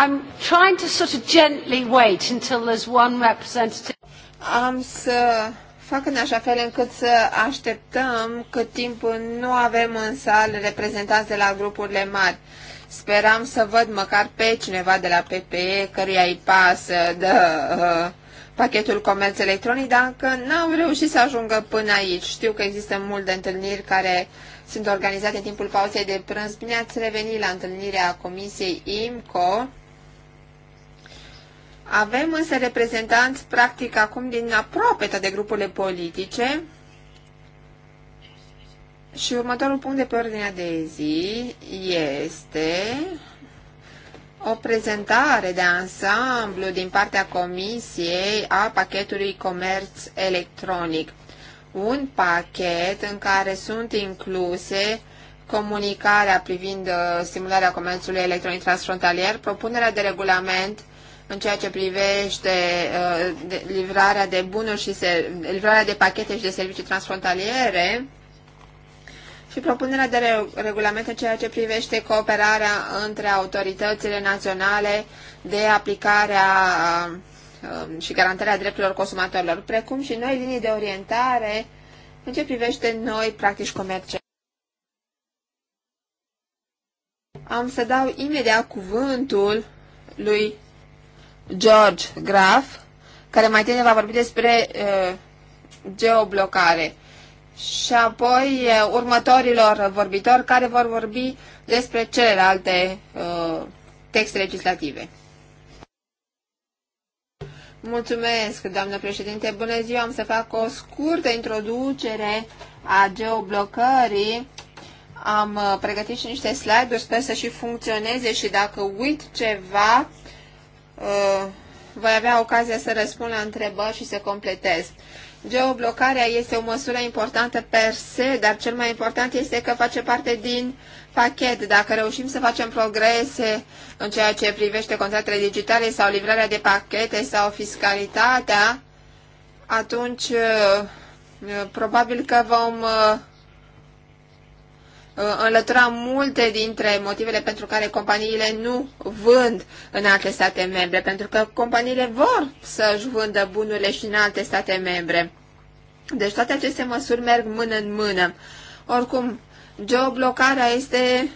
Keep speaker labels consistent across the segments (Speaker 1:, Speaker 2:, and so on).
Speaker 1: I'm trying to sort of gently wait until there's one representative. Am să fac în așa fel încât să așteptăm cât timp nu avem în sală reprezentanți de la grupurile mari. Speram să văd măcar pe cineva de la PPE căruia îi pasă de uh, pachetul comerț electronic, dar încă n-au reușit să ajungă până aici. Știu că există multe întâlniri care sunt organizate în timpul pauzei de prânz. Bine ați revenit la întâlnirea Comisiei IMCO avem însă reprezentanți practic acum din aproape toate grupurile politice și următorul punct de pe ordinea de zi este o prezentare de ansamblu din partea Comisiei a pachetului comerț electronic. Un pachet în care sunt incluse comunicarea privind uh, stimularea comerțului electronic transfrontalier, propunerea de regulament în ceea ce privește uh, de, livrarea de bunuri și se, livrarea de pachete și de servicii transfrontaliere și propunerea de re regulament în ceea ce privește cooperarea între autoritățile naționale de aplicarea uh, și garantarea drepturilor consumatorilor, precum și noi linii de orientare în ce privește noi practici comerciale. Am să dau imediat cuvântul lui George Graf, care mai tine va vorbi despre uh, geoblocare. Și apoi uh, următorilor vorbitori care vor vorbi despre celelalte uh, texte legislative. Mulțumesc, doamnă președinte. Bună ziua, am să fac o scurtă introducere a geoblocării. Am uh, pregătit și niște slide-uri, sper să și funcționeze și dacă uit ceva, Uh, voi avea ocazia să răspund la întrebări și să completez. Geoblocarea este o măsură importantă per se, dar cel mai important este că face parte din pachet. Dacă reușim să facem progrese în ceea ce privește contractele digitale sau livrarea de pachete sau fiscalitatea, atunci uh, probabil că vom uh, Uh, înlătura multe dintre motivele pentru care companiile nu vând în alte state membre, pentru că companiile vor să-și vândă bunurile și în alte state membre. Deci toate aceste măsuri merg mână în mână. Oricum, geoblocarea este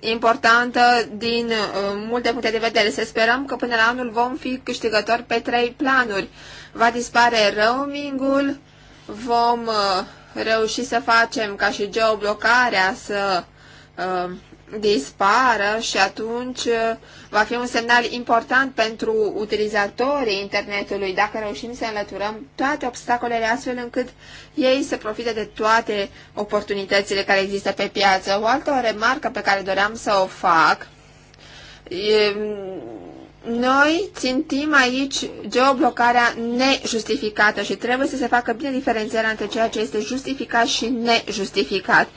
Speaker 1: importantă din uh, multe puncte de vedere. Să sperăm că până la anul vom fi câștigători pe trei planuri. Va dispare roamingul, vom uh, reuși să facem ca și geoblocarea să uh, dispară și atunci uh, va fi un semnal important pentru utilizatorii internetului dacă reușim să înlăturăm toate obstacolele astfel încât ei să profite de toate oportunitățile care există pe piață. O altă remarcă pe care doream să o fac e, noi țintim aici geoblocarea nejustificată și trebuie să se facă bine diferențierea între ceea ce este justificat și nejustificat.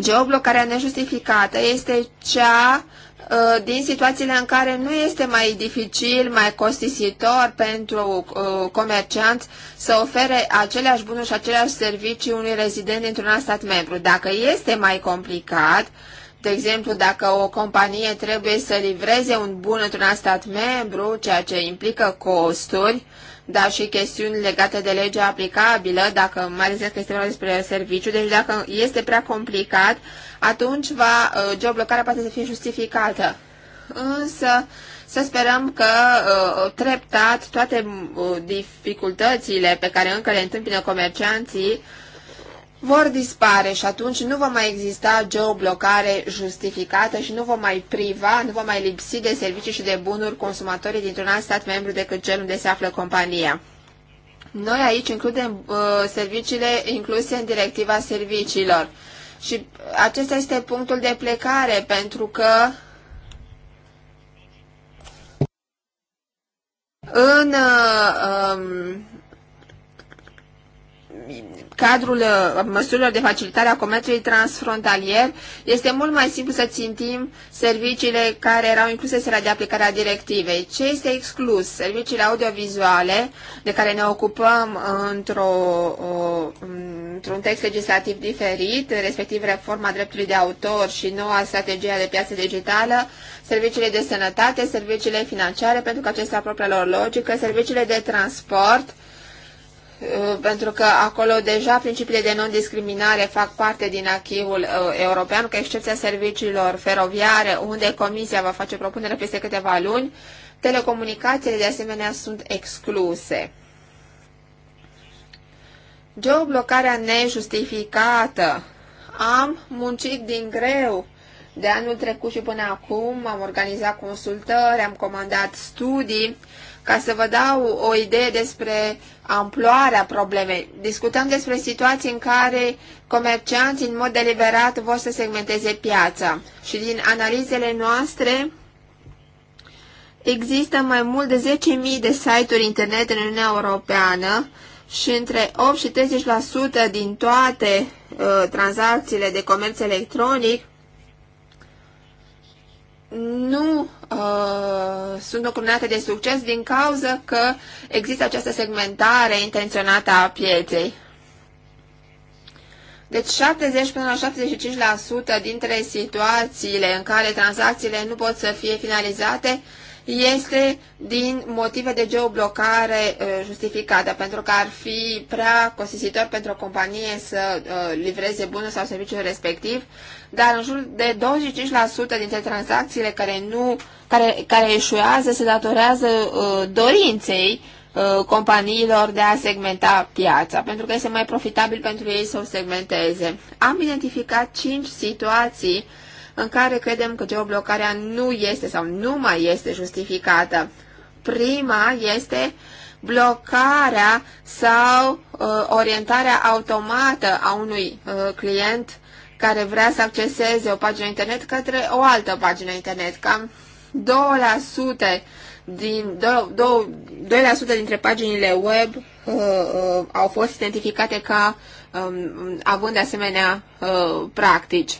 Speaker 1: Geoblocarea nejustificată este cea uh, din situațiile în care nu este mai dificil, mai costisitor pentru uh, comercianți să ofere aceleași bunuri și aceleași servicii unui rezident dintr-un alt stat membru. Dacă este mai complicat, uh, de exemplu, dacă o companie trebuie să livreze un bun într-un stat membru, ceea ce implică costuri, dar și chestiuni legate de legea aplicabilă, dacă mai ales că este vorba despre serviciu, deci dacă este prea complicat, atunci va, uh, geoblocarea poate să fie justificată. Însă, să sperăm că uh, treptat toate uh, dificultățile pe care încă le întâmpină comercianții vor dispare și atunci nu va mai exista geoblocare justificată și nu va mai priva, nu va mai lipsi de servicii și de bunuri consumatorii dintr-un alt stat membru decât cel unde se află compania. Noi aici includem uh, serviciile incluse în directiva serviciilor și acesta este punctul de plecare pentru că în uh, um, cadrul uh, măsurilor de facilitare a comerțului transfrontalier, este mult mai simplu să țintim serviciile care erau incluse sfera de aplicare a directivei. Ce este exclus? Serviciile audiovizuale, de care ne ocupăm uh, într-un într text legislativ diferit, respectiv reforma dreptului de autor și noua strategie de piață digitală, serviciile de sănătate, serviciile financiare, pentru că acestea propria lor logică, serviciile de transport, Uh, pentru că acolo deja principiile de non-discriminare fac parte din achiul uh, european, cu excepția serviciilor feroviare, unde Comisia va face propunere peste câteva luni, telecomunicațiile de asemenea sunt excluse. Geoblocarea nejustificată. Am muncit din greu de anul trecut și până acum, am organizat consultări, am comandat studii, ca să vă dau o idee despre amploarea problemei, discutăm despre situații în care comercianții în mod deliberat vor să segmenteze piața și din analizele noastre există mai mult de 10.000 de site-uri internet în Uniunea Europeană și între 8 și 30% din toate uh, tranzacțiile de comerț electronic nu uh, sunt ocrunate de succes din cauza că există această segmentare intenționată a pieței. Deci 70 până la 75% dintre situațiile în care tranzacțiile nu pot să fie finalizate este din motive de geoblocare uh, justificată, pentru că ar fi prea costisitor pentru o companie să uh, livreze bunul sau serviciul respectiv, dar în jur de 25% dintre tranzacțiile care, nu, care, care eșuează se datorează uh, dorinței companiilor de a segmenta piața, pentru că este mai profitabil pentru ei să o segmenteze. Am identificat 5 situații uh, în care credem că geoblocarea nu este sau nu mai este justificată. Prima este blocarea sau uh, orientarea automată a unui uh, client care vrea să acceseze o pagină internet către o altă pagină internet. Cam 2% din, 2, 2, 2% dintre paginile web uh, uh, au fost identificate ca um, având asemenea uh, practici.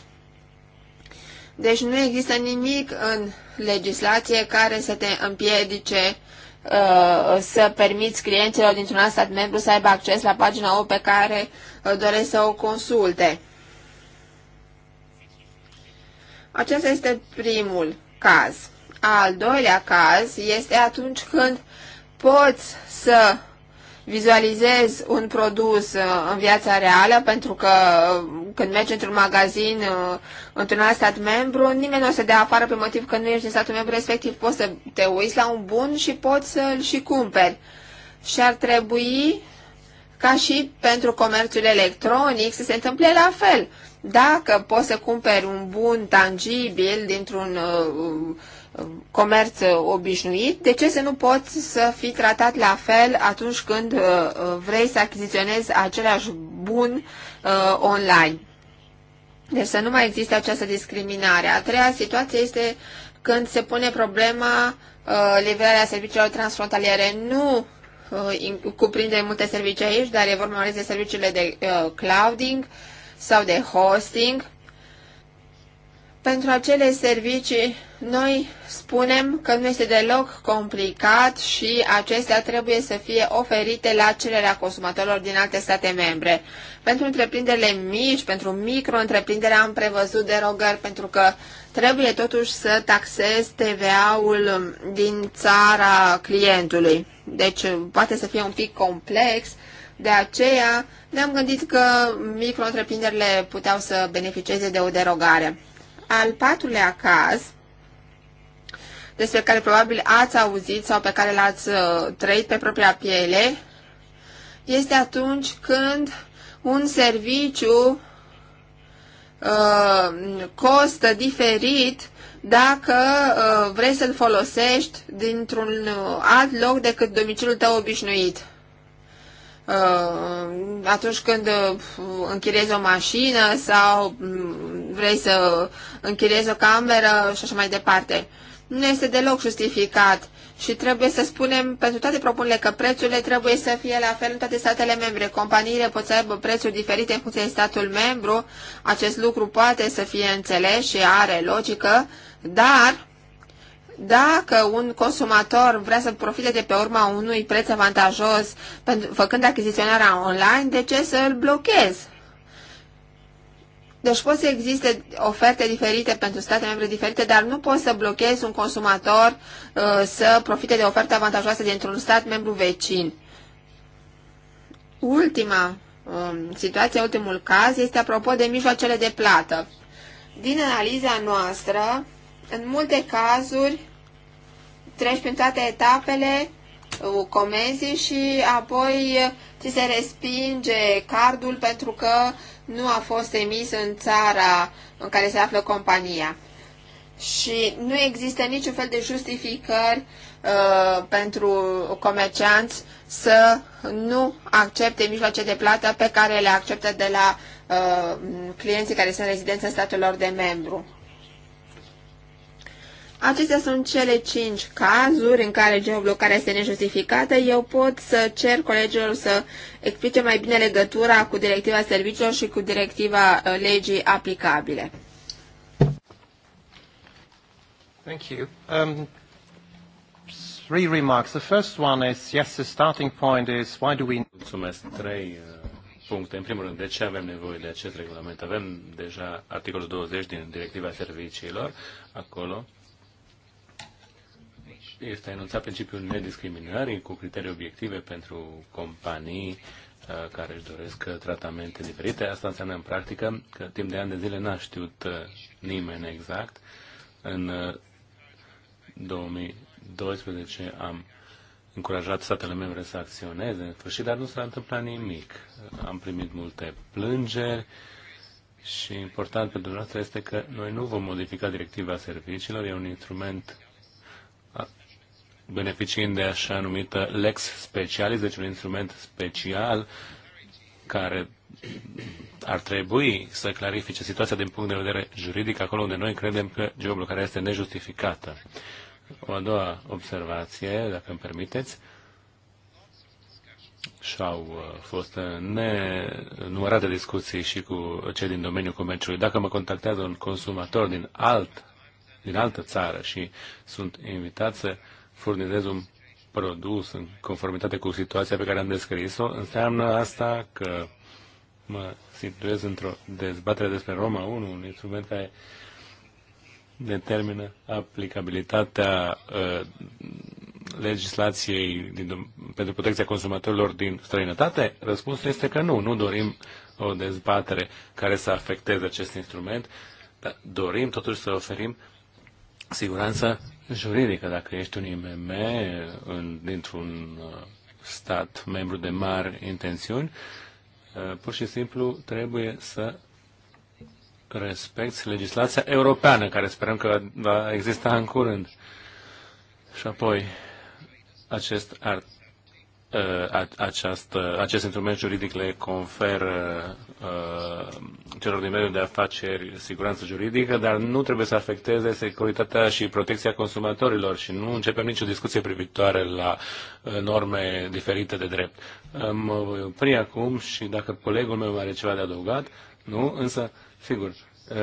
Speaker 1: Deci nu există nimic în legislație care să te împiedice uh, să permiți clienților dintr-un alt stat membru să aibă acces la pagina O pe care uh, doresc să o consulte. Acesta este primul caz. Al doilea caz este atunci când poți să vizualizez un produs uh, în viața reală, pentru că uh, când mergi într-un magazin, uh, într-un alt stat membru, nimeni nu o să dea afară pe motiv că nu ești din statul membru respectiv. Poți să te uiți la un bun și poți să-l și cumperi. Și ar trebui ca și pentru comerțul electronic să se întâmple la fel. Dacă poți să cumperi un bun tangibil dintr-un uh, uh comerț obișnuit, de ce să nu poți să fii tratat la fel atunci când uh, uh vrei să achiziționezi același bun uh, online? Deci să nu mai existe această discriminare. A treia situație este când se pune problema uh, livrarea serviciilor transfrontaliere. Nu Uh, cuprinde multe servicii aici, dar e vorba mai ales de serviciile de uh, clouding sau de hosting pentru acele servicii, noi spunem că nu este deloc complicat și acestea trebuie să fie oferite la cererea consumatorilor din alte state membre. Pentru întreprinderile mici, pentru micro-întreprindere am prevăzut derogări pentru că trebuie totuși să taxez TVA-ul din țara clientului. Deci poate să fie un pic complex, de aceea ne-am gândit că micro-întreprinderile puteau să beneficieze de o derogare al patrulea caz despre care probabil ați auzit sau pe care l-ați uh, trăit pe propria piele, este atunci când un serviciu uh, costă diferit dacă uh, vrei să-l folosești dintr-un uh, alt loc decât domiciliul tău obișnuit. Uh, atunci când uh, închiriezi o mașină sau mm, vrei să închiriezi o cameră și așa mai departe. Nu este deloc justificat și trebuie să spunem pentru toate propunerile că prețurile trebuie să fie la fel în toate statele membre. Companiile pot să aibă prețuri diferite în funcție de statul membru. Acest lucru poate să fie înțeles și are logică, dar dacă un consumator vrea să profite de pe urma unui preț avantajos pentru, făcând achiziționarea online, de ce să îl blochezi? Deci pot să existe oferte diferite pentru state membre diferite, dar nu poți să blochezi un consumator uh, să profite de oferte avantajoase dintr-un stat membru vecin. Ultima um, situație, ultimul caz, este apropo de mijloacele de plată. Din analiza noastră, în multe cazuri, treci prin toate etapele uh, comenzii și apoi uh, ți se respinge cardul pentru că nu a fost emis în țara în care se află compania. Și nu există niciun fel de justificări uh, pentru comercianți să nu accepte mijloace de plată pe care le acceptă de la uh, clienții care sunt rezidenți în statelor lor de membru. Acestea sunt cele cinci cazuri în care geoblocarea este nejustificată. Eu pot să cer colegilor să explice mai bine legătura cu directiva serviciilor și cu directiva uh, legii aplicabile. Thank you. Um,
Speaker 2: three remarks. The first one is, yes, the starting point is, why do we... Mulțumesc. Trei uh, puncte. În primul rând, de ce avem nevoie de acest regulament? Avem deja articolul 20 din Directiva Serviciilor, acolo este a enunțat principiul nediscriminării cu criterii obiective pentru companii uh, care își doresc uh, tratamente diferite. Asta înseamnă în practică că timp de ani de zile n-a știut uh, nimeni exact. În 2012 am încurajat statele membre să acționeze în sfârșit, dar nu s-a întâmplat nimic. Am primit multe plângeri și important pentru noastră este că noi nu vom modifica directiva serviciilor, e un instrument beneficiind de așa numită lex specialis, deci un instrument special care ar trebui să clarifice situația din punct de vedere juridic acolo unde noi credem că geoblocarea este nejustificată. O a doua observație, dacă îmi permiteți, și-au uh, fost nenumărate discuții și cu cei din domeniul comerciului. Dacă mă contactează un consumator din, alt, din altă țară și sunt invitat să furnizez un produs în conformitate cu situația pe care am descris-o, înseamnă asta că mă situez într-o dezbatere despre Roma 1, un instrument care determină aplicabilitatea uh, legislației din, pentru protecția consumatorilor din străinătate? Răspunsul este că nu. Nu dorim o dezbatere care să afecteze acest instrument, dar dorim totuși să oferim siguranța juridică. Dacă ești un IMM în, dintr-un uh, stat membru de mari intențiuni, uh, pur și simplu trebuie să respecti legislația europeană, care sperăm că va exista în curând. Și apoi, acest art Uh, această, acest instrument juridic le conferă uh, celor din mediul de afaceri siguranță juridică, dar nu trebuie să afecteze securitatea și protecția consumatorilor și nu începem nicio discuție privitoare la uh, norme diferite de drept. Mă voi uh, opri acum și dacă colegul meu are ceva de adăugat, nu, însă, sigur, uh,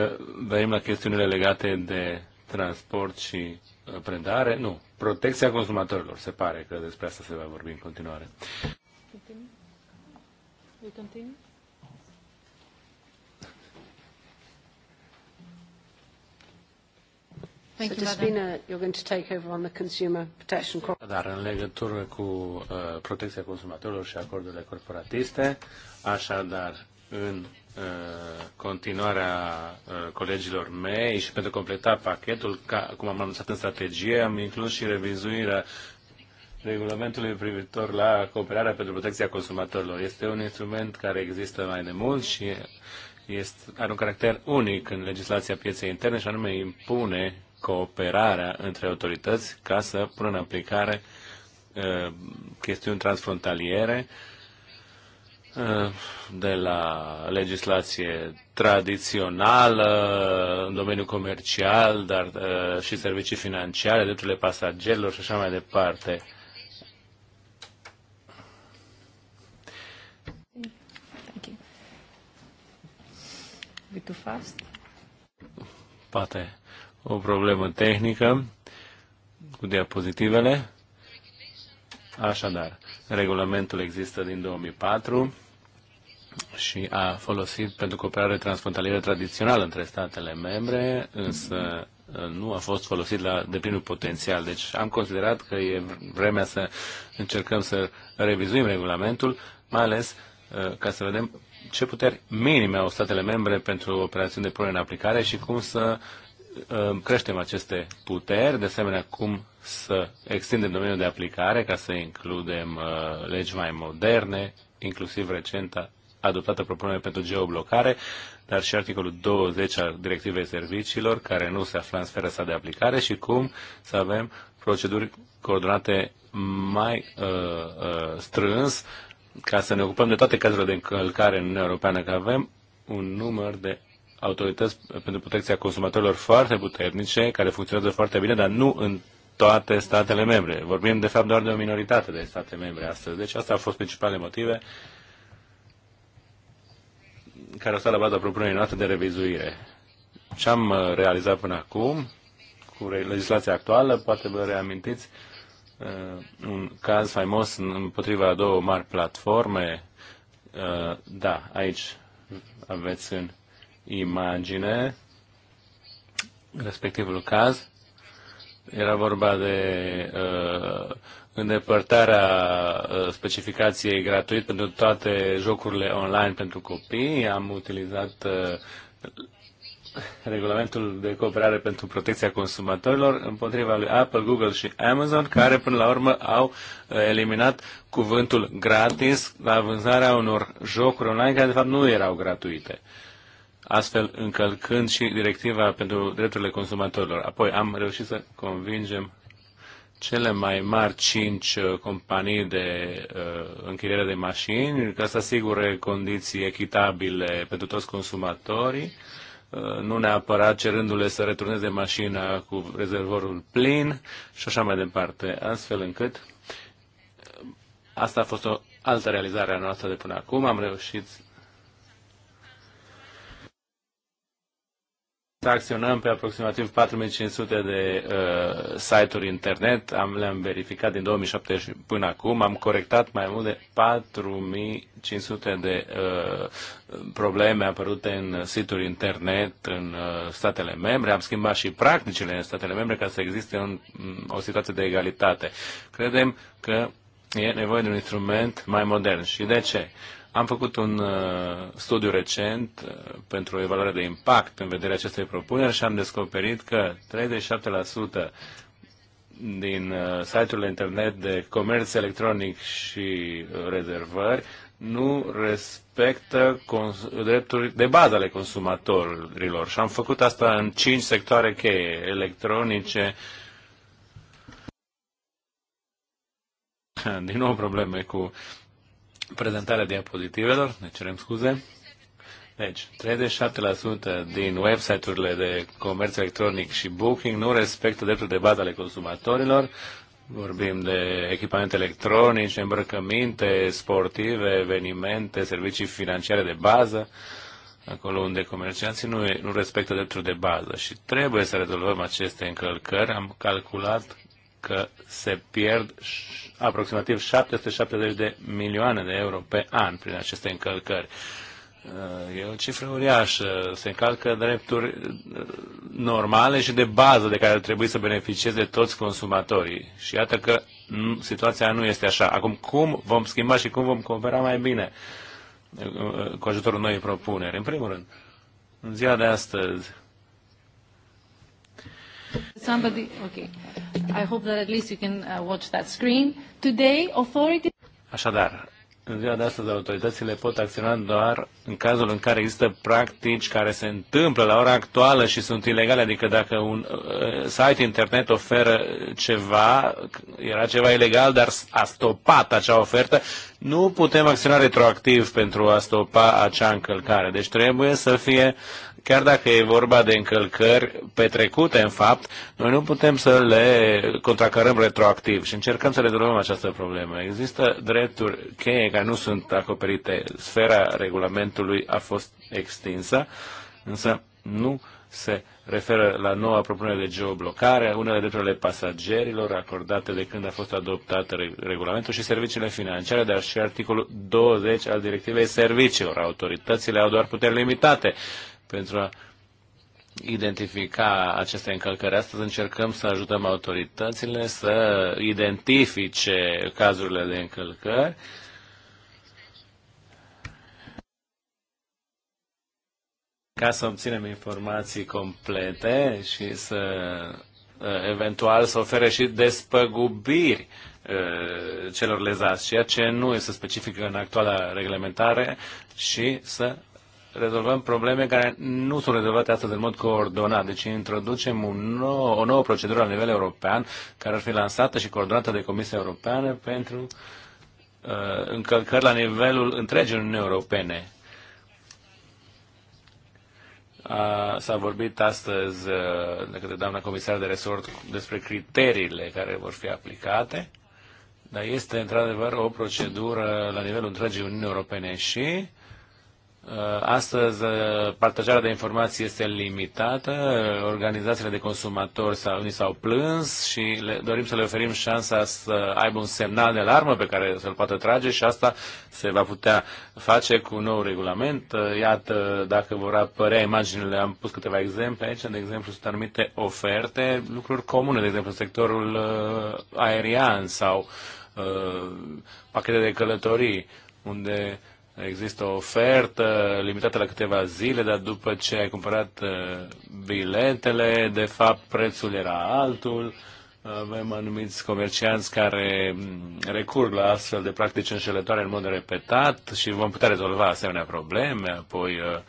Speaker 2: venim la chestiunile legate de transport și Predare? nu, protecția consumatorilor. Se pare că despre asta se va vorbi în continuare. Continue. Dar în legătură cu uh, protecția consumatorilor și acordurile corporatiste, așadar, în Uh, continuarea uh, colegilor mei și pentru a completa pachetul, ca, cum am anunțat în strategie, am inclus și revizuirea regulamentului privitor la cooperarea pentru protecția consumatorilor. Este un instrument care există mai de mult și este, are un caracter unic în legislația pieței interne și anume impune cooperarea între autorități ca să pună în aplicare uh, chestiuni transfrontaliere uh, de la legislație tradițională, în domeniul comercial, dar uh, și servicii financiare, drepturile pasagerilor și așa mai departe. Be too fast? Poate o problemă tehnică cu diapozitivele. Așadar, regulamentul există din 2004 și a folosit pentru cooperare transfrontalieră tradițională între statele membre, însă uh, nu a fost folosit la deplinul potențial. Deci am considerat că e vremea să încercăm să revizuim regulamentul, mai ales uh, ca să vedem ce puteri minime au statele membre pentru operațiuni de punere în aplicare și cum să uh, creștem aceste puteri, de asemenea cum să extindem domeniul de aplicare ca să includem legi mai moderne, inclusiv recenta adoptată propunerea pentru geoblocare, dar și articolul 20 al Directivei Serviciilor, care nu se află în sfera sa de aplicare și cum să avem proceduri coordonate mai uh, uh, strâns ca să ne ocupăm de toate cazurile de încălcare în Uniunea Europeană, că avem un număr de autorități pentru protecția consumatorilor foarte puternice, care funcționează foarte bine, dar nu în toate statele membre. Vorbim, de fapt, doar de o minoritate de state membre astăzi. Deci asta au fost principalele motive care a stat la baza propunerii noastre de revizuire. Ce am uh, realizat până acum cu legislația actuală, poate vă reamintiți uh, un caz faimos împotriva a două mari platforme. Uh, da, aici aveți în imagine respectivul caz. Era vorba de uh, îndepărtarea ă, specificației gratuit pentru toate jocurile online pentru copii. Am utilizat ă, regulamentul de cooperare pentru protecția consumatorilor împotriva lui Apple, Google și Amazon, care până la urmă au ă, eliminat cuvântul gratis la vânzarea unor jocuri online care de fapt nu erau gratuite astfel încălcând și directiva pentru drepturile consumatorilor. Apoi am reușit să convingem cele mai mari cinci uh, companii de uh, închiriere de mașini, ca să asigure condiții echitabile pentru toți consumatorii, uh, nu neapărat cerându-le să returneze mașina cu rezervorul plin și așa mai departe, astfel încât uh, asta a fost o altă realizare a noastră de până acum, am reușit tracționăm pe aproximativ 4500 de uh, site-uri internet, am, le-am verificat din 2007 și până acum, am corectat mai mult de 4500 de uh, probleme apărute în site-uri internet în uh, statele membre, am schimbat și practicile în statele membre ca să existe un, mm, o situație de egalitate. Credem că e nevoie de un instrument mai modern. Și de ce? Uh, am făcut un uh, studiu recent uh, pentru o evaluare de impact în vederea acestei propuneri și am descoperit că 37% din uh, site-urile internet de comerț electronic și uh, rezervări nu respectă drepturi de bază ale consumatorilor. Și am făcut asta în cinci sectoare cheie, electronice, din nou probleme cu prezentarea diapozitivelor, ne cerem scuze. Deci, 37% din website-urile de comerț electronic și booking nu respectă dreptul de bază ale consumatorilor. Vorbim de echipamente electronice, îmbrăcăminte, sportive, evenimente, servicii financiare de bază, acolo unde comercianții nu, nu respectă dreptul de bază. Și trebuie să rezolvăm aceste încălcări. Am calculat că se pierd aproximativ 770 de milioane de euro pe an prin aceste încălcări. Uh, e o cifră uriașă. Se încalcă drepturi uh, normale și de bază de care ar trebui să beneficieze toți consumatorii. Și iată că situația nu este așa. Acum, cum vom schimba și cum vom coopera mai bine uh, cu ajutorul noii propuneri? În primul rând, în ziua de astăzi,
Speaker 3: Somebody, okay. I hope that at least you can uh, watch that
Speaker 1: screen. Today, authority...
Speaker 2: Așadar, în ziua de astăzi autoritățile pot acționa doar în cazul în care există practici care se întâmplă la ora actuală și sunt ilegale, adică dacă un uh, site internet oferă ceva, era ceva ilegal, dar a stopat acea ofertă, nu putem acționa retroactiv pentru a stopa acea încălcare. Deci trebuie să fie chiar dacă e vorba de încălcări petrecute, în fapt, noi nu putem să le contracarăm retroactiv și încercăm să rezolvăm această problemă. Există drepturi cheie care nu sunt acoperite. Sfera regulamentului a fost extinsă, însă nu se referă la noua propunere de geoblocare, unele drepturile pasagerilor acordate de când a fost adoptat regulamentul și serviciile financiare, dar și articolul 20 al directivei serviciilor. Autoritățile au doar puteri limitate pentru a identifica aceste încălcări. Astăzi încercăm să ajutăm autoritățile să identifice cazurile de încălcări ca să obținem informații complete și să uh, eventual să ofere și despăgubiri uh, celor lezați, ceea ce nu este specific în actuala reglementare și să rezolvăm probleme care nu sunt rezolvate astăzi în mod coordonat. Deci introducem un nou, o nouă procedură la nivel european care ar fi lansată și coordonată de Comisia Europeană pentru uh, încălcări la nivelul întregii Uniunii Europene. S-a vorbit astăzi uh, de către doamna comisar de resort despre criteriile care vor fi aplicate, dar este într-adevăr o procedură la nivelul întregii Uniunii Europene și Uh, astăzi uh, partajarea de informații este limitată, organizațiile de consumatori s-au s-au plâns și le, dorim să le oferim șansa să aibă un semnal de alarmă pe care să-l poată trage și asta se va putea face cu un nou regulament. Uh, iată, dacă vor apărea imaginile, am pus câteva exemple aici, de exemplu sunt anumite oferte, lucruri comune, de exemplu sectorul aerian sau uh, pachete de călătorii, unde există o ofertă limitată la câteva zile, dar după ce ai cumpărat uh, biletele, de fapt prețul era altul. Avem anumiți comercianți care mm, recurg la astfel de practici înșelătoare în mod repetat și vom putea rezolva asemenea probleme, apoi uh,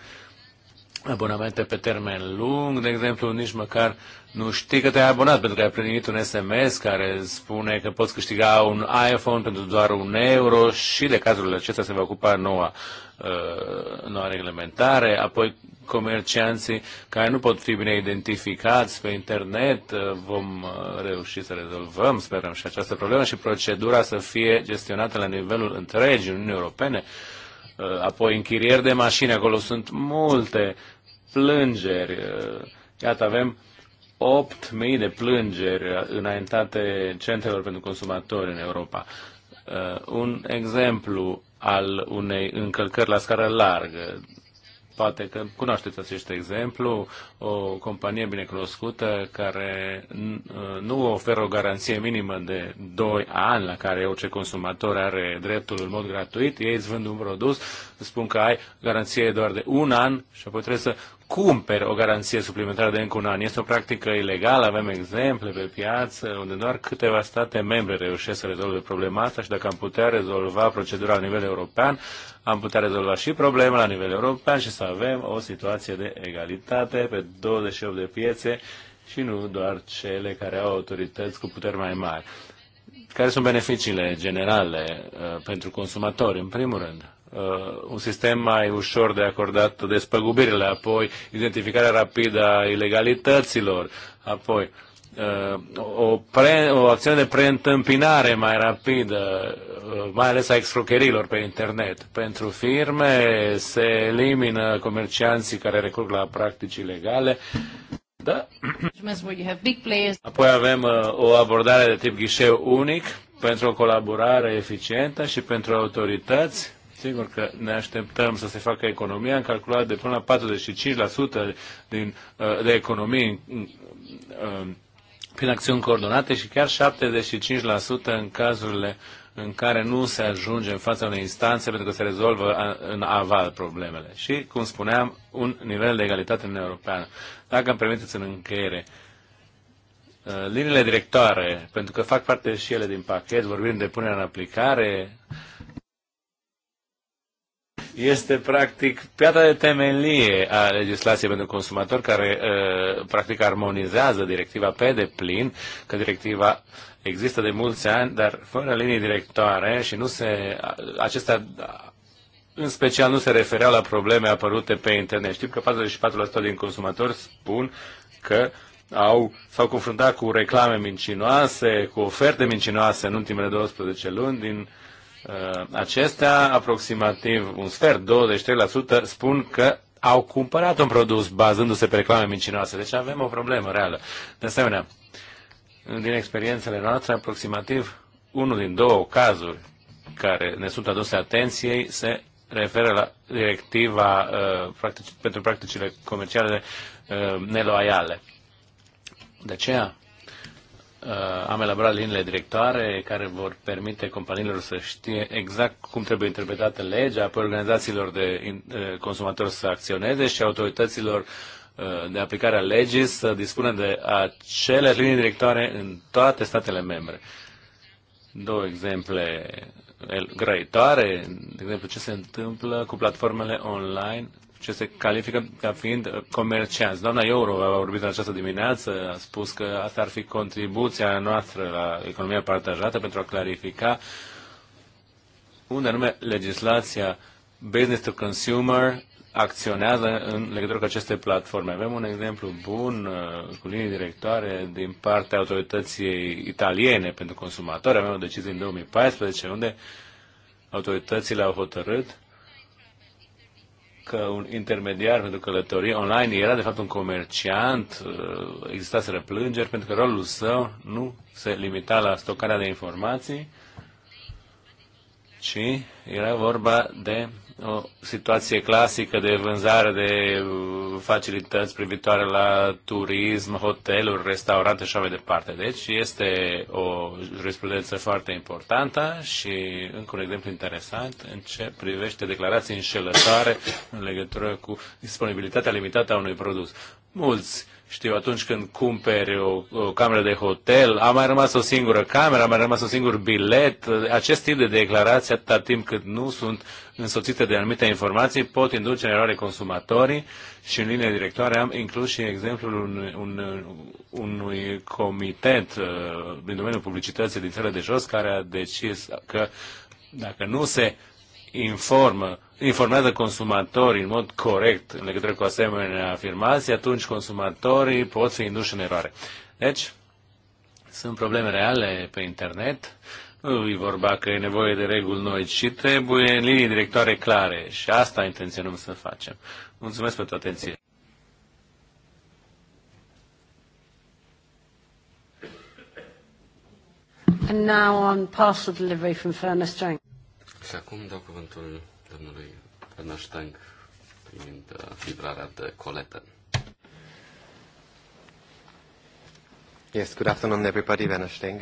Speaker 2: abonamente pe termen lung, de exemplu, nici măcar nu știi că te-ai abonat pentru că ai primit un SMS care spune că poți câștiga un iPhone pentru doar un euro și de cazurile acestea se va ocupa noua, uh, noua reglementare, apoi comercianții care nu pot fi bine identificați pe internet, uh, vom uh, reuși să rezolvăm, sperăm, și această problemă și procedura să fie gestionată la nivelul întregii Uniunii Europene, apoi închirieri de mașini, acolo sunt multe plângeri, iată avem 8.000 de plângeri înaintate centrelor pentru consumatori în Europa. Uh, un exemplu al unei încălcări la scară largă. Poate că cunoașteți acest exemplu, o companie binecunoscută care uh, nu oferă o garanție minimă de 2 ani la care orice consumator are dreptul în mod gratuit, ei îți vând un produs, spun că ai garanție doar de un an și apoi trebuie să cumperi o garanție suplimentară de încă un an. Este o practică ilegală, avem exemple pe piață unde doar câteva state membre reușesc să rezolve problema asta și dacă am putea rezolva procedura la nivel european, am putea rezolva și problema la nivel european și să avem o situație de egalitate pe 28 de piețe și nu doar cele care au autorități cu puteri mai mari. Care sunt beneficiile generale uh, pentru consumatori, în primul rând? uh, un sistem mai ușor de acordat despăgubirile, apoi identificarea rapidă a ilegalităților, apoi uh, o, pre, o acțiune de preîntâmpinare mai rapidă, uh, mai ales a excrocherilor pe internet. Pentru firme se elimină comercianții care recurg la practici ilegale. Da. Apoi avem uh, o abordare de tip ghișeu unic pentru o colaborare eficientă și pentru autorități Sigur că ne așteptăm să se facă economia, am calculat de până la 45% din, uh, de în uh, prin acțiuni coordonate și chiar 75% în cazurile în care nu se ajunge în fața unei instanțe pentru că se rezolvă uh, în aval problemele. Și, cum spuneam, un nivel de egalitate în Europeană. Dacă îmi permiteți în încheiere, liniile directoare, pentru că fac parte și ele din pachet, vorbim de punere în aplicare, este practic piatra de temelie a legislației pentru consumator care uh, practic armonizează directiva pe deplin, că directiva există de mulți ani, dar fără linii directoare și nu se, acestea în special nu se refereau la probleme apărute pe internet. Știm că 44% din consumatori spun că au, s-au confruntat cu reclame mincinoase, cu oferte mincinoase în ultimele 12 luni din Uh, acestea, aproximativ un sfert, 23%, spun că au cumpărat un produs bazându-se pe reclame mincinoase. Deci avem o problemă reală. De asemenea, din experiențele noastre, aproximativ unul din două cazuri care ne sunt aduse atenției se referă la directiva uh, practici, pentru practicile comerciale uh, neloiale. De aceea, Uh, am elaborat liniile directoare care vor permite companiilor să știe exact cum trebuie interpretată legea, apoi organizațiilor de consumatori să acționeze și autorităților uh, de aplicare a legii să dispună de acele linii directoare în toate statele membre. Două exemple grăitoare, de exemplu ce se întâmplă cu platformele online ce se califică ca fiind uh, comercianți. Doamna Euro a vorbit în această dimineață, a spus că asta ar fi contribuția noastră la economia partajată pentru a clarifica unde anume legislația business to consumer acționează în legătură cu aceste platforme. Avem un exemplu bun uh, cu linii directoare din partea autorității italiene pentru consumatori. Avem o decizie în 2014 unde autoritățile au hotărât că un intermediar pentru călătorie online era de fapt un comerciant, uh, să răplângeri pentru că rolul său nu se limita la stocarea de informații, ci era vorba de o situație clasică de vânzare de uh, facilități privitoare la turism, hoteluri, restaurante și așa mai departe. Deci este o jurisprudență foarte importantă și încă un exemplu interesant în ce privește declarații înșelătoare în legătură cu disponibilitatea limitată a unui produs. Mulți știu, atunci când cumperi o, o cameră de hotel, a mai rămas o singură cameră, a mai rămas un singur bilet. Acest tip de declarații, atâta timp cât nu sunt însoțite de anumite informații, pot induce în eroare consumatorii și în linie directoare am inclus și exemplul un, un, unui comitet uh, din domeniul publicității din țările de jos care a decis că dacă nu se uh, informă, informează consumatorii în mod corect în legătură cu asemenea afirmații, atunci consumatorii pot fi induși în eroare. Deci, sunt probleme reale pe internet. Nu e vorba că e nevoie de reguli noi, ci trebuie în linii directoare clare și asta intenționăm să facem. Mulțumesc pentru atenție.
Speaker 1: And now on
Speaker 3: parcel delivery from Fairness Strength. Și acum dau cuvântul domnului Pernaștang primind uh, vibrarea de coletă. Yes, good afternoon everybody, Werner Steng.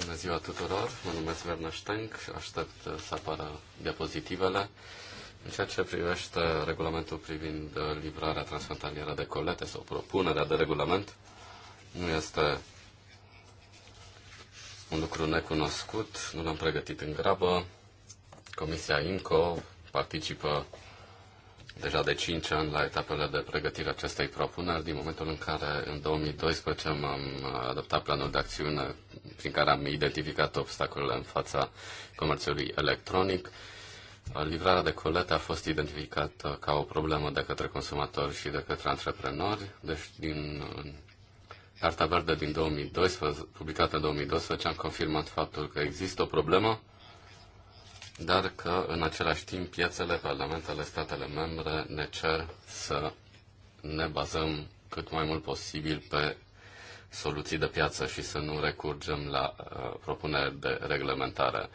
Speaker 3: Bună ziua tuturor, mă numesc Werner Steng, aștept uh, să apară diapozitivele. În ceea ce privește regulamentul privind uh, livrarea transfrontalieră de colete sau propunerea de regulament, nu este un lucru necunoscut, nu l-am pregătit în grabă, Comisia INCO participă deja de 5 ani la etapele de pregătire acestei propuneri, din momentul în care în 2012 am adoptat planul de acțiune prin care am identificat obstacolele în fața comerțului electronic. Livrarea de colete a fost identificată ca o problemă de către consumatori și de către antreprenori, deci din Carta Verde din 2012, publicată în 2012, am confirmat faptul că există o problemă dar că în același timp piețele, parlamentele, statele membre ne cer să ne bazăm cât mai mult posibil pe soluții de piață și să nu recurgem la uh, propuneri de reglementare.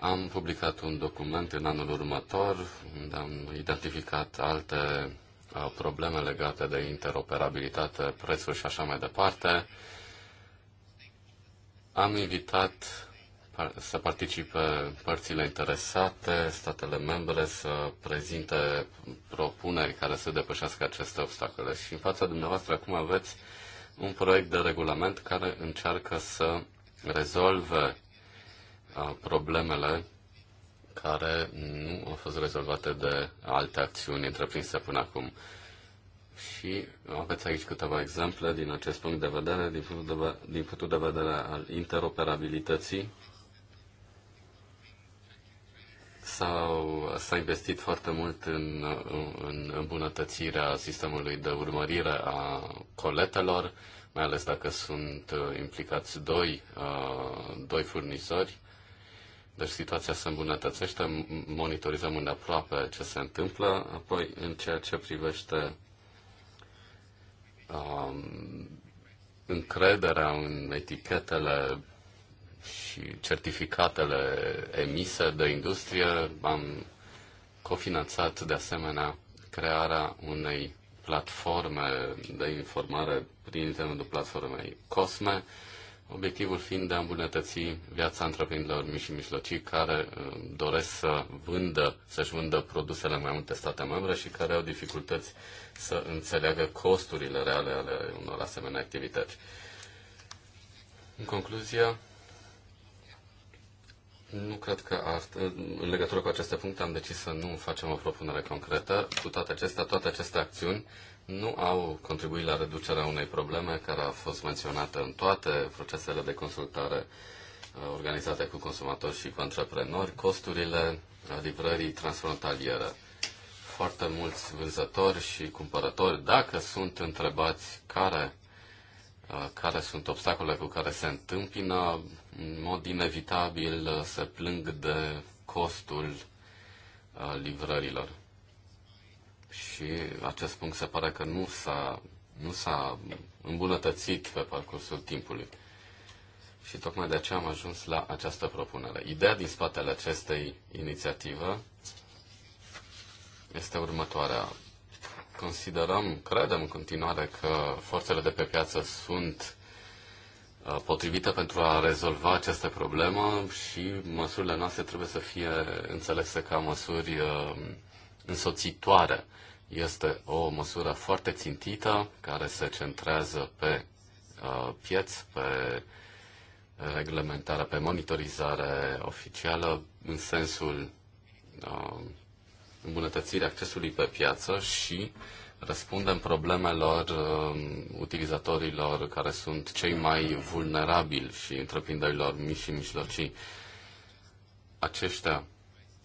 Speaker 3: Am publicat un document în anul următor unde am identificat alte uh, probleme legate de interoperabilitate, prețuri și așa mai departe. Am invitat să participe părțile interesate, statele membre să prezinte propuneri care să depășească aceste obstacole. Și în fața dumneavoastră acum aveți un proiect de regulament care încearcă să rezolve problemele care nu au fost rezolvate de alte acțiuni întreprinse până acum. Și aveți aici câteva exemple din acest punct de vedere, din punctul de, din punctul de vedere al interoperabilității s-au, s-a investit foarte mult în, în îmbunătățirea sistemului de urmărire a coletelor, mai ales dacă sunt uh, implicați doi, uh, doi furnizori. Deci situația se îmbunătățește, monitorizăm îndeaproape ce se întâmplă, apoi în ceea ce privește um, încrederea în etichetele și certificatele emise de industrie. Am cofinanțat de asemenea crearea unei platforme de informare prin intermediul platformei COSME, obiectivul fiind de a îmbunătăți viața antreprenorilor mici și mijlocii care uh, doresc să vândă, să-și vândă produsele în mai multe state membre și care au dificultăți să înțeleagă costurile reale ale unor asemenea activități. În concluzie, nu cred că în legătură cu aceste puncte am decis să nu facem o propunere concretă. Cu toate acestea, toate aceste acțiuni nu au contribuit la reducerea unei probleme care a fost menționată în toate procesele de consultare uh, organizate cu consumatori și cu antreprenori, costurile uh, livrării transfrontaliere. Foarte mulți vânzători și cumpărători, dacă sunt întrebați care Uh, care sunt obstacole cu care se întâmpină, în mod inevitabil uh, se plâng de costul uh, livrărilor. Și acest punct se pare că nu s-a, nu s-a îmbunătățit pe parcursul timpului. Și tocmai de aceea am ajuns la această propunere. Ideea din spatele acestei inițiative este următoarea considerăm, credem în continuare că forțele de pe piață sunt uh, potrivite pentru a rezolva această problemă și măsurile noastre trebuie să fie înțelese ca măsuri uh, însoțitoare. Este o măsură foarte țintită care se centrează pe uh, pieț, pe reglementare, pe monitorizare oficială în sensul îmbunătățirea accesului pe piață și răspundem problemelor um, utilizatorilor care sunt cei mai vulnerabili și întreprinderilor mici și mijlocii. Aceștia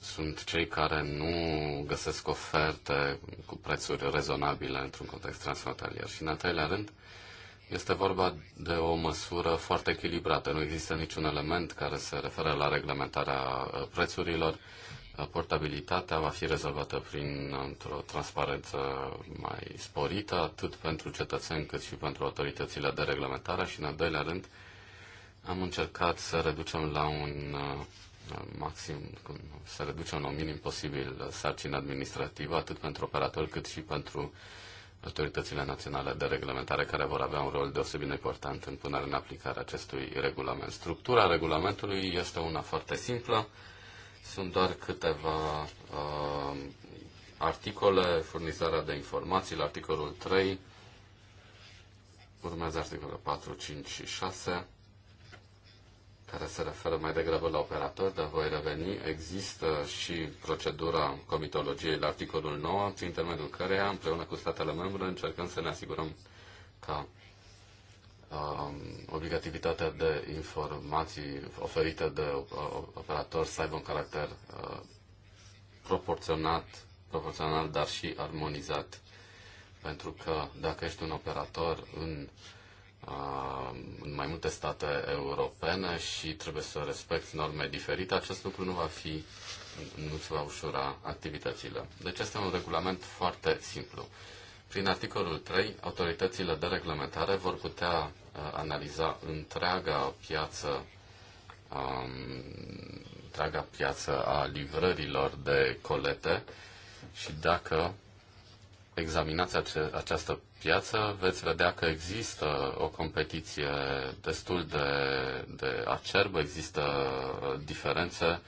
Speaker 3: sunt cei care nu găsesc oferte cu prețuri rezonabile într-un context transfrontalier. Și în al treilea rând, este vorba de o măsură foarte echilibrată. Nu există niciun element care se referă la reglementarea uh, prețurilor portabilitatea va fi rezolvată prin o transparență mai sporită, atât pentru cetățeni cât și pentru autoritățile de reglementare și, în al doilea rând, am încercat să reducem la un uh, maxim, să reducem la un minim posibil sarcina administrativă, atât pentru operatori cât și pentru autoritățile naționale de reglementare, care vor avea un rol deosebit de important în punerea în aplicare acestui regulament. Structura regulamentului este una foarte simplă, sunt doar câteva uh, articole, furnizarea de informații la articolul 3, urmează articolul 4, 5 și 6, care se referă mai degrabă la operator, dar voi reveni. Există și procedura comitologiei la articolul 9, prin intermediul căreia, împreună cu statele membre, încercăm să ne asigurăm ca Um, obligativitatea de informații oferite de uh, operator să aibă un caracter uh, proporționat, proporțional, dar și armonizat. Pentru că dacă ești un operator în, uh, în mai multe state europene și trebuie să respecti norme diferite, acest lucru nu va fi nu va ușura activitățile. Deci este un regulament foarte simplu. Prin articolul 3, autoritățile de reglementare vor putea analiza întreaga piață um, întreaga piață a livrărilor de colete și dacă examinați ace- această piață, veți vedea că există o competiție destul de, de acerbă, există uh, diferențe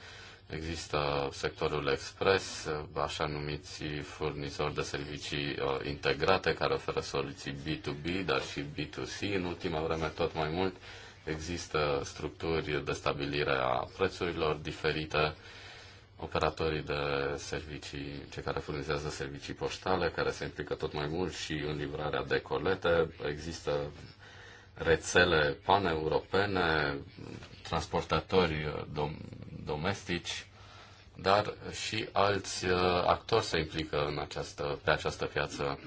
Speaker 3: Există sectorul expres, așa numiți furnizori de servicii uh, integrate care oferă soluții B2B, dar și B2C. În ultima vreme tot mai mult există structuri de stabilire a prețurilor diferite, operatorii de servicii, cei care furnizează servicii poștale, care se implică tot mai mult și în livrarea de colete. Există rețele paneuropene, transportatori dom- domestici, dar și alți uh, actori se implică în această, pe această piață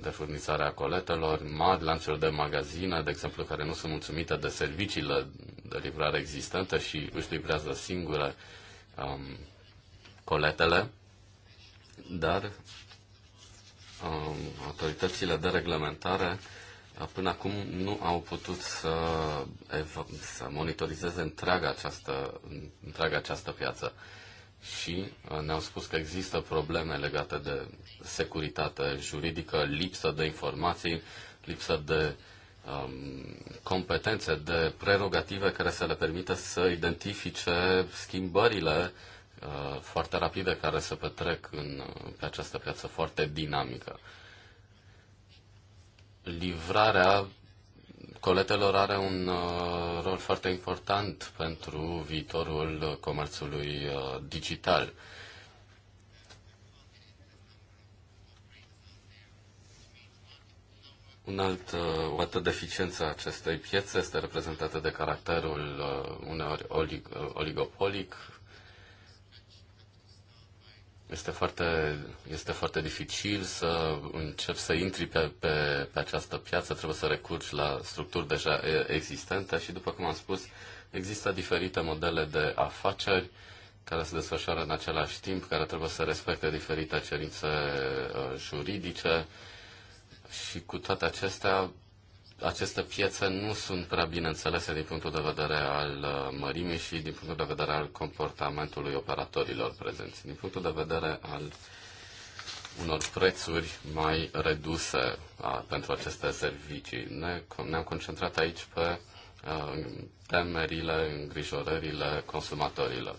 Speaker 3: de furnizare a coletelor, mad, lanțuri de magazine, de exemplu, care nu sunt mulțumite de serviciile de livrare existente și își livrează singure um, coletele, dar um, autoritățile de reglementare până acum nu au putut să, să monitorizeze întreaga această, întreaga această piață și uh, ne-au spus că există probleme legate de securitate juridică, lipsă de informații, lipsă de um, competențe, de prerogative care să le permită să identifice schimbările uh, foarte rapide care se petrec în, pe această piață foarte dinamică livrarea coletelor are un uh, rol foarte important pentru viitorul comerțului uh, digital. Un alt, uh, o altă deficiență a acestei piețe este reprezentată de caracterul uneori oligopolic este foarte, este foarte dificil să începi să intri pe, pe, pe această piață, trebuie să recurgi la structuri deja existente și, după cum am spus, există diferite modele de afaceri care se desfășoară în același timp, care trebuie să respecte diferite cerințe uh, juridice și cu toate acestea aceste piețe nu sunt prea bine înțelese din punctul de vedere al uh, mărimii și din punctul de vedere al comportamentului operatorilor prezenți. Din punctul de vedere al unor prețuri mai reduse a, pentru aceste servicii. Ne, ne-am concentrat aici pe a, uh, temerile, îngrijorările consumatorilor.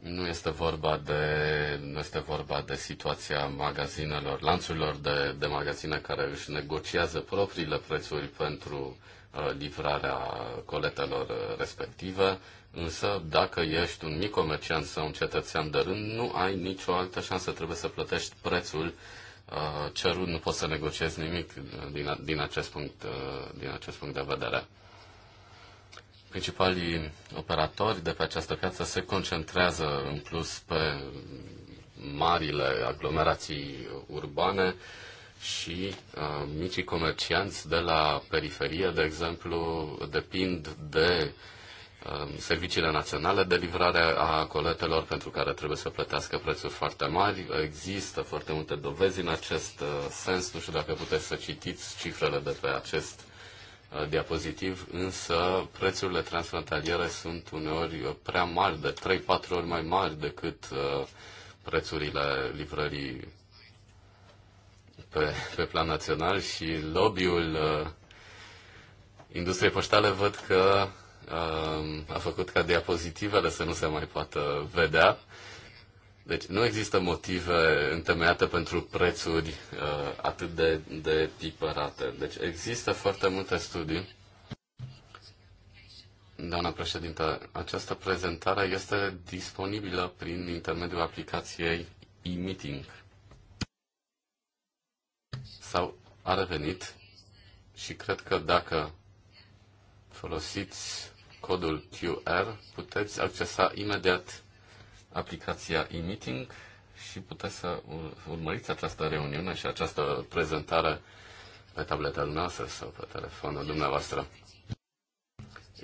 Speaker 3: Nu este vorba de, nu este vorba de situația magazinelor, lanțurilor de, de magazine care își negociază propriile prețuri pentru uh, livrarea coletelor uh, respective, însă dacă ești un mic comerciant sau un cetățean de rând, nu ai nicio altă șansă, trebuie să plătești prețul uh, cerul, nu poți să negociezi nimic din, din, acest punct, din acest punct de vedere. Principalii operatori de pe această piață se concentrează în plus pe marile aglomerații urbane și uh, micii comercianți de la periferie, de exemplu, depind de uh, serviciile naționale de livrare a coletelor pentru care trebuie să plătească prețuri foarte mari. Există foarte multe dovezi în acest uh, sens, nu știu dacă puteți să citiți cifrele de pe acest Uh, diapozitiv, însă prețurile transfrontaliere sunt uneori uh, prea mari, de 3-4 ori mai mari decât uh, prețurile livrării pe, pe plan național și lobby-ul industriei poștale văd că a făcut ca diapozitivele să nu se mai poată vedea deci nu există motive întemeiate pentru prețuri uh, atât de, de tipărate. Deci există foarte multe studii. Doamna președintă, această prezentare este disponibilă prin intermediul aplicației e-meeting. Sau a revenit și cred că dacă folosiți codul QR, puteți accesa imediat aplicația e-meeting și puteți să urmăriți această reuniune și această prezentare pe tableta noastră sau pe telefonul dumneavoastră.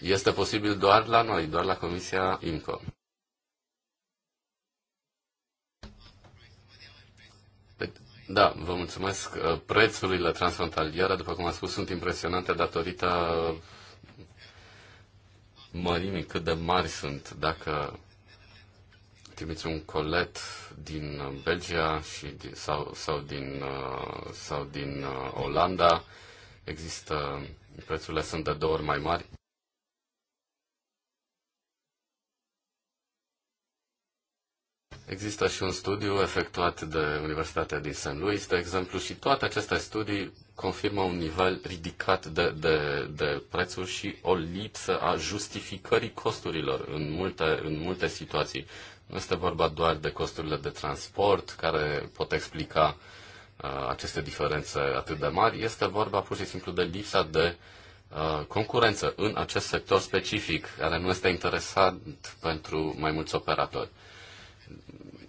Speaker 3: Este posibil doar la noi, doar la Comisia INCO. Da, vă mulțumesc. Uh, prețurile transfrontaliere, după cum am spus, sunt impresionante datorită mărimii cât de mari sunt. Dacă trimiți un colet din uh, Belgia și, sau, sau din, uh, sau din uh, Olanda, există, prețurile sunt de două ori mai mari. Există și un studiu efectuat de Universitatea din St. Louis, de exemplu, și toate aceste studii confirmă un nivel ridicat de, de, de prețuri și o lipsă a justificării costurilor în multe, în multe situații. Nu este vorba doar de costurile de transport care pot explica uh, aceste diferențe atât de mari, este vorba pur și simplu de lipsa de uh, concurență în acest sector specific, care nu este interesant pentru mai mulți operatori.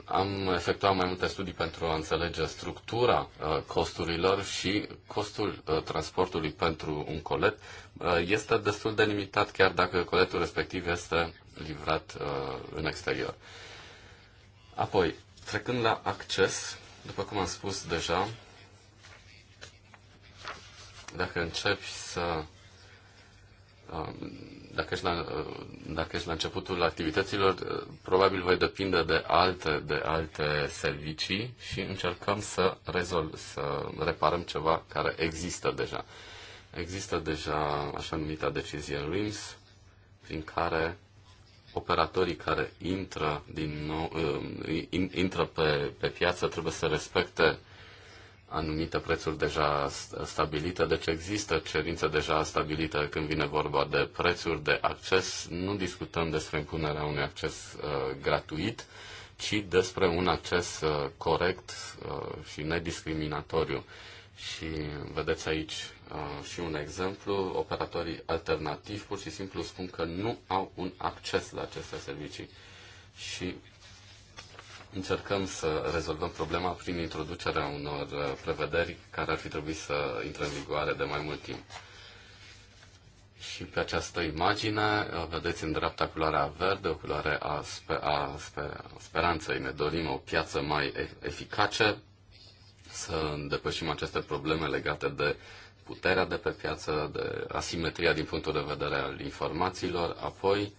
Speaker 3: Am efectuat mai multe studii pentru a înțelege structura uh, costurilor și costul uh, transportului pentru un colet uh, este destul de limitat, chiar dacă coletul respectiv este livrat în exterior. Apoi, trecând la acces, după cum am spus deja, dacă începi să um, dacă ești, la, dacă ești la începutul activităților, uh, probabil voi depinde de alte, de alte servicii și încercăm să, rezolv, să reparăm ceva care există deja. Există deja așa numita decizie RIMS, prin care operatorii care intră, din nou, uh, intră pe, pe piață trebuie să respecte anumite prețuri deja stabilite, deci există cerințe deja stabilite când vine vorba de prețuri, de acces. Nu discutăm despre impunerea unui acces uh, gratuit, ci despre un acces uh, corect uh, și nediscriminatoriu. Și vedeți aici și un exemplu, operatorii alternativi pur și simplu spun că nu au un acces la aceste servicii și încercăm să rezolvăm problema prin introducerea unor uh, prevederi care ar fi trebuit să intre în vigoare de mai mult timp. Și pe această imagine uh, vedeți în dreapta culoarea verde, o culoare a, spe- a a speranței. Ne dorim o piață mai eficace, să depășim aceste probleme legate de uh, puterea de pe piață, de asimetria din punctul de vedere al informațiilor, apoi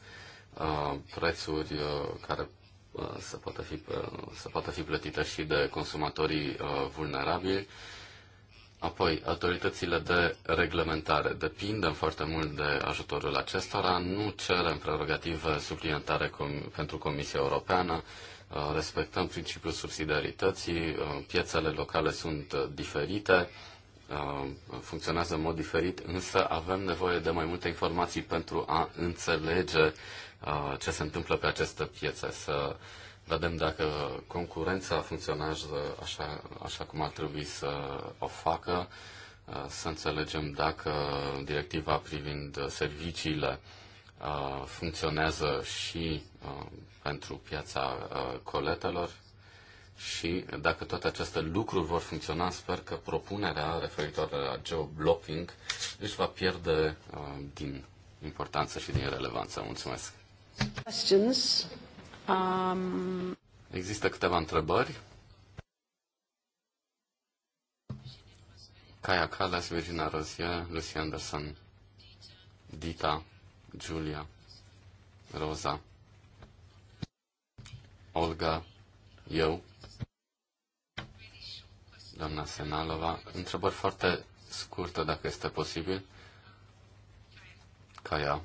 Speaker 3: uh, prețuri uh, care uh, se poate fi, se poate fi plătită și de consumatorii vulnerabili. Apoi, autoritățile de reglementare depindem foarte mult de ajutorul acestora, nu cerem prerogative suplimentare com- pentru Comisia Europeană, respectăm principiul subsidiarității, piețele locale sunt diferite, Uh, funcționează în mod diferit, însă avem nevoie de mai multe informații pentru a înțelege uh, ce se întâmplă pe această piață, să vedem dacă concurența funcționează așa, așa cum ar trebui să o facă, uh, să înțelegem dacă directiva privind serviciile funcționează și pentru piața coletelor, și dacă toate aceste lucruri vor funcționa, sper că propunerea referitoare la geoblocking își va pierde uh, din importanță și din relevanță. Mulțumesc! Questions? Um... Există câteva întrebări. Kaya Kalas, Virginia Rozier, Lucy Anderson, Dita, Julia, Rosa, Olga, eu, doamna Senalova. Întrebări foarte scurtă, dacă este posibil. Ca ea.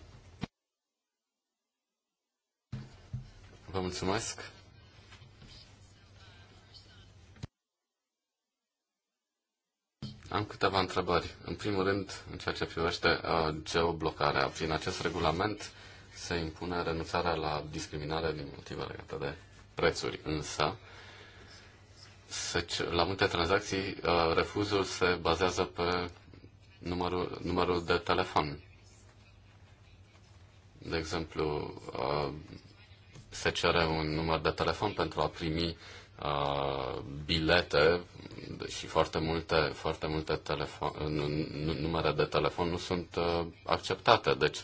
Speaker 3: Vă mulțumesc. Am câteva întrebări. În primul rând, în ceea ce privește uh, geoblocarea. Prin acest regulament se impune renunțarea la discriminare din motive legate de prețuri, însă se, la multe tranzacții uh, refuzul se bazează pe numărul, numărul de telefon. De exemplu, uh, se cere un număr de telefon pentru a primi uh, bilete și foarte multe, foarte multe telefon, numere de telefon nu sunt acceptate. Deci,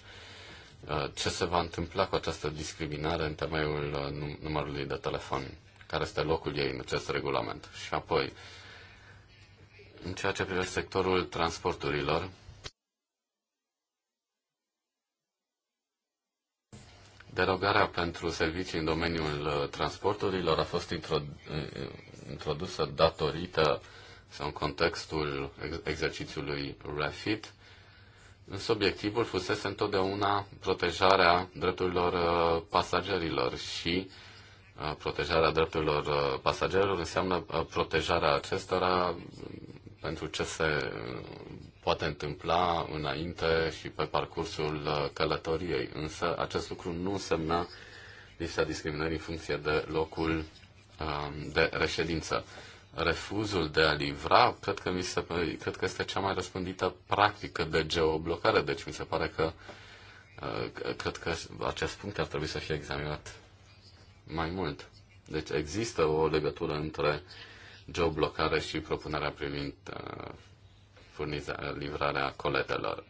Speaker 3: ce se va întâmpla cu această discriminare în temeiul numărului de telefon? care este locul ei în acest regulament. Și apoi, în ceea ce privește sectorul transporturilor, derogarea pentru servicii în domeniul uh, transporturilor a fost uh, introdusă datorită sau în contextul exercițiului REFIT, însă obiectivul fusese întotdeauna protejarea drepturilor uh, pasagerilor și uh, protejarea drepturilor pasagerilor înseamnă protejarea acestora pentru ce se poate întâmpla înainte și pe parcursul călătoriei. Însă acest lucru nu însemna lipsa discriminării în funcție de locul de reședință. Refuzul de a livra, cred că, mi se, cred că este cea mai răspândită practică de geoblocare, deci mi se pare că cred că acest punct ar trebui să fie examinat mai mult. Deci există o legătură între geoblocare și propunerea privind uh, livrarea coletelor.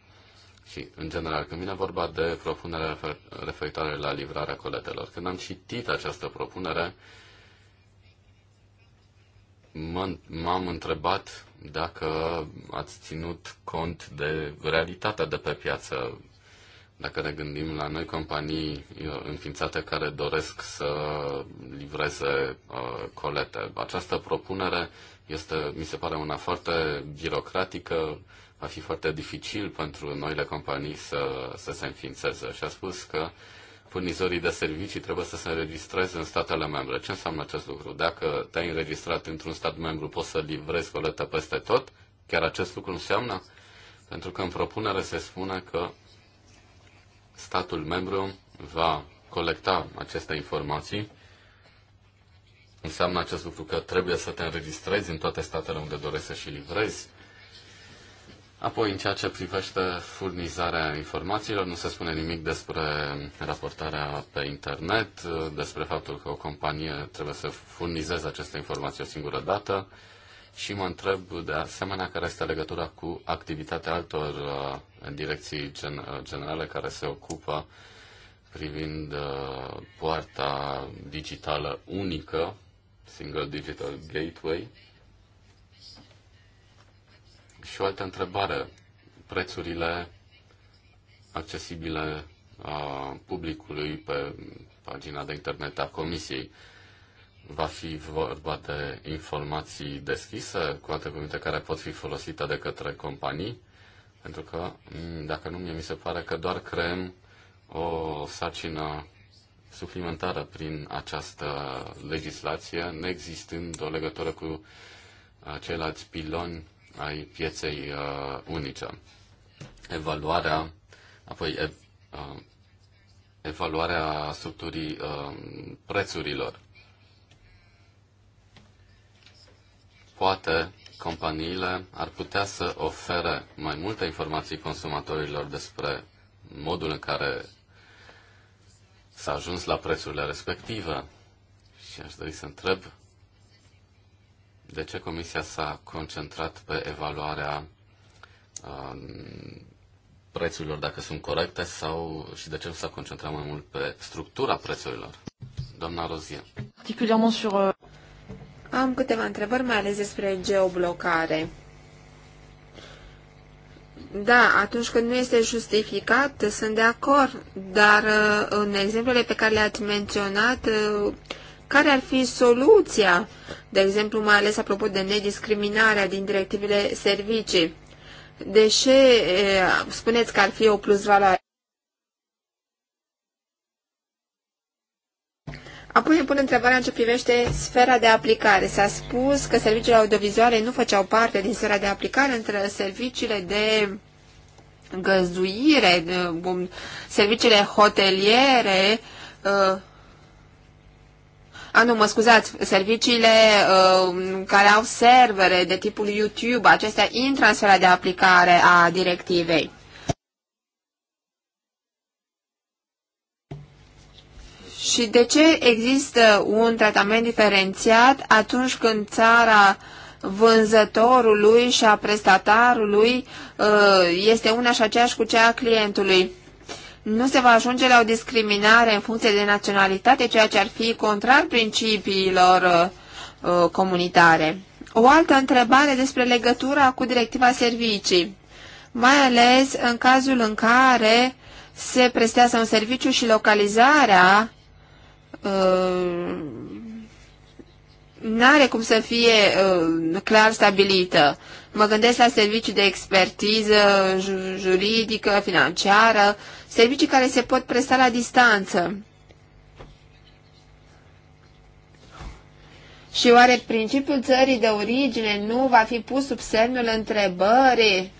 Speaker 3: Și, în general, când vine vorba de propunerea refer, referitoare la livrarea coletelor, când am citit această propunere, m-am întrebat dacă ați ținut cont de realitatea de pe piață dacă ne gândim la noi companii uh, înființate care doresc să livreze uh, colete, această propunere este, mi se pare, una foarte birocratică, va fi foarte dificil pentru noile companii să, să se înființeze. Și a spus că furnizorii de servicii trebuie să se înregistreze în statele membre. Ce înseamnă acest lucru? Dacă te-ai înregistrat într-un stat membru, poți să livrezi coletă peste tot? Chiar acest lucru înseamnă? Pentru că în propunere se spune că statul membru va colecta aceste informații. Înseamnă acest lucru că trebuie să te înregistrezi în toate statele unde dorești să și livrezi. Apoi, în ceea ce privește furnizarea informațiilor, nu se spune nimic despre raportarea pe internet, despre faptul că o companie trebuie să furnizeze aceste informații o singură dată și mă întreb de asemenea care este legătura cu activitatea altor uh, direcții gen- generale care se ocupă privind uh, poarta digitală unică, Single Digital Gateway. Și o altă întrebare, prețurile accesibile uh, publicului pe pagina de internet a Comisiei. Va fi vorba de informații deschise, cu alte cuvinte care pot fi folosite de către companii pentru că, mm, dacă nu, mie mi se pare că doar creăm o sarcină suplimentară prin această legislație, neexistând o legătură cu uh, ceilalți piloni ai pieței uh, unice. Evaluarea, apoi ev, uh, evaluarea structurii uh, prețurilor. Poate companiile ar putea să ofere mai multe informații consumatorilor despre modul în care s-a ajuns la prețurile respective. Și aș dori să întreb de ce Comisia s-a concentrat pe evaluarea um, prețurilor, dacă sunt corecte, sau și de ce nu s-a concentrat mai mult pe structura prețurilor. Doamna Rozie.
Speaker 1: sur... Euh, am câteva întrebări, mai ales despre geoblocare. Da, atunci când nu este justificat, sunt de acord, dar uh, în exemplele pe care le-ați menționat, uh, care ar fi soluția? De exemplu, mai ales apropo de nediscriminarea din directivele servicii. De ce uh, spuneți că ar fi o plusvaloare, Apoi îmi pun întrebarea în ce privește sfera de aplicare. S-a spus că serviciile audiovizuale nu făceau parte din sfera de aplicare între serviciile de găzduire, um, serviciile hoteliere, uh, a, nu, mă scuzați, serviciile uh, care au servere de tipul YouTube, acestea intră în sfera de aplicare a directivei. Și de ce există un tratament diferențiat atunci când țara vânzătorului și a prestatarului uh, este una și aceeași cu cea a clientului? Nu se va ajunge la o discriminare în funcție de naționalitate, ceea ce ar fi contrar principiilor uh, comunitare. O altă întrebare despre legătura cu directiva servicii, mai ales în cazul în care se prestează un serviciu și localizarea uh, n-are cum să fie uh, clar stabilită. Mă gândesc la servicii de expertiză juridică, financiară, servicii care se pot presta la distanță. Și oare principiul țării de origine nu va fi pus sub semnul întrebării?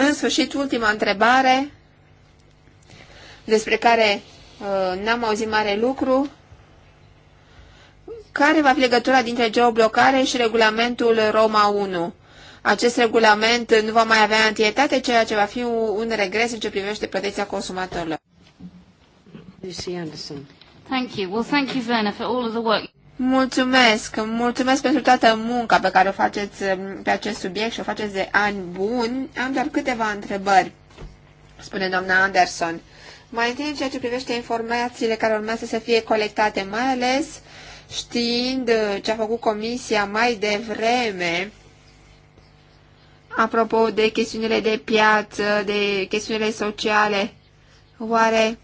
Speaker 1: În sfârșit, ultima întrebare despre care uh, n-am auzit mare lucru. Care va fi legătura dintre geoblocare și regulamentul Roma 1? Acest regulament nu va mai avea antietate, ceea ce va fi un regres în ce privește protecția consumatorilor. Lucy Anderson. Thank you. Well, thank you, Verna, for all of the work. Mulțumesc! Mulțumesc pentru toată munca pe care o faceți um, pe acest subiect și o faceți de ani buni. Am doar câteva întrebări, spune doamna Anderson. Mai întâi în ceea ce privește informațiile care urmează să fie colectate, mai ales știind uh, ce a făcut comisia mai devreme apropo de chestiunile de piață, de chestiunile sociale, oare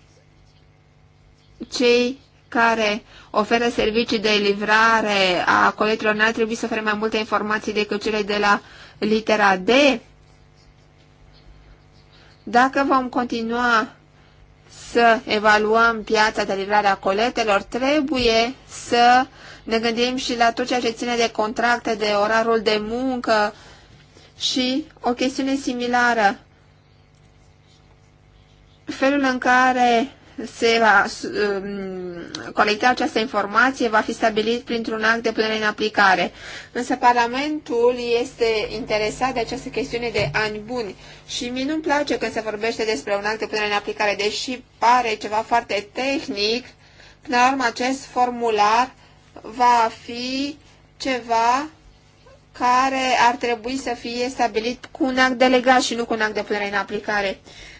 Speaker 1: cei care oferă servicii de livrare a coletelor, n-ar trebui să ofere mai multe informații decât cele de la litera D? Dacă vom continua să evaluăm piața de livrare a coletelor, trebuie să ne gândim și la tot ceea ce ține de contracte, de orarul de muncă și o chestiune similară. Felul în care se va um, colecta această informație va fi stabilit printr-un act de punere în aplicare. Însă Parlamentul este interesat de această chestiune de ani buni și mie nu-mi place când se vorbește despre un act de punere în aplicare, deși pare ceva foarte tehnic, până la urmă acest formular va fi ceva care ar trebui să fie stabilit cu un act delegat și nu cu un act de punere în aplicare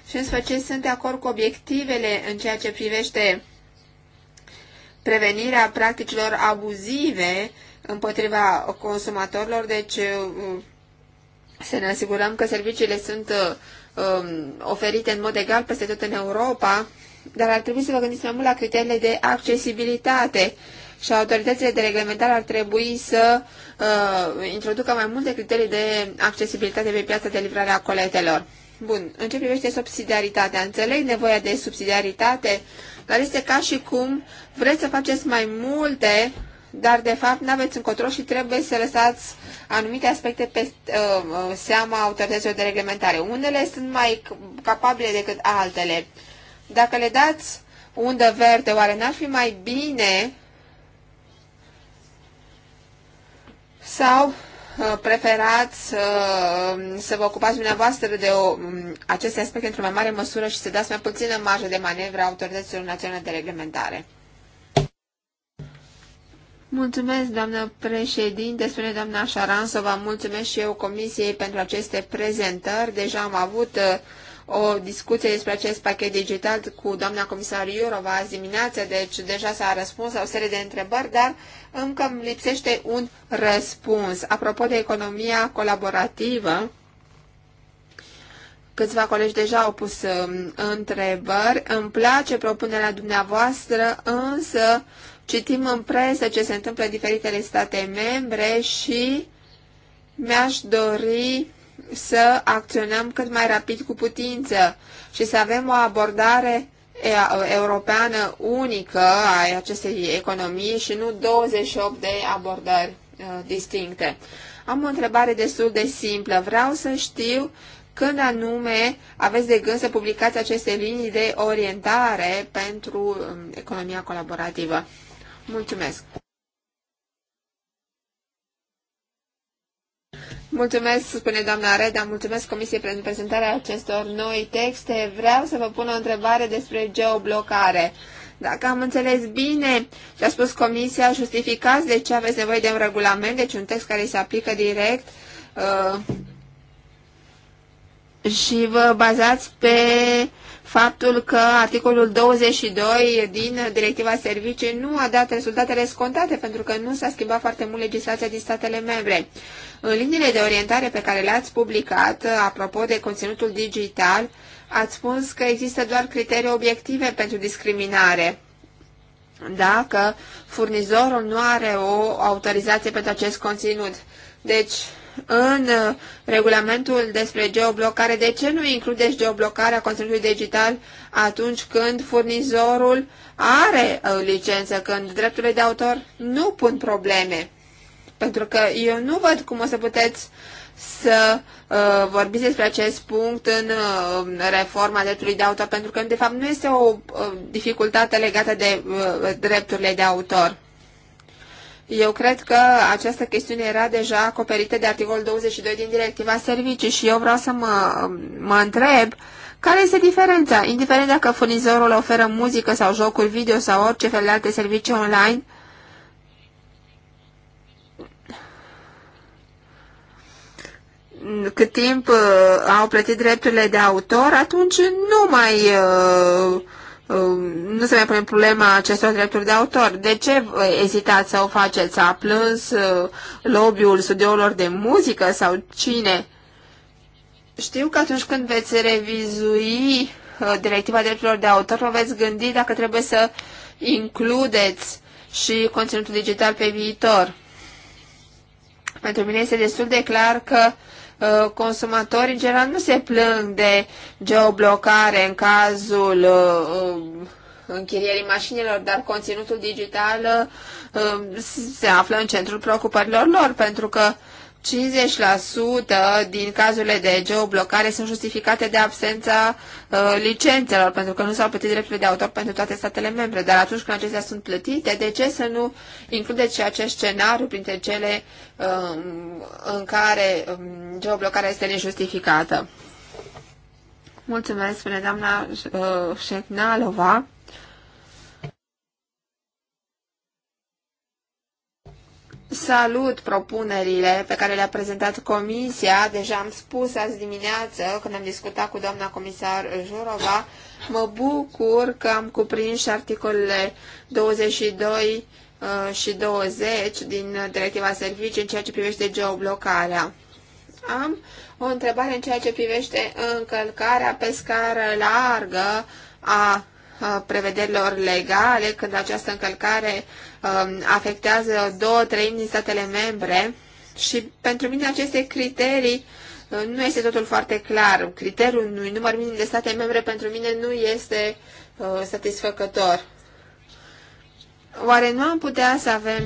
Speaker 1: și în sfârșit sunt de acord cu obiectivele în ceea ce privește prevenirea practicilor abuzive împotriva consumatorilor, deci uh, să ne asigurăm că serviciile sunt um, oferite în mod egal peste tot în Europa, dar ar trebui să vă gândiți mai mult la criteriile de accesibilitate și autoritățile de reglementare ar trebui să uh, introducă mai multe criterii de accesibilitate pe piața de livrare a coletelor. Bun, în ce privește subsidiaritatea, înțeleg nevoia de subsidiaritate, dar este ca și cum vreți să faceți mai multe, dar de fapt nu aveți încotro și trebuie să lăsați anumite aspecte pe uh, seama autorităților de reglementare. Unele sunt mai capabile decât altele. Dacă le dați undă verde, oare n-ar fi mai bine sau Uh, preferați să, uh, să vă ocupați dumneavoastră de o, um, aspect într-o mai mare măsură și să dați mai puțină marjă de manevră autorităților naționale de reglementare. Mulțumesc, doamnă președinte, spune doamna Șaransova, mulțumesc și eu Comisiei pentru aceste prezentări. Deja am avut uh, o discuție despre acest pachet digital cu doamna comisar Iurova azi dimineață, deci deja s-a răspuns la o serie de întrebări, dar încă îmi lipsește un răspuns. Apropo de economia colaborativă, Câțiva colegi deja au pus um, întrebări. Îmi place propunerea dumneavoastră, însă citim în presă ce se întâmplă în diferitele state membre și mi-aș dori să acționăm cât mai rapid cu putință și să avem o abordare europeană unică a acestei economii și nu 28 de abordări uh, distincte. Am o întrebare destul de simplă. Vreau să știu când anume aveți de gând să publicați aceste linii de orientare pentru um, economia colaborativă. Mulțumesc! Mulțumesc, spune doamna Reda, mulțumesc Comisiei pentru prezentarea acestor noi texte. Vreau să vă pun o întrebare despre geoblocare. Dacă am înțeles bine ce a spus Comisia, justificați de ce aveți nevoie de un regulament, deci un text care se aplică direct uh, și vă bazați pe faptul că articolul 22 din Directiva Servicii nu a dat rezultatele scontate pentru că nu s-a schimbat foarte mult legislația din statele membre. În liniile de orientare pe care le-ați publicat, apropo de conținutul digital, ați spus că există doar criterii obiective pentru discriminare. Dacă furnizorul nu are o autorizație pentru acest conținut. Deci, în uh, regulamentul despre geoblocare, de ce nu includeți geoblocarea conținutului digital atunci când furnizorul are uh, licență, când drepturile de autor nu pun probleme? Pentru că eu nu văd cum o să puteți să uh, vorbiți despre acest punct în uh, reforma dreptului de autor, pentru că, de fapt, nu este o uh, dificultate legată de uh, drepturile de autor. Eu cred că această chestiune era deja acoperită de articolul 22 din directiva servicii și eu vreau să mă, mă întreb care este diferența, indiferent dacă furnizorul oferă muzică sau jocuri video sau orice fel de alte servicii online, cât timp uh, au plătit drepturile de autor, atunci nu mai uh, Um, nu se mai pune problema acestor drepturi de autor. De ce uh, ezitați să o faceți? A plâns uh, lobby-ul studioilor de muzică sau cine? Știu că atunci când veți revizui uh, directiva drepturilor de autor, vă veți gândi dacă trebuie să includeți și conținutul digital pe viitor. Pentru mine este destul de clar că uh, Uh, consumatorii în general nu se plâng de geoblocare în cazul uh, um, închirierii mașinilor, dar conținutul digital uh, um, se află în centrul preocupărilor lor, pentru că uh, 50% din cazurile de geoblocare sunt justificate de absența uh, licențelor, pentru că nu s-au plătit drepturile de autor pentru toate statele membre. Dar atunci când acestea sunt plătite, de ce să nu includeți și acest scenariu printre cele uh, în care um, geoblocarea este nejustificată? Mulțumesc, spune doamna uh, Salut propunerile pe care le-a prezentat Comisia. Deja am spus azi dimineață, când am discutat cu doamna comisar Jurova, mă bucur că am cuprins și articolele 22 uh, și 20 din Directiva Servicii în ceea ce privește geoblocarea. Am o întrebare în ceea ce privește încălcarea pe scară largă a Uh, prevederilor legale când această încălcare um, afectează două treimi din statele membre și pentru mine aceste criterii uh, nu este totul foarte clar. Criteriul unui număr minim de state membre pentru mine nu este uh, satisfăcător. Oare nu am putea să avem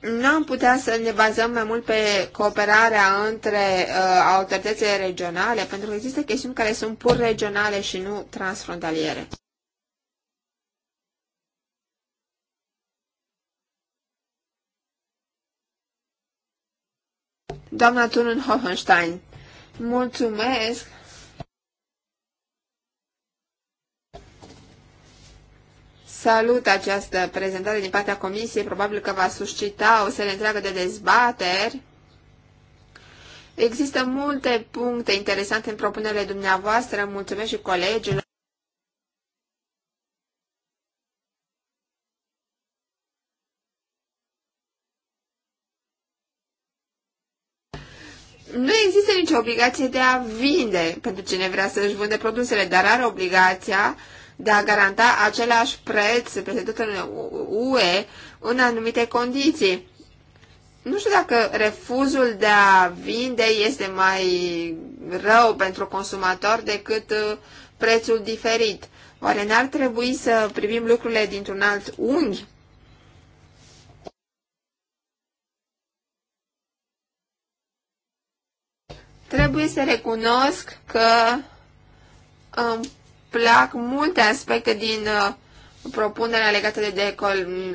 Speaker 1: Nu am putea să ne bazăm mai mult pe cooperarea între uh, autoritățile regionale, pentru că există chestiuni care sunt pur regionale și nu transfrontaliere. Doamna Tunun Hohenstein, mulțumesc! Salut această prezentare din partea Comisiei, probabil că va suscita o serie întreagă de dezbateri. Există multe puncte interesante în propunerile dumneavoastră, mulțumesc și colegilor. nu există nicio obligație de a vinde pentru cine vrea să-și vândă produsele, dar are obligația de a garanta același preț pe tot în UE în anumite condiții. Nu știu dacă refuzul de a vinde este mai rău pentru consumator decât uh, prețul diferit. Oare n-ar trebui să privim lucrurile dintr-un alt unghi? Trebuie să recunosc că în um, plac multe aspecte din uh, propunerea legată de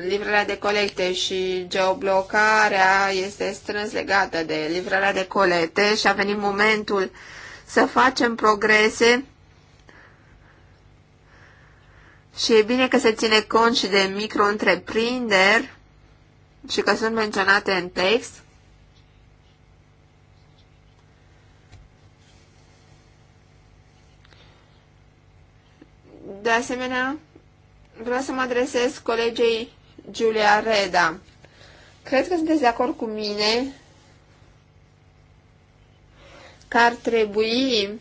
Speaker 1: livrarea de colecte și geoblocarea este strâns legată de livrarea de colete și a venit momentul să facem progrese și e bine că se ține cont și de micro-întreprinderi și că sunt menționate în text. De asemenea, vreau să mă adresez colegei Giulia Reda. Cred că sunteți de acord cu mine că ar trebui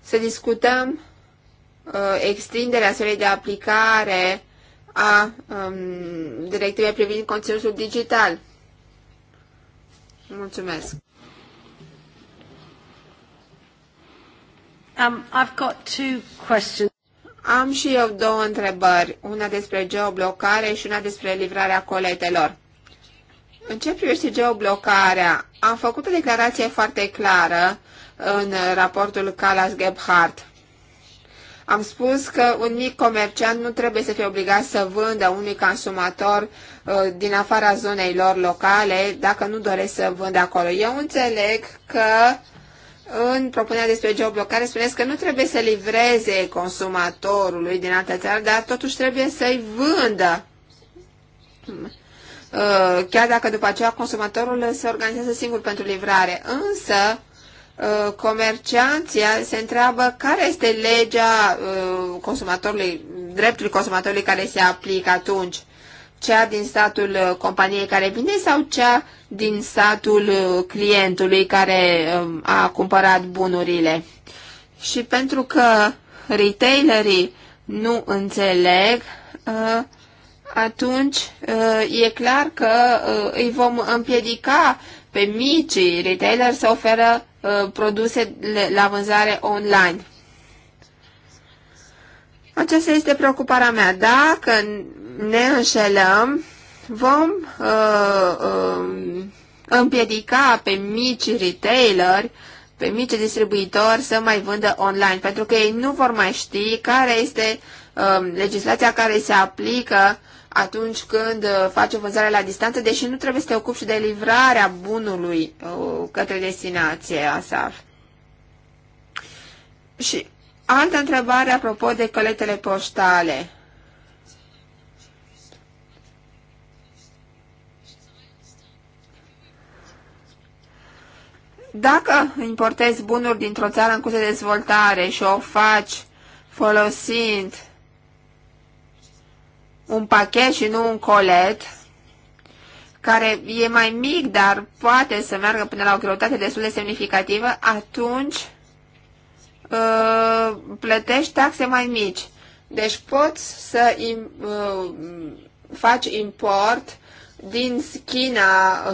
Speaker 1: să discutăm uh, extinderea sferei de aplicare a um, directivei privind conținutul digital. Mulțumesc. Um, I've got two questions. Am și eu două întrebări, una despre geoblocare și una despre livrarea coletelor. În ce privește geoblocarea, am făcut o declarație foarte clară în raportul Calas Gebhardt. Am spus că un mic comerciant nu trebuie să fie obligat să vândă unui consumator uh, din afara zonei lor locale dacă nu doresc să vândă acolo. Eu înțeleg că în propunerea despre geoblocare spuneți că nu trebuie să livreze consumatorului din altă țară, dar totuși trebuie să-i vândă. Uh, chiar dacă după aceea consumatorul se organizează singur pentru livrare. Însă, uh, comercianții se întreabă care este legea uh, consumatorului, dreptului consumatorului care se aplică atunci. Cea din statul uh, companiei care vinde sau cea din statul uh, clientului care um, a cumpărat bunurile? Și pentru că retailerii nu înțeleg, uh, atunci e clar că îi vom împiedica pe micii retaileri să oferă produse la vânzare online. Aceasta este preocuparea mea. Dacă ne înșelăm, vom uh, uh, împiedica pe mici retaileri, pe mici distribuitori să mai vândă online, pentru că ei nu vor mai ști care este uh, legislația care se aplică atunci când uh, faci o vânzare la distanță, deși nu trebuie să te ocupi și de livrarea bunului uh, către destinație, ASAF. Și Altă întrebare apropo de coletele poștale. Dacă importezi bunuri dintr-o țară în curs de dezvoltare și o faci folosind un pachet și nu un colet, care e mai mic, dar poate să meargă până la o greutate destul de semnificativă, atunci uh, plătești taxe mai mici. Deci poți să uh, faci import din China,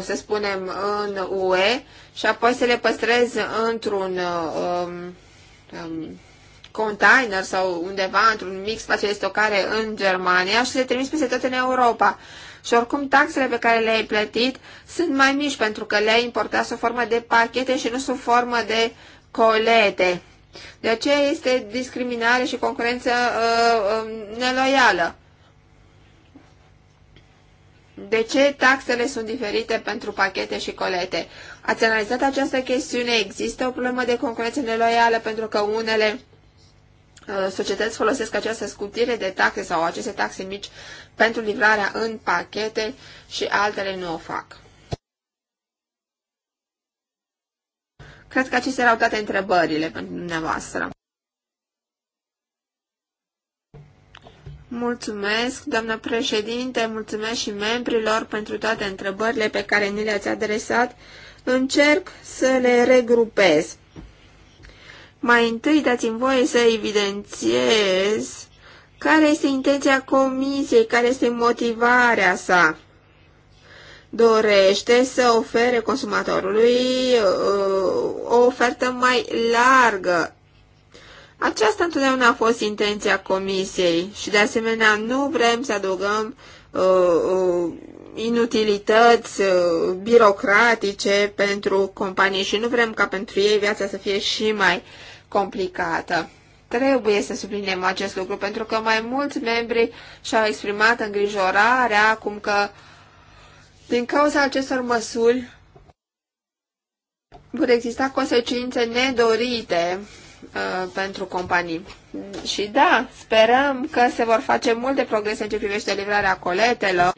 Speaker 1: să spunem, în UE și apoi să le păstrezi într-un uh, um, um, container sau undeva într-un mix spațiu de stocare în Germania și le trimiți peste tot în Europa. Și oricum taxele pe care le-ai plătit sunt mai mici pentru că le-ai importat sub formă de pachete și nu sub formă de colete. De aceea este discriminare și concurență uh, uh, neloială. De ce taxele sunt diferite pentru pachete și colete? Ați analizat această chestiune? Există o problemă de concurență neloială pentru că unele uh, societăți folosesc această scutire de taxe sau aceste taxe mici pentru livrarea în pachete și altele nu o fac. Cred că acestea erau toate întrebările pentru dumneavoastră. Mulțumesc, doamnă președinte, mulțumesc și membrilor pentru toate întrebările pe care ni le-ați adresat. Încerc să le regrupez. Mai întâi dați-mi voie să evidențiez care este intenția comisiei, care este motivarea sa dorește să ofere consumatorului uh, o ofertă mai largă. Aceasta întotdeauna a fost intenția comisiei și de asemenea nu vrem să adăugăm uh, uh, inutilități uh, birocratice pentru companii și nu vrem ca pentru ei viața să fie și mai complicată. Trebuie să subliniem acest lucru pentru că mai mulți membri și-au exprimat îngrijorarea acum că uh, din cauza acestor măsuri vor exista consecințe nedorite uh, pentru companii. Și da, sperăm că se vor face multe progrese în ce privește livrarea coletelor.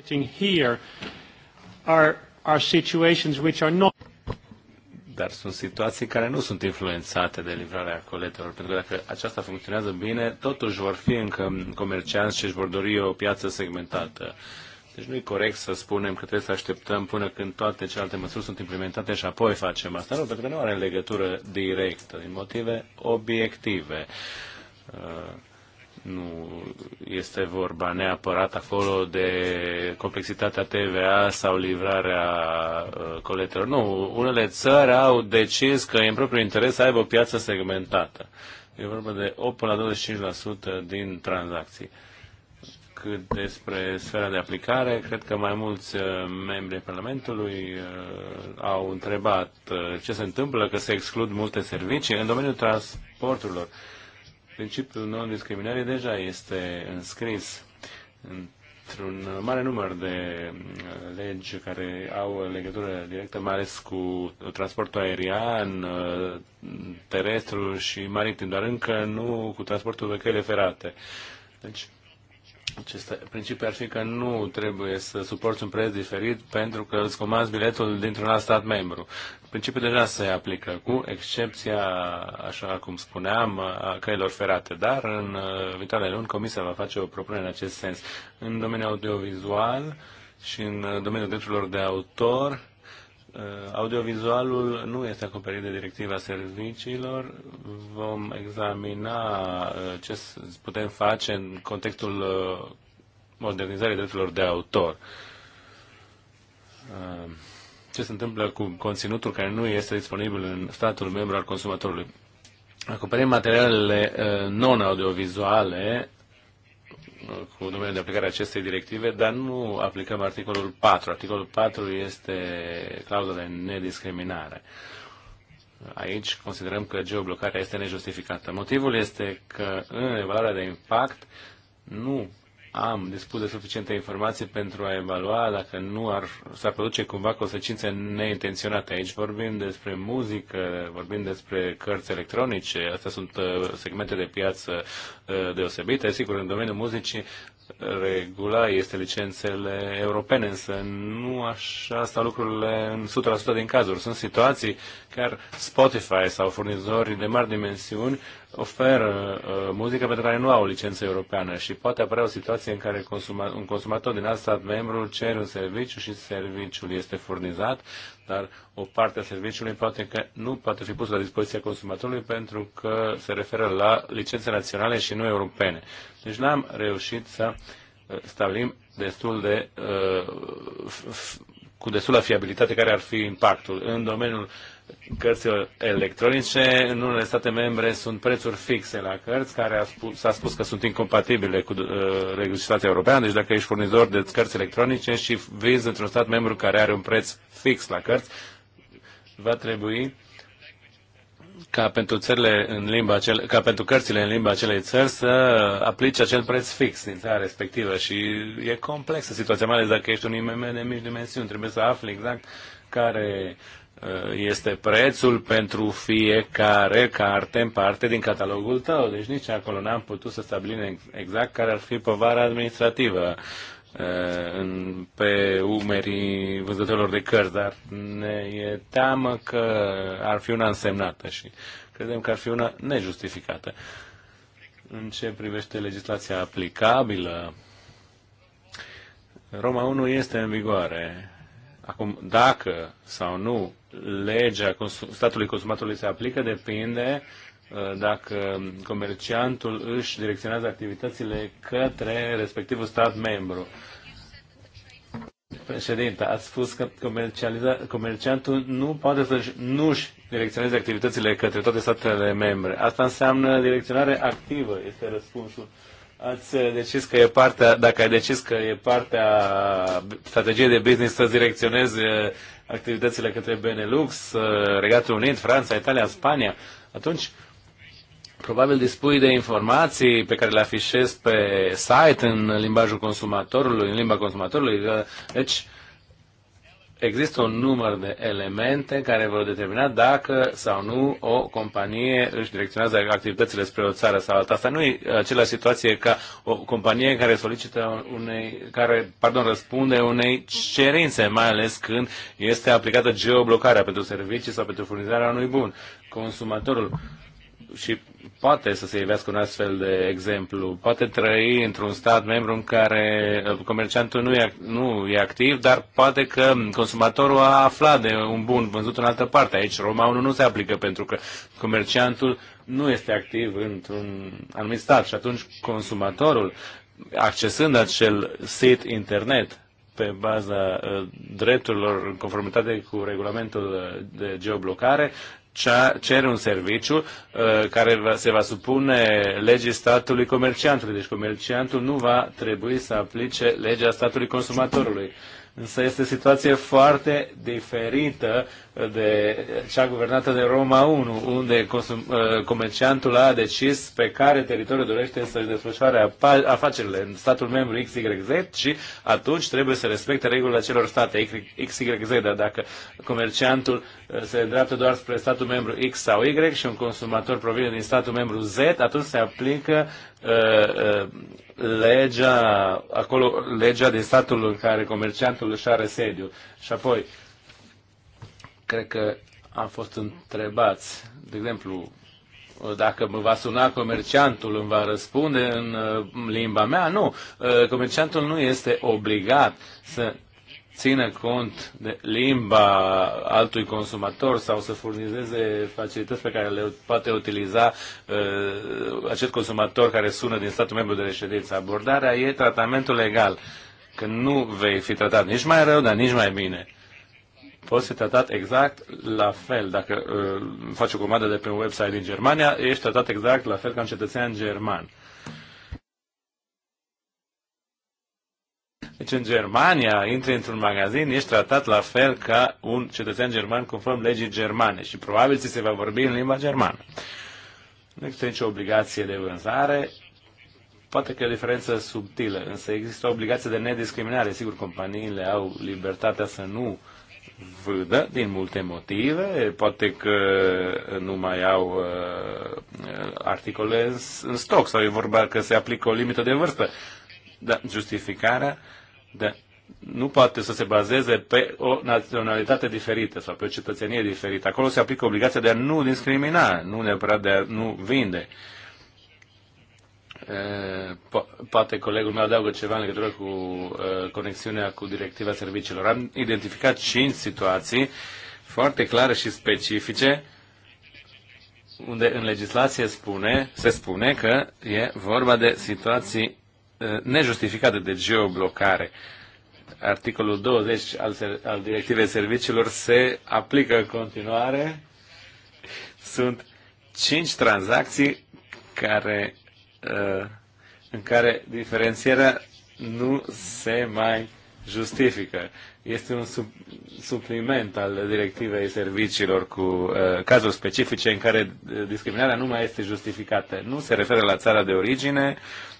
Speaker 2: Dar sunt situații care nu sunt influențate de livrarea coletelor, pentru că dacă aceasta funcționează bine, totuși vor fi încă comercianți și își vor dori o piață segmentată. Uh, deci nu e corect să spunem că trebuie să așteptăm până când toate celelalte măsuri sunt implementate și apoi facem asta. Nu, pentru că nu are legătură directă, din motive obiective. Uh, nu este vorba neapărat acolo de complexitatea TVA sau livrarea uh, coletelor. Nu, unele țări au decis că e în propriul interes să aibă o piață segmentată. E vorba de 8 până la 25% din tranzacții. Uh, cât despre sfera de aplicare. Cred că mai mulți uh, membri Parlamentului uh, au întrebat uh, ce se întâmplă, că se exclud multe servicii în domeniul transporturilor. Principiul non-discriminării deja este înscris într-un mare număr de legi care au legătură directă, mai ales cu transportul aerian, terestru și maritim, dar încă nu cu transportul pe căile ferate. Deci, acest principiu ar fi că nu trebuie să suporți un preț diferit pentru că îți comanzi biletul dintr-un alt stat membru. Principiul deja se aplică, cu excepția, așa cum spuneam, a căilor ferate, dar în uh, viitoarele luni Comisia va face o propunere în acest sens. În domeniul audiovizual și în uh, domeniul drepturilor de autor, Uh, audiovizualul nu este acoperit de directiva serviciilor. Vom examina uh, ce putem face în contextul uh, modernizării drepturilor de autor. Ce se întâmplă cu conținutul care nu este disponibil în statul membru al consumatorului? Acoperim materialele non-audiovizuale cu domeniul de aplicare a acestei directive, dar nu aplicăm articolul 4. Articolul 4 este clauza de nediscriminare. Aici considerăm că geoblocarea este nejustificată. Motivul este că în evaluarea de impact nu am dispus de suficiente informații pentru a evalua dacă nu ar, s-ar produce cumva consecințe neintenționate. Aici vorbim despre muzică, vorbim despre cărți electronice, astea sunt uh, segmente de piață uh, deosebite. Sigur, în domeniul muzicii regula este licențele europene, însă nu așa stau lucrurile în 100% din cazuri. Sunt situații chiar Spotify sau furnizorii de mari dimensiuni oferă uh, muzică pentru care nu au licență europeană și poate apărea o situație în care consuma, un consumator din alt stat membru cere un serviciu și serviciul este furnizat dar o parte a serviciului poate că nu poate fi pusă la dispoziția consumatorului pentru că se referă la licențe naționale și nu europene. Deci n-am reușit să uh, stabilim destul de, uh, cu destulă fiabilitate care ar fi impactul. În domeniul Cărți electronice. În unele state membre sunt prețuri fixe la cărți, care a spus, s-a spus că sunt incompatibile cu uh, legislația europeană, deci dacă ești furnizor de cărți electronice și vezi într-un stat membru care are un preț fix la cărți, va trebui ca pentru, țările în limba acele, ca pentru cărțile în limba acelei țări să aplice acel preț fix din țara respectivă și e complexă situația, mai ales dacă ești un IMM de mici dimensiuni, trebuie să afli exact care Eh, este prețul pentru fiecare carte în parte din catalogul tău. Deci nici acolo n-am putut să stabilim exact care ar fi povara administrativă eh, pe umerii vânzătorilor de cărți, dar ne e teamă că ar fi una însemnată și credem că ar fi una nejustificată. În ce privește legislația aplicabilă, Roma 1 este în vigoare. Acum, dacă sau nu legea statului consumatorului se aplică depinde uh, dacă comerciantul își direcționează activitățile către respectivul stat membru. Președinte, ați spus că comerciantul nu poate să nu-și direcționeze activitățile către toate statele membre. Asta înseamnă direcționare activă, este răspunsul ați uh, decis că e partea, dacă ai decis că e partea strategiei de business să direcționezi uh, activitățile către Benelux, uh, Regatul Unit, Franța, Italia, Spania, atunci probabil dispui de informații pe care le afișezi pe site în limbajul consumatorului, în limba consumatorului. Deci, există un număr de elemente care vor determina dacă sau nu o companie își direcționează activitățile spre o țară sau alta. Asta nu e aceeași situație ca o companie care solicită unei, care, pardon, răspunde unei cerințe, mai ales când este aplicată geoblocarea pentru servicii sau pentru furnizarea unui bun. Consumatorul și poate să se ivească un astfel de exemplu. Poate trăi într-un stat membru în care comerciantul nu e, nu e activ, dar poate că consumatorul a aflat de un bun vândut în altă parte. Aici Roma 1 nu se aplică pentru că comerciantul nu este activ într-un anumit stat și atunci consumatorul, accesând acel sit internet, pe baza uh, drepturilor în conformitate cu regulamentul uh, de geoblocare, cer un serviciu uh, care se va supune legii statului comerciantului. Deci comerciantul nu va trebui să aplice legea statului consumatorului. Însă este o situație foarte diferită de cea guvernată de Roma 1, unde consum, uh, comerciantul a decis pe care teritoriu dorește să-și desfășoare afacerile în statul membru XYZ și atunci trebuie să respecte regulile celor state XYZ. Dar dacă comerciantul uh, se îndreaptă doar spre statul membru X sau Y și un consumator provine din statul membru Z, atunci se aplică uh, uh, legea, acolo, legea din statul în care comerciantul își are sediu. Și apoi, cred că am fost întrebați, de exemplu, dacă mă va suna comerciantul, îmi va răspunde în uh, limba mea. Nu, uh, comerciantul nu este obligat să țină cont de limba altui consumator sau să furnizeze facilități pe care le poate utiliza uh, acest consumator care sună din statul membru de reședință. Abordarea e tratamentul legal, că nu vei fi tratat nici mai rău, dar nici mai bine. Poți fi tratat exact la fel. Dacă uh, faci o comandă de pe un website din Germania, ești tratat exact la fel ca un cetățean german. Uh, Deci în Germania intri într-un magazin, ești tratat la fel ca un cetățean german conform legii germane și probabil ți se va vorbi în limba germană. Nu există nicio obligație de vânzare, poate că e o diferență subtilă, însă există o obligație de nediscriminare. Sigur, companiile au libertatea să nu vâdă din multe motive, poate că nu mai au uh, uh, articole în, în stoc sau e vorba că se aplică o limită de vârstă da, justificarea, de, nu poate să se bazeze pe o naționalitate diferită sau pe o cetățenie diferită. Acolo se aplică obligația de a nu discrimina, nu neapărat de a nu vinde. Po poate colegul meu adaugă ceva în legătură cu e, conexiunea cu directiva serviciilor. Am identificat cinci situații foarte clare și specifice unde în legislație spune, se spune că e vorba de situații Uh, nejustificată de geoblocare. Articolul 20 al, al Directivei Serviciilor se aplică în continuare. Sunt cinci tranzacții care, uh, în care diferențierea nu se mai justifică. Este un sub, supliment al directivei serviciilor cu uh, cazuri specifice în care uh, discriminarea nu mai este justificată. Nu se referă la țara de origine,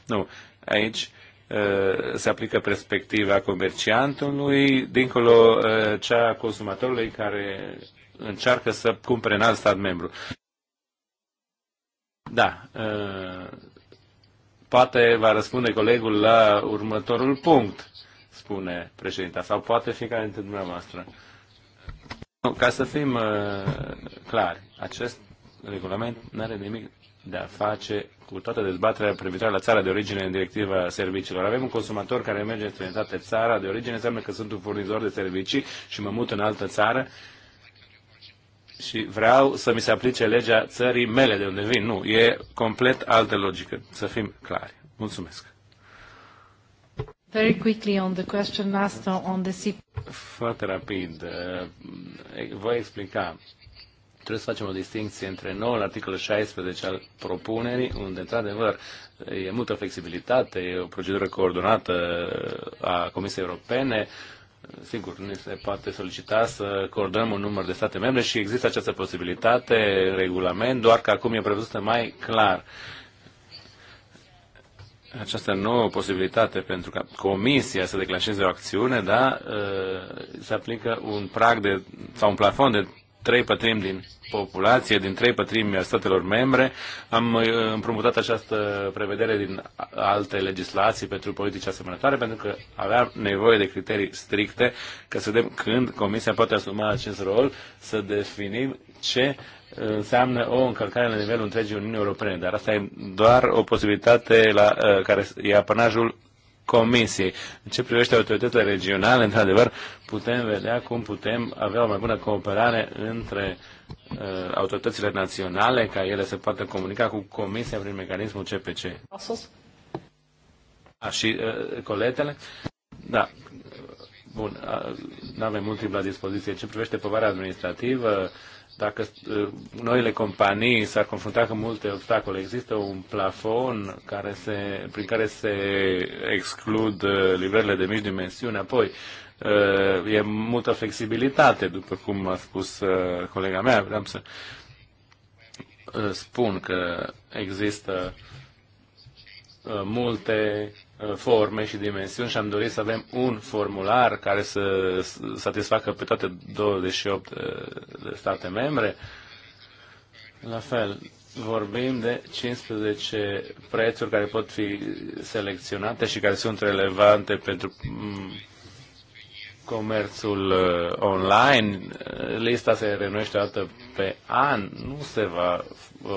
Speaker 2: nu. Aici uh, se aplică perspectiva comerciantului, dincolo uh, cea a consumatorului care încearcă să cumpere în alt stat membru. Da, uh, poate va răspunde colegul la următorul punct, spune președinta, sau poate fiecare dintre dumneavoastră. Ca să fim clari, acest regulament nu are nimic de a face cu toată dezbaterea privitoare la țara de origine în directiva serviciilor. Avem un consumator care merge în străinătate, țara de origine înseamnă că sunt un furnizor de servicii și mă mut în altă țară și vreau să mi se aplice legea țării mele de unde vin. Nu, e complet altă logică, să fim clari. Mulțumesc.
Speaker 3: Very quickly on the question asked on the CP.
Speaker 2: Foarte rapid. Voi explica trebuie să facem o distinție între noul articolul 16 al propunerii, unde, într-adevăr, e multă flexibilitate, e o procedură coordonată a Comisiei Europene, Sigur, nu se poate solicita să coordonăm un număr de state membre și există această posibilitate regulament, doar că acum e prevăzută mai clar această nouă posibilitate pentru ca Comisia să declanșeze o acțiune, da, uh, se aplică un prag de, sau un plafon de trei pătrimi din populație, din trei pătrimi a statelor membre. Am uh, împrumutat această prevedere din alte legislații pentru politici asemănătoare, pentru că aveam nevoie de criterii stricte ca să vedem când Comisia poate asuma acest rol, să definim ce înseamnă o încălcare la nivelul întregii Uniunii Europene, dar asta e doar o posibilitate la, uh, care e apănajul Comisiei. În ce privește autoritățile regionale, într-adevăr, putem vedea cum putem avea o mai bună cooperare între uh, autoritățile naționale, ca ele să poată comunica cu Comisia prin mecanismul CPC. Asos. A, și uh, coletele? Da. Bun, uh, nu avem mult timp la dispoziție. în Ce privește povara administrativă, uh, dacă uh, noile companii s-ar confrunta cu multe obstacole, există un plafon care se, prin care se exclud uh, livrările de mici dimensiuni, apoi uh, e multă flexibilitate, după cum a spus colega mea, vreau să spun că există multe Uh, forme și dimensiuni și am dorit să avem un formular care să satisfacă pe toate 28 uh, de state membre. La fel, vorbim de 15 prețuri care pot fi selecționate și care sunt relevante pentru mm, comerțul uh, online. Lista se renuiește dată pe an, nu se va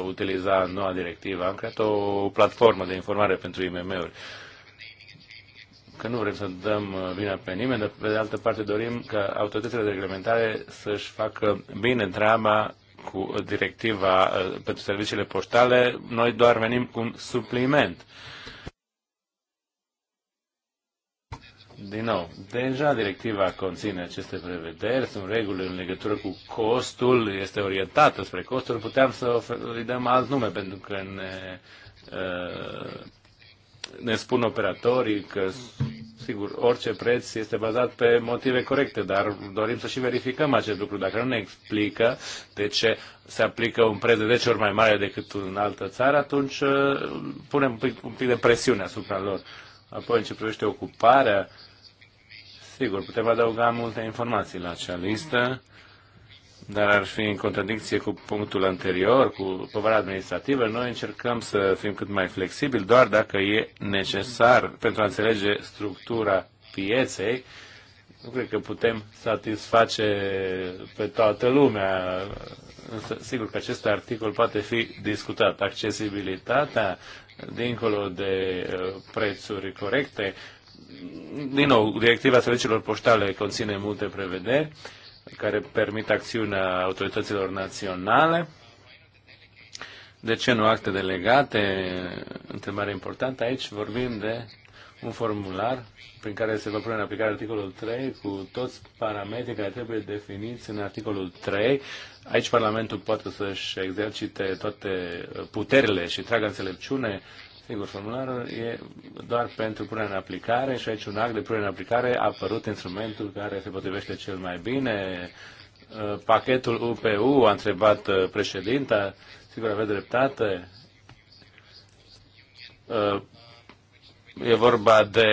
Speaker 2: utiliza noua directivă. Am creat o platformă de informare pentru IMM-uri că nu vrem să dăm uh, vina pe nimeni, dar pe de altă parte dorim ca autoritățile de reglementare să-și facă bine treaba cu directiva uh, pentru serviciile poștale. Noi doar venim cu un supliment. Din nou, deja directiva conține aceste prevederi, sunt reguli în legătură cu costul, este orientată spre costul, puteam să îi dăm alt nume pentru că ne uh, ne spun operatorii că, sigur, orice preț este bazat pe motive corecte, dar dorim să și verificăm acest lucru. Dacă nu ne explică de ce se aplică un preț de 10 ori mai mare decât în altă țară, atunci uh, punem un pic, un pic de presiune asupra lor. Apoi, în ce privește ocuparea, sigur, putem adăuga multe informații la acea listă dar ar fi în contradicție cu punctul anterior, cu povara administrativă. Noi încercăm să fim cât mai flexibili, doar dacă e necesar pentru a înțelege structura pieței. Nu cred că putem satisface pe toată lumea. Însă, sigur că acest articol poate fi discutat. Accesibilitatea, dincolo de uh, prețuri corecte, din nou, directiva serviciilor poștale conține multe prevederi care permit acțiunea autorităților naționale. De ce nu acte delegate? Întrebare importantă. Aici vorbim de un formular prin care se va pune în aplicare articolul 3 cu toți parametrii care trebuie definiți în articolul 3. Aici Parlamentul poate să-și exercite toate puterile și tragă înțelepciune Sigur, formularul e doar pentru punerea în aplicare și aici un act de punere în aplicare a apărut instrumentul care se potrivește cel mai bine. Uh, pachetul UPU a întrebat uh, președinta, sigur aveți dreptate. Uh, e vorba de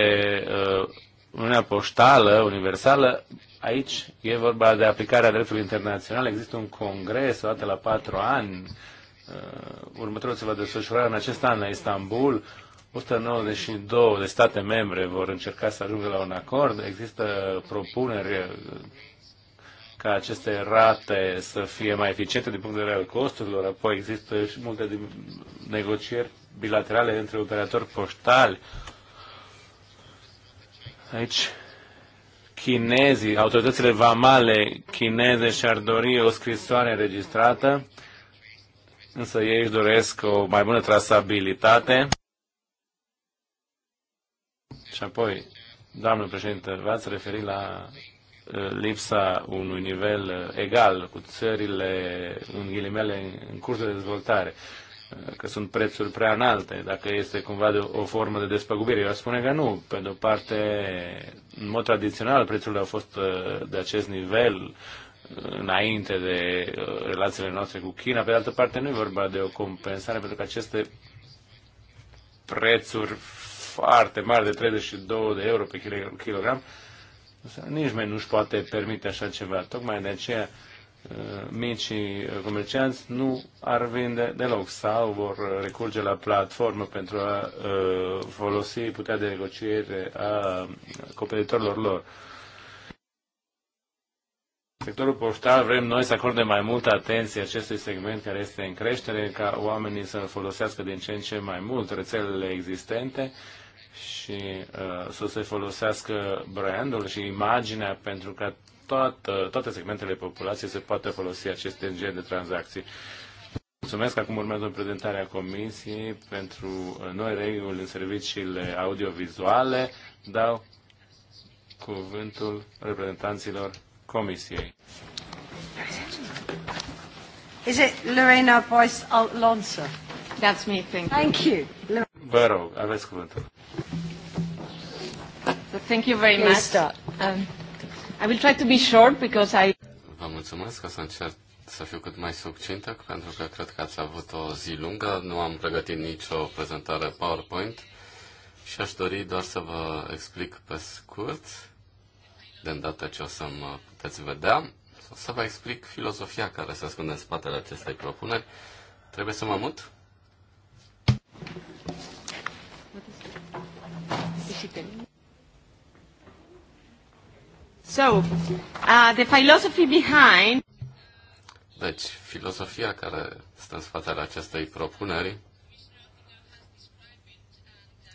Speaker 2: Uniunea Poștală Universală. Aici e vorba de aplicarea dreptului internațional. Există un congres o dată la patru ani Uh, următorul se va desfășura în acest an la Istanbul. 192 de state membre vor încerca să ajungă la un acord. Există propuneri uh, ca aceste rate să fie mai eficiente din punct de vedere al costurilor. Apoi există și multe negocieri bilaterale între operatori poștali. Aici chinezii, autoritățile vamale chineze și-ar dori o scrisoare înregistrată însă ei își doresc o mai bună trasabilitate. Și apoi, doamnă președinte, v-ați referit la uh, lipsa unui nivel uh, egal cu țările, în ghilimele, în curs de dezvoltare, uh, că sunt prețuri prea înalte, dacă este cumva de o formă de despăgubire. Eu aș spune că nu. Pe de o parte, în mod tradițional, prețurile au fost de acest nivel, înainte de uh, relațiile noastre cu China. Pe de altă parte, nu e vorba de o compensare, pentru că aceste prețuri foarte mari de 32 de euro pe kilogram, nici mai nu-și poate permite așa ceva. Tocmai de aceea uh, micii uh, comercianți nu ar vinde deloc sau vor recurge la platformă pentru a folosi puterea de negociere a competitorilor lor sectorul poștal vrem noi să acorde mai multă atenție acestui segment care este în creștere, ca oamenii să folosească din ce în ce mai mult rețelele existente și uh, să se folosească brandul și imaginea pentru ca toată, toate segmentele populației să poată folosi aceste gen de tranzacții. Mulțumesc. Acum urmează prezentarea Comisiei pentru uh, noi reguli în serviciile audiovizuale. Dau cuvântul reprezentanților Comisiei.
Speaker 1: Is it Lorena Boyce Alonso? That's me, thank you. Thank you.
Speaker 2: Vă rog, aveți cuvântul.
Speaker 1: So thank you very much. Um, I will try to be short because I...
Speaker 3: Vă mulțumesc, o să încerc să fiu cât mai succintă, pentru că cred că ați avut o zi lungă, nu am pregătit nicio prezentare PowerPoint și aș dori doar să vă explic pe scurt de îndată ce o să-mi uh, puteți vedea. O să vă explic filozofia care se ascunde în spatele acestei propuneri. Trebuie să mă mut?
Speaker 1: So, uh, the philosophy behind...
Speaker 3: Deci, filozofia care stă în spatele acestei propuneri,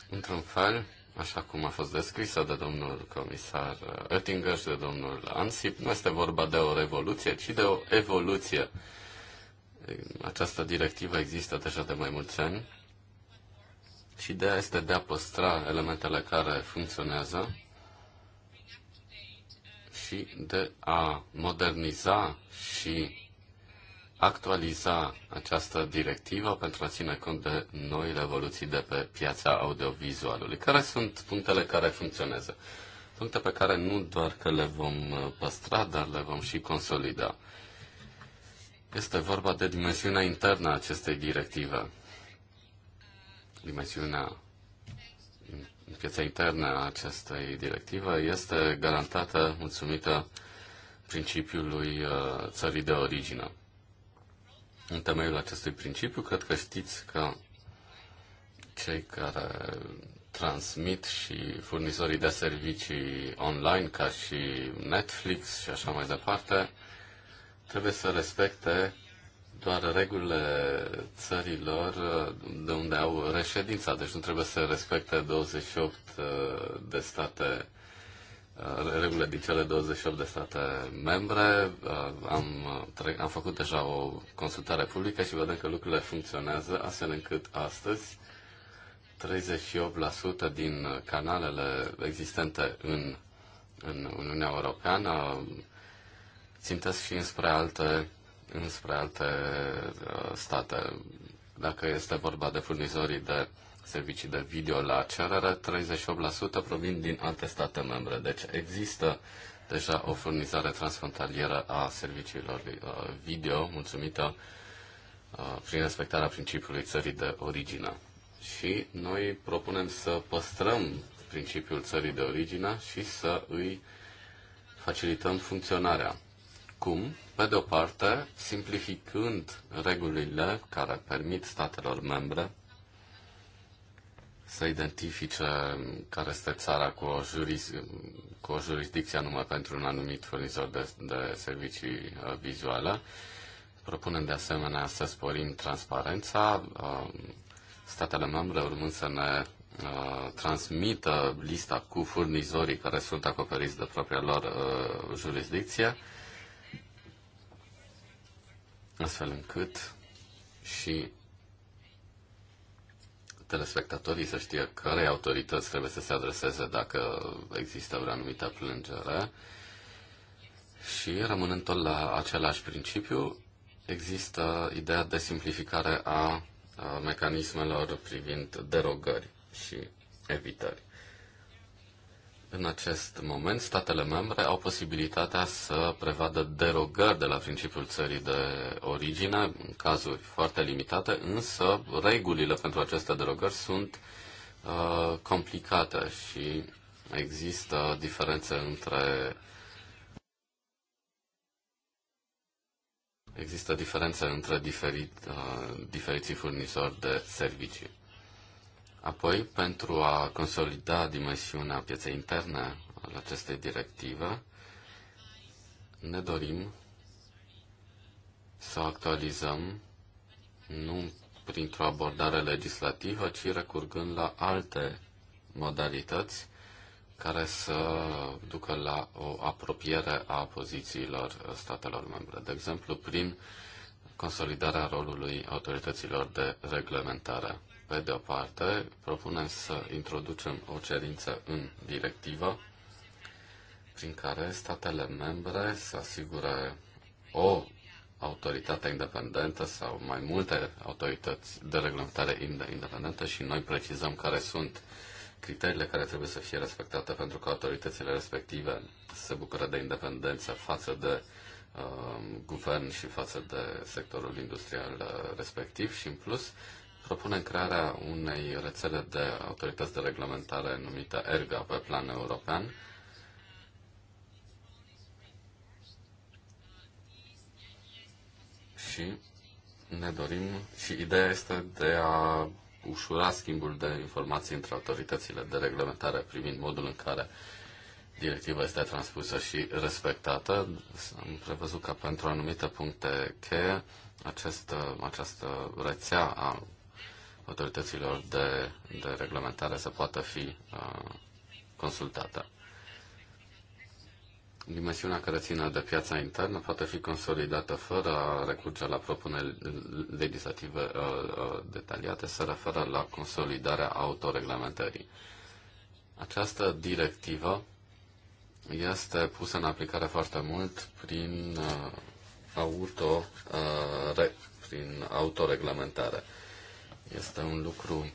Speaker 3: într-un fel, așa cum a fost descrisă de domnul comisar Oettinger și de domnul Ansip, nu este vorba de o revoluție, ci de o evoluție. Această directivă există deja de mai mulți ani și ideea este de a păstra elementele care funcționează și de a moderniza și actualiza această directivă pentru a ține cont de noile evoluții de pe piața audiovizualului. Care sunt punctele care funcționează? Puncte pe care nu doar că le vom uh, păstra, dar le vom și consolida. Este vorba de dimensiunea internă a acestei directive. Dimensiunea piața internă a acestei directive este garantată mulțumită principiului uh, țării de origine. În temeiul acestui principiu, cred că știți că cei care transmit și furnizorii de servicii online, ca și Netflix și așa mai departe, trebuie să respecte doar regulile țărilor de unde au reședința, deci nu trebuie să respecte 28 uh, de state regulile din cele 28 de state membre. Uh, am, uh, am făcut deja o consultare publică și vedem că lucrurile funcționează astfel încât astăzi 38% din canalele existente în, în Uniunea Europeană țintesc și înspre alte, înspre alte uh, state. Dacă este vorba de furnizorii de servicii de video la cerere, 38% provin din alte state membre. Deci există deja o furnizare transfrontalieră a serviciilor uh, video, mulțumită uh, prin respectarea principiului țării de origine. Și noi propunem să păstrăm principiul țării de origine și să îi facilităm funcționarea. Cum? Pe de o parte, simplificând regulile care permit statelor membre să identifice care este țara cu o, juris, cu o jurisdicție anume pentru un anumit furnizor de, de servicii uh, vizuale. Propunem de asemenea să sporim transparența, uh, statele membre urmând să ne uh, transmită lista cu furnizorii care sunt acoperiți de propria lor jurisdicție, astfel încât și telespectatorii să știe care autorități trebuie să se adreseze dacă există vreo anumită plângere. Și rămânând tot la același principiu, există ideea de simplificare a mecanismelor privind derogări și evitări. În acest moment, statele membre au posibilitatea să prevadă derogări de la principiul țării de origine, în cazuri foarte limitate, însă regulile pentru aceste derogări sunt uh, complicate și există diferențe între există diferențe între diferit, uh, diferiții furnizori de servicii. Apoi, pentru a consolida dimensiunea pieței interne al acestei directive, ne dorim să actualizăm nu printr-o abordare legislativă, ci recurgând la alte modalități care să ducă la o apropiere a pozițiilor statelor membre. De exemplu, prin consolidarea rolului autorităților de reglementare. Pe de o parte, propunem să introducem o cerință în directivă prin care statele membre să asigure o autoritate independentă sau mai multe autorități de reglementare independentă și noi precizăm care sunt criteriile care trebuie să fie respectate pentru că autoritățile respective se bucură de independență față de uh, guvern și față de sectorul industrial uh, respectiv și în plus propunem crearea unei rețele de autorități de reglementare numită ERGA pe plan european, și ne dorim și ideea este de a ușura schimbul de informații între autoritățile de reglementare privind modul în care directiva este transpusă și respectată. Am prevăzut că pentru anumite puncte cheie această, această rețea a autorităților de, de reglementare să poată fi uh, consultată. Dimensiunea care ține de piața internă poate fi consolidată fără a recurge la propuneri legislative uh, uh, detaliate, se referă la consolidarea autoreglementării. Această directivă este pusă în aplicare foarte mult prin uh, auto, uh, re, prin autoreglementare. Este un lucru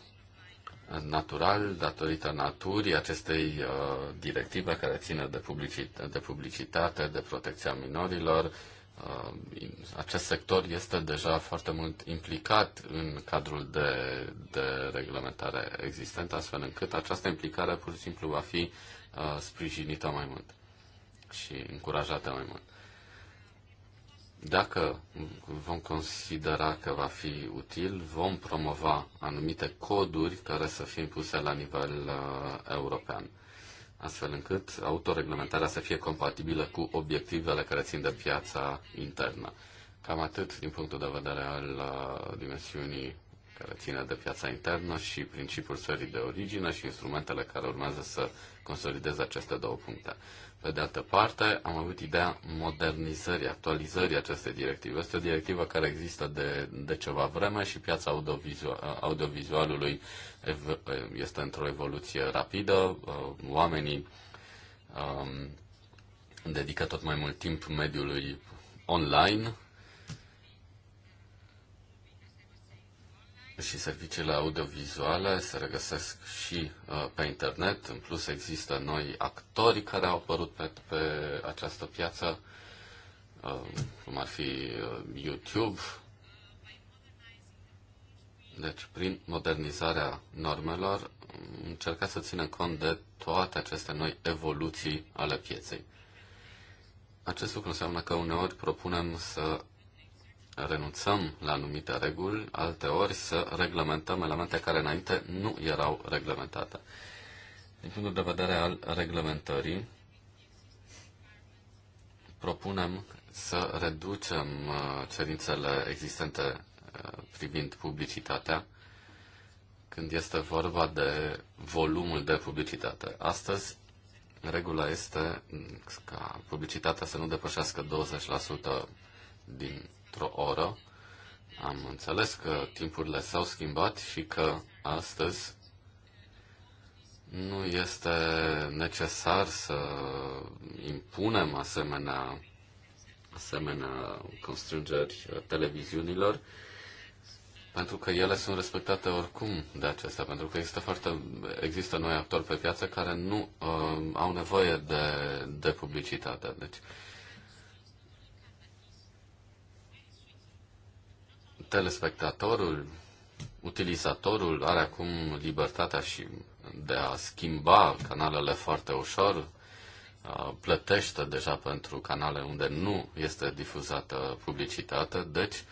Speaker 3: natural datorită naturii acestei uh, directive care ține de, publicit- de publicitate, de protecția minorilor. Uh, acest sector este deja foarte mult implicat în cadrul de, de reglementare existent, astfel încât această implicare pur și simplu va fi uh, sprijinită mai mult și încurajată mai mult. Dacă vom considera că va fi util, vom promova anumite coduri care să fie impuse la nivel uh, european, astfel încât autoreglementarea să fie compatibilă cu obiectivele care țin de piața internă. Cam atât din punctul de vedere al uh, dimensiunii care ține de piața internă și principiul sării de origine și instrumentele care urmează să consolideze aceste două puncte. Pe de altă parte, am avut ideea modernizării, actualizării acestei directive. Este o directivă care există de, de ceva vreme și piața audiovizual, audiovizualului este într-o evoluție rapidă. Uh, oamenii um, dedică tot mai mult timp mediului online și serviciile audiovizuale se regăsesc și uh, pe internet. În plus există noi actori care au apărut pe, pe această piață, uh, cum ar fi uh, YouTube. Deci, prin modernizarea normelor, încerca să țină cont de toate aceste noi evoluții ale pieței. Acest lucru înseamnă că uneori propunem să renunțăm la anumite reguli, ori să reglementăm elemente care înainte nu erau reglementate. Din punctul de vedere al reglementării, propunem să reducem uh, cerințele existente uh, privind publicitatea când este vorba de volumul de publicitate. Astăzi, regula este ca publicitatea să nu depășească 20% din într-o oră. Am înțeles că timpurile s-au schimbat și că astăzi nu este necesar să impunem asemenea, asemenea constrângeri televiziunilor, pentru că ele sunt respectate oricum de acestea, pentru că există, foarte, există noi actori pe piață care nu uh, au nevoie de, de publicitate. Deci telespectatorul, utilizatorul are acum libertatea și de a schimba canalele foarte ușor, plătește deja pentru canale unde nu este difuzată publicitate, deci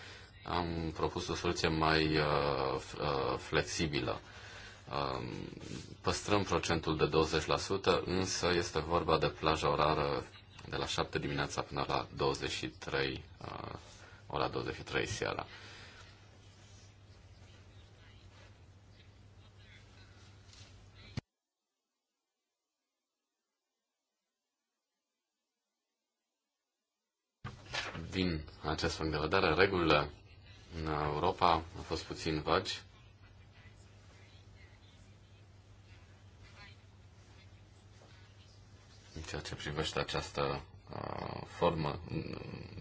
Speaker 3: am propus o soluție mai flexibilă. Păstrăm procentul de 20%, însă este vorba de plaja orară de la 7 dimineața până la 23, ora 23 seara. Din acest punct de vedere, regulile în Europa au fost puțin vagi. În ceea ce privește această uh, formă, în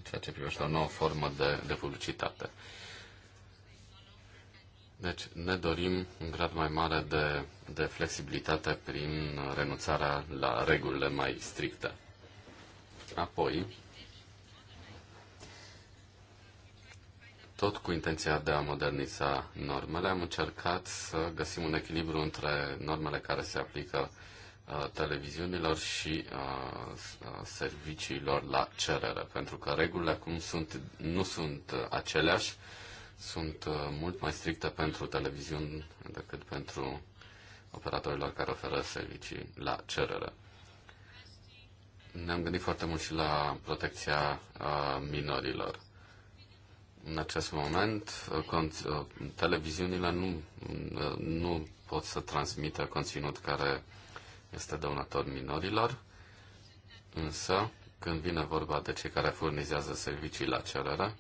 Speaker 3: ceea ce privește o nouă formă de, de publicitate. Deci ne dorim un grad mai mare de, de flexibilitate prin renunțarea la regulile mai stricte. Apoi, tot cu intenția de a moderniza normele, am încercat să găsim un echilibru între normele care se aplică uh, televiziunilor și uh, uh, serviciilor la cerere, pentru că regulile acum sunt, nu sunt aceleași, sunt mult mai stricte pentru televiziuni decât pentru operatorilor care oferă servicii la cerere. Ne-am gândit foarte mult și la protecția minorilor în acest moment uh, uh, televiziunile nu, uh, nu pot să transmită conținut care este dăunător minorilor, însă când vine vorba de cei care furnizează servicii la cerere,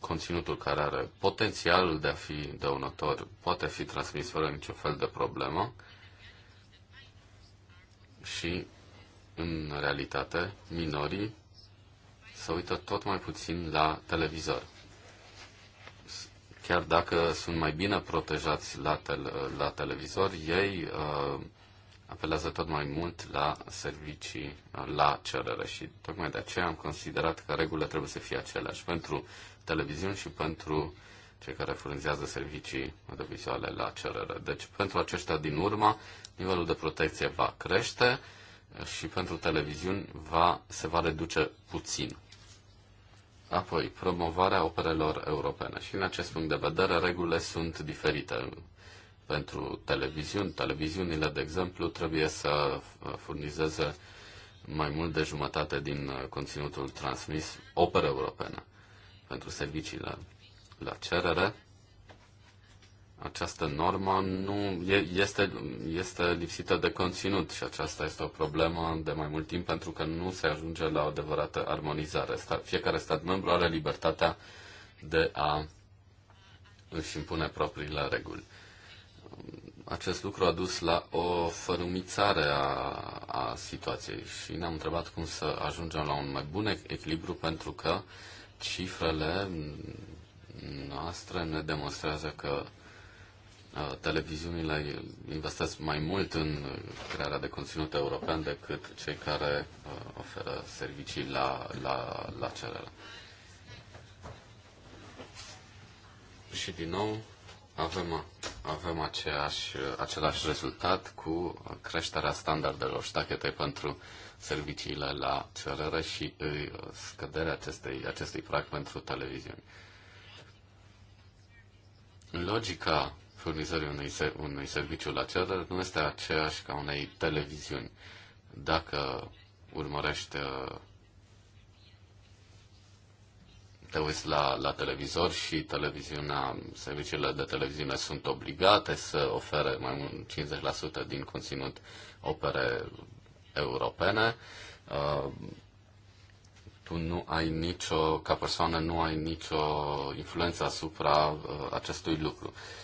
Speaker 3: conținutul care are potențialul de a fi dăunător poate fi transmis fără niciun fel de problemă și, în realitate, minorii se uită tot mai puțin la televizor. Chiar dacă sunt mai bine protejați la, tel- la televizor, ei uh, apelează tot mai mult la servicii, uh, la cerere și tocmai de aceea am considerat că regulile trebuie să fie aceleași pentru televiziuni și pentru cei care furnizează servicii audiovizuale la cerere. Deci pentru aceștia din urmă, nivelul de protecție va crește și pentru televiziuni va, se va reduce puțin. Apoi, promovarea operelor europene. Și în acest punct de vedere, regulile sunt diferite. Pentru televiziuni, televiziunile, de exemplu, trebuie să furnizeze mai mult de jumătate din conținutul transmis opere europene. Pentru serviciile la cerere, această normă nu este, este lipsită de conținut și aceasta este o problemă de mai mult timp pentru că nu se ajunge la o adevărată armonizare. Fiecare stat membru are libertatea de a își impune propriile reguli. Acest lucru a dus la o fărâmițare a, a situației și ne-am întrebat cum să ajungem la un mai bun echilibru pentru că cifrele noastre ne demonstrează că Uh, televiziunile investesc mai mult în crearea de conținut european decât cei care uh, oferă servicii la, la, la cerere. Și din nou avem, avem aceeași, același rezultat cu creșterea standardelor ștachete pentru serviciile la cerere și uh, scăderea acestei, acestui prag pentru televiziuni. Logica furnizării unui, unui serviciu la celălalt nu este aceeași ca unei televiziuni. Dacă urmărești uh, te uiți la, la televizor și televiziunea, serviciile de televiziune sunt obligate să ofere mai mult 50% din conținut opere europene. Uh, tu nu ai nicio, ca persoană, nu ai nicio influență asupra uh, acestui lucru. Uh,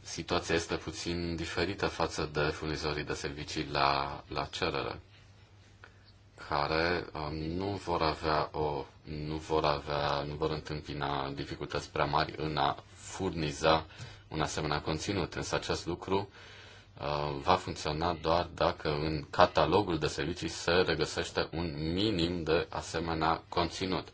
Speaker 3: situația este puțin diferită față de furnizorii de servicii la, la cerere, care um, nu vor avea o, nu vor avea, nu vor întâmpina dificultăți prea mari în a furniza un asemenea conținut. Însă acest lucru uh, va funcționa doar dacă în catalogul de servicii se regăsește un minim de asemenea conținut.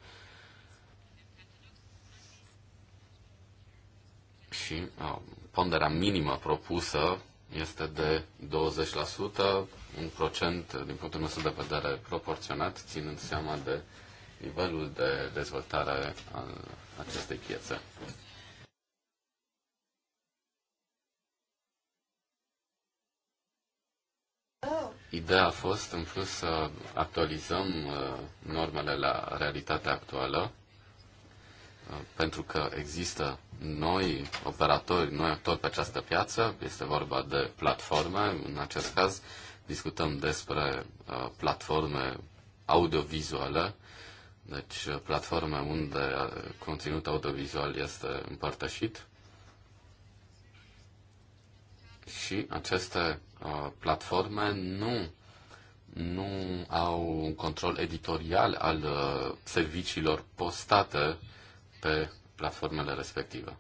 Speaker 3: Și um, ponderea minimă propusă este de 20%, un procent, din punctul nostru de vedere, proporționat, ținând seama de nivelul de dezvoltare al acestei piețe. Ideea a fost, în plus, să actualizăm uh, normele la realitatea actuală pentru că există noi operatori, noi actori pe această piață, este vorba de platforme, în acest caz discutăm despre uh, platforme audiovizuale, deci uh, platforme unde uh, conținut audiovizual este împărtășit și aceste platforme nu nu au un control editorial al serviciilor postate pe platformele respective.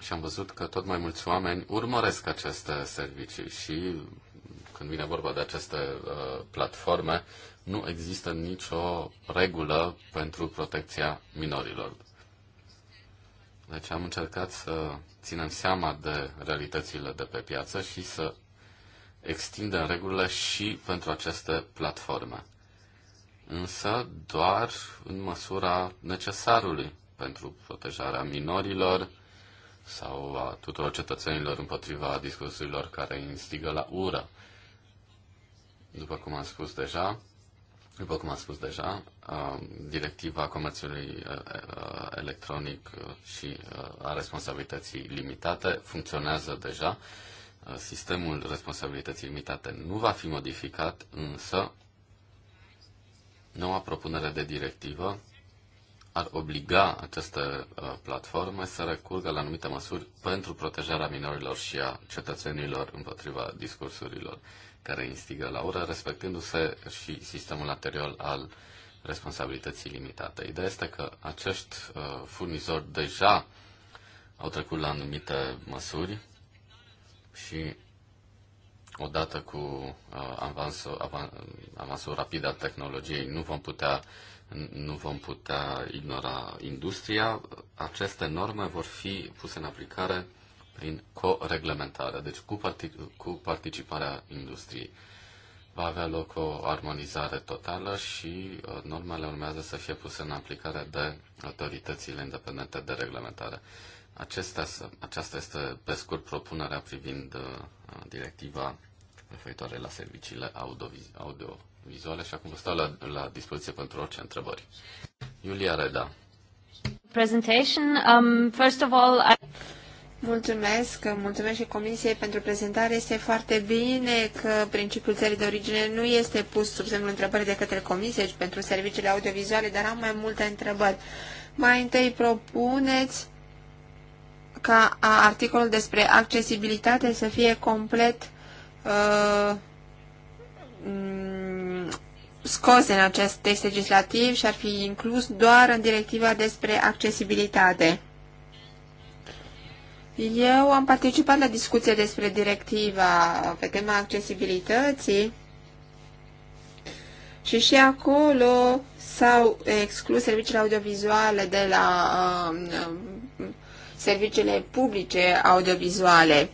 Speaker 3: Și am văzut că tot mai mulți oameni urmăresc aceste servicii și când vine vorba de aceste uh, platforme, nu există nicio regulă pentru protecția minorilor. Deci am încercat să ținem seama de realitățile de pe piață și să extindem regulile și pentru aceste platforme însă doar în măsura necesarului pentru protejarea minorilor sau a tuturor cetățenilor împotriva discursurilor care instigă la ură. După cum am spus deja, după cum am spus deja, directiva comerțului electronic și a responsabilității limitate funcționează deja. Sistemul responsabilității limitate nu va fi modificat, însă Noua propunere de directivă ar obliga aceste uh, platforme să recurgă la anumite măsuri pentru protejarea minorilor și a cetățenilor împotriva discursurilor care instigă la ură, respectându-se și sistemul anterior al responsabilității limitate. Ideea este că acești uh, furnizori deja au trecut la anumite măsuri și odată cu uh, avansul, avansul rapid al tehnologiei, nu vom putea nu vom putea ignora industria, aceste norme vor fi puse în aplicare prin coreglementare, deci cu, partic- cu participarea industriei. Va avea loc o armonizare totală și uh, normele urmează să fie puse în aplicare de autoritățile independente de reglementare. Acesta, aceasta este, pe scurt, propunerea privind uh, directiva referitoare la serviciile audio și acum vă stau la, la dispoziție pentru orice întrebări. Iulia Reda.
Speaker 1: Presentation. Um, first of all, I... Mulțumesc, mulțumesc și Comisiei pentru prezentare. Este foarte bine că principiul țării de origine nu este pus sub semnul întrebării de către Comisie deci pentru serviciile audiovizuale, dar am mai multe întrebări. Mai întâi propuneți ca articolul despre accesibilitate să fie complet uh, mm, scos în acest text legislativ și ar fi inclus doar în directiva despre accesibilitate. Eu am participat la discuție despre directiva pe tema accesibilității și și acolo s-au exclus serviciile audiovizuale de la uh, serviciile publice audiovizuale.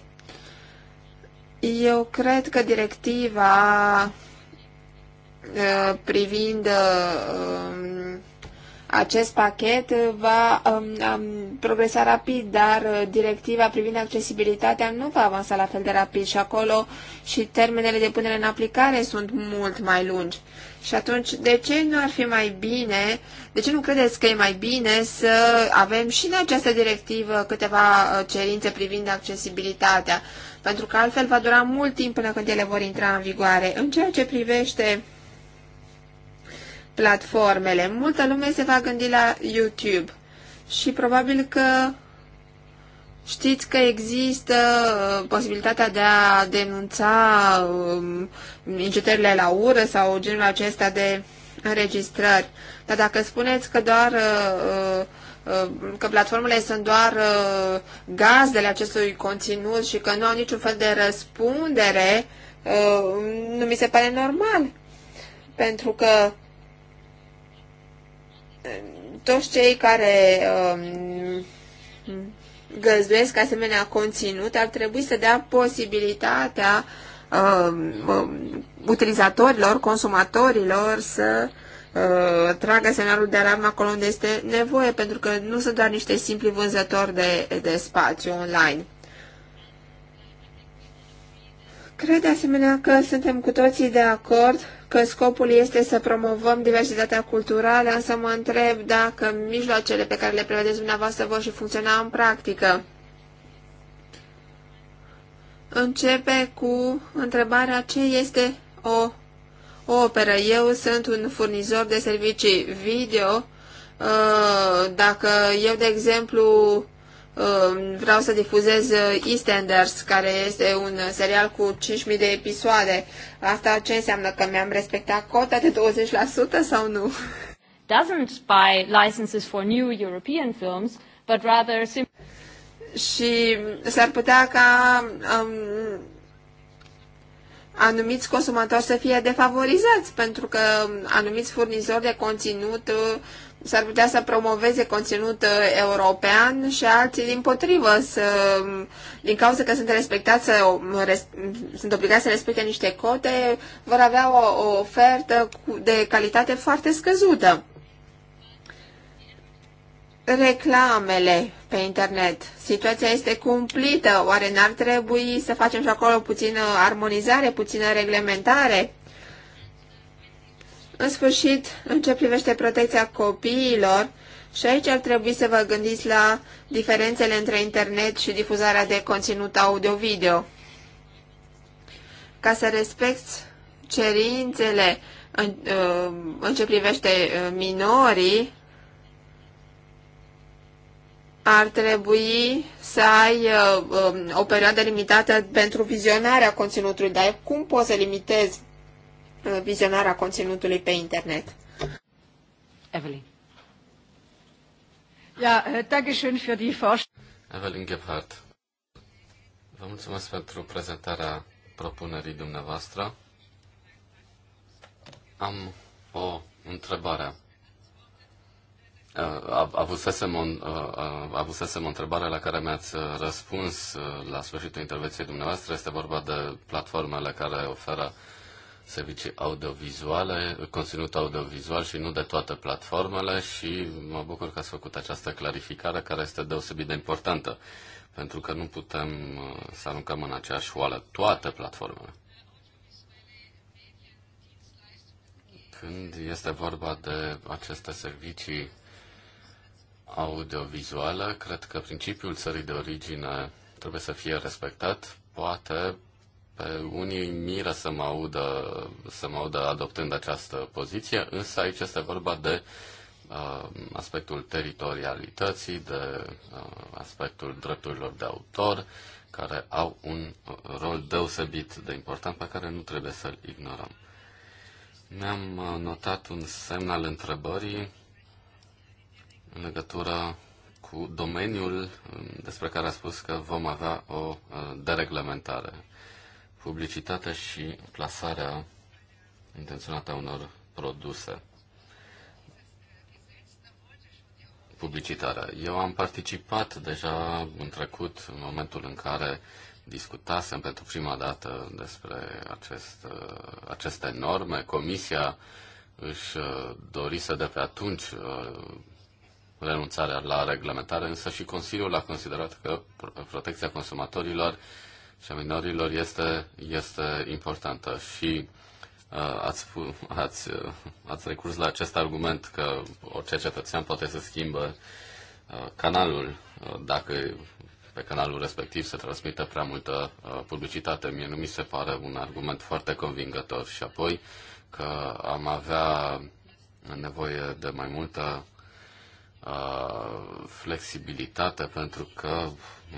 Speaker 1: Eu cred că directiva uh, privind uh, acest pachet uh, va um, um, progresa rapid, dar uh, directiva privind accesibilitatea nu va avansa la fel de rapid și acolo și termenele de punere în aplicare sunt mult mai lungi. Și atunci, de ce nu ar fi mai bine, de ce nu credeți că e mai bine să avem și în această directivă câteva uh, cerințe privind accesibilitatea? Pentru că altfel va dura mult timp până când ele vor intra în vigoare. În ceea ce privește platformele. Multă lume se va gândi la YouTube și probabil că Știți că există uh, posibilitatea de a denunța um, incitările la ură sau genul acesta de înregistrări. Dar dacă spuneți că doar uh, uh, că platformele sunt doar gazdele acestui conținut și că nu au niciun fel de răspundere, nu mi se pare normal. Pentru că toți cei care um, găzduiesc asemenea conținut ar trebui să dea posibilitatea um, um, utilizatorilor, consumatorilor să uh, tragă semnalul de alarmă acolo unde este nevoie, pentru că nu sunt doar niște simpli vânzători de, de spațiu online. Cred de asemenea că suntem cu toții de acord că scopul este să promovăm diversitatea culturală, însă mă întreb dacă mijloacele pe care le prevedeți dumneavoastră vor și funcționa în practică. Începe cu întrebarea ce este o operă. Eu sunt un furnizor de servicii video. Uh, dacă eu, de exemplu, Um, vreau să difuzez uh, EastEnders, care este un uh, serial cu 5.000 de episoade. Asta ce înseamnă? Că mi-am respectat cota de 20% sau nu? Doesn't buy licenses for new European films, but rather și s-ar putea ca um, anumiți consumatori să fie defavorizați, pentru că um, anumiți furnizori de conținut uh, s-ar putea să promoveze conținut uh, european și alții din potrivă, să, din cauza că sunt respectați, să, res, sunt obligați să respecte niște cote, vor avea o, o ofertă de calitate foarte scăzută. Reclamele pe internet. Situația este cumplită. Oare n-ar trebui să facem și acolo puțină armonizare, puțină reglementare? În sfârșit, în ce privește protecția copiilor, și aici ar trebui să vă gândiți la diferențele între internet și difuzarea de conținut audio-video. Ca să respecti cerințele în, uh, în ce privește uh, minorii, ar trebui să ai uh, um, o perioadă limitată pentru vizionarea conținutului, dar cum poți să limitezi Uh, vizionarea conținutului pe internet. Evelyn. Ja, uh, danke schön für die
Speaker 3: Evelyn Gebhardt. Vă mulțumesc pentru prezentarea propunerii dumneavoastră. Am o întrebare. Uh, avusesem o, avusesem o întrebare la care mi-ați răspuns la sfârșitul intervenției dumneavoastră. Este vorba de platformele care oferă uh, servicii audiovizuale, conținut audiovizual și nu de toate platformele și mă bucur că ați făcut această clarificare care este deosebit de importantă, pentru că nu putem uh, să aruncăm în aceeași oală toate platformele. Când este vorba de aceste servicii audiovizuală, cred că principiul țării de origine trebuie să fie respectat. Poate Eh, unii miră să mă audă, să mă audă adoptând această poziție, însă aici este vorba de uh, aspectul teritorialității, de uh, aspectul drepturilor de autor, care au un rol deosebit de important pe care nu trebuie să-l ignorăm. ne am notat un semn al întrebării în legătură cu domeniul despre care a spus că vom avea o dereglementare publicitatea și plasarea intenționată a unor produse Publicitarea. Eu am participat deja în trecut, în momentul în care discutasem pentru prima dată despre acest, aceste norme. Comisia își uh, dorise de pe atunci uh, renunțarea la reglementare, însă și Consiliul a considerat că protecția consumatorilor seminariilor este, este importantă și uh, ați, ați, uh, ați recurs la acest argument că orice cetățean poate să schimbă uh, canalul dacă pe canalul respectiv se transmite prea multă publicitate. Mie nu mi se pare un argument foarte convingător și apoi că am avea nevoie de mai multă flexibilitate pentru că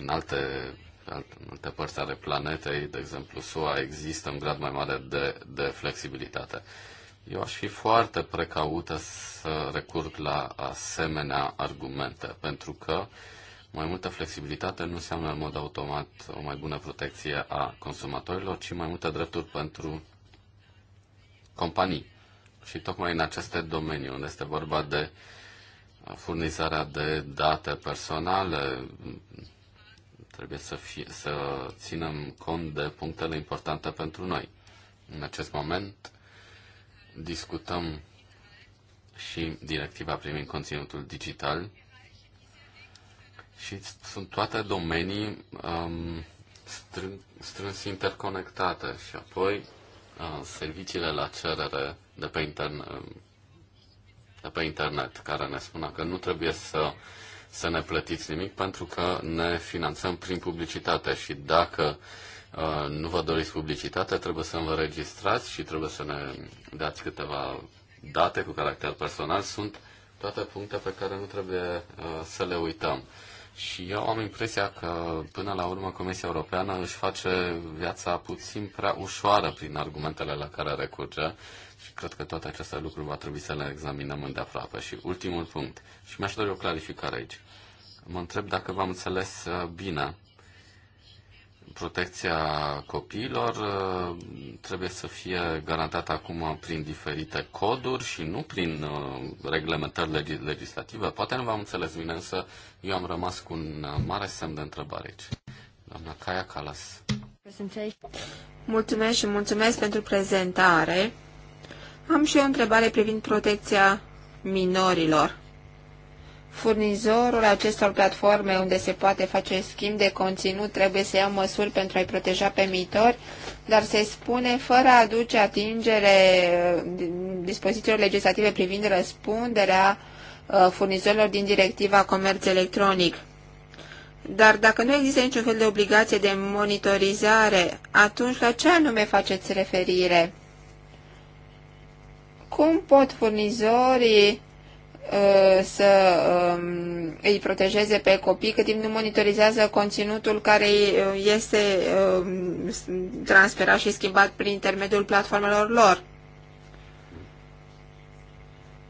Speaker 3: în alte în alte părți ale planetei, de exemplu SUA, există un grad mai mare de, de flexibilitate. Eu aș fi foarte precaută să recurg la asemenea argumente, pentru că mai multă flexibilitate nu înseamnă în mod automat o mai bună protecție a consumatorilor, ci mai multe drepturi pentru companii. Și tocmai în aceste domenii, unde este vorba de furnizarea de date personale, Trebuie să, fie, să ținem cont de punctele importante pentru noi. În acest moment discutăm și directiva privind conținutul digital și sunt toate domenii um, strân, strâns interconectate și apoi uh, serviciile la cerere de pe, interne, um, de pe internet care ne spun că nu trebuie să uh, să ne plătiți nimic pentru că ne finanțăm prin publicitate și dacă uh, nu vă doriți publicitate, trebuie să vă registrați și trebuie să ne dați câteva date cu caracter personal. Sunt toate puncte pe care nu trebuie uh, să le uităm. Și eu am impresia că, până la urmă, Comisia Europeană își face viața puțin prea ușoară prin argumentele la care recurge și cred că toate aceste lucruri va trebui să le examinăm îndeaproape. Și ultimul punct, și mi-aș dori o clarificare aici. Mă întreb dacă v-am înțeles uh, bine protecția copiilor uh, trebuie să fie garantată acum prin diferite coduri și nu prin uh, reglementări legislative. Poate nu v-am înțeles bine, însă eu am rămas cu un uh, mare semn de întrebare aici. Doamna Caia Calas.
Speaker 1: Mulțumesc și mulțumesc pentru prezentare. Am și o întrebare privind protecția minorilor. Furnizorul acestor platforme unde se poate face schimb de conținut trebuie să ia măsuri pentru a-i proteja pe mitori, dar se spune fără a aduce atingere uh, dispozițiilor legislative privind răspunderea uh, furnizorilor din directiva comerț electronic. Dar dacă nu există niciun fel de obligație de monitorizare, atunci la ce anume faceți referire? Cum pot furnizorii Uh, să um, îi protejeze pe copii cât timp nu monitorizează conținutul care uh, este um, transferat și schimbat prin intermediul platformelor lor.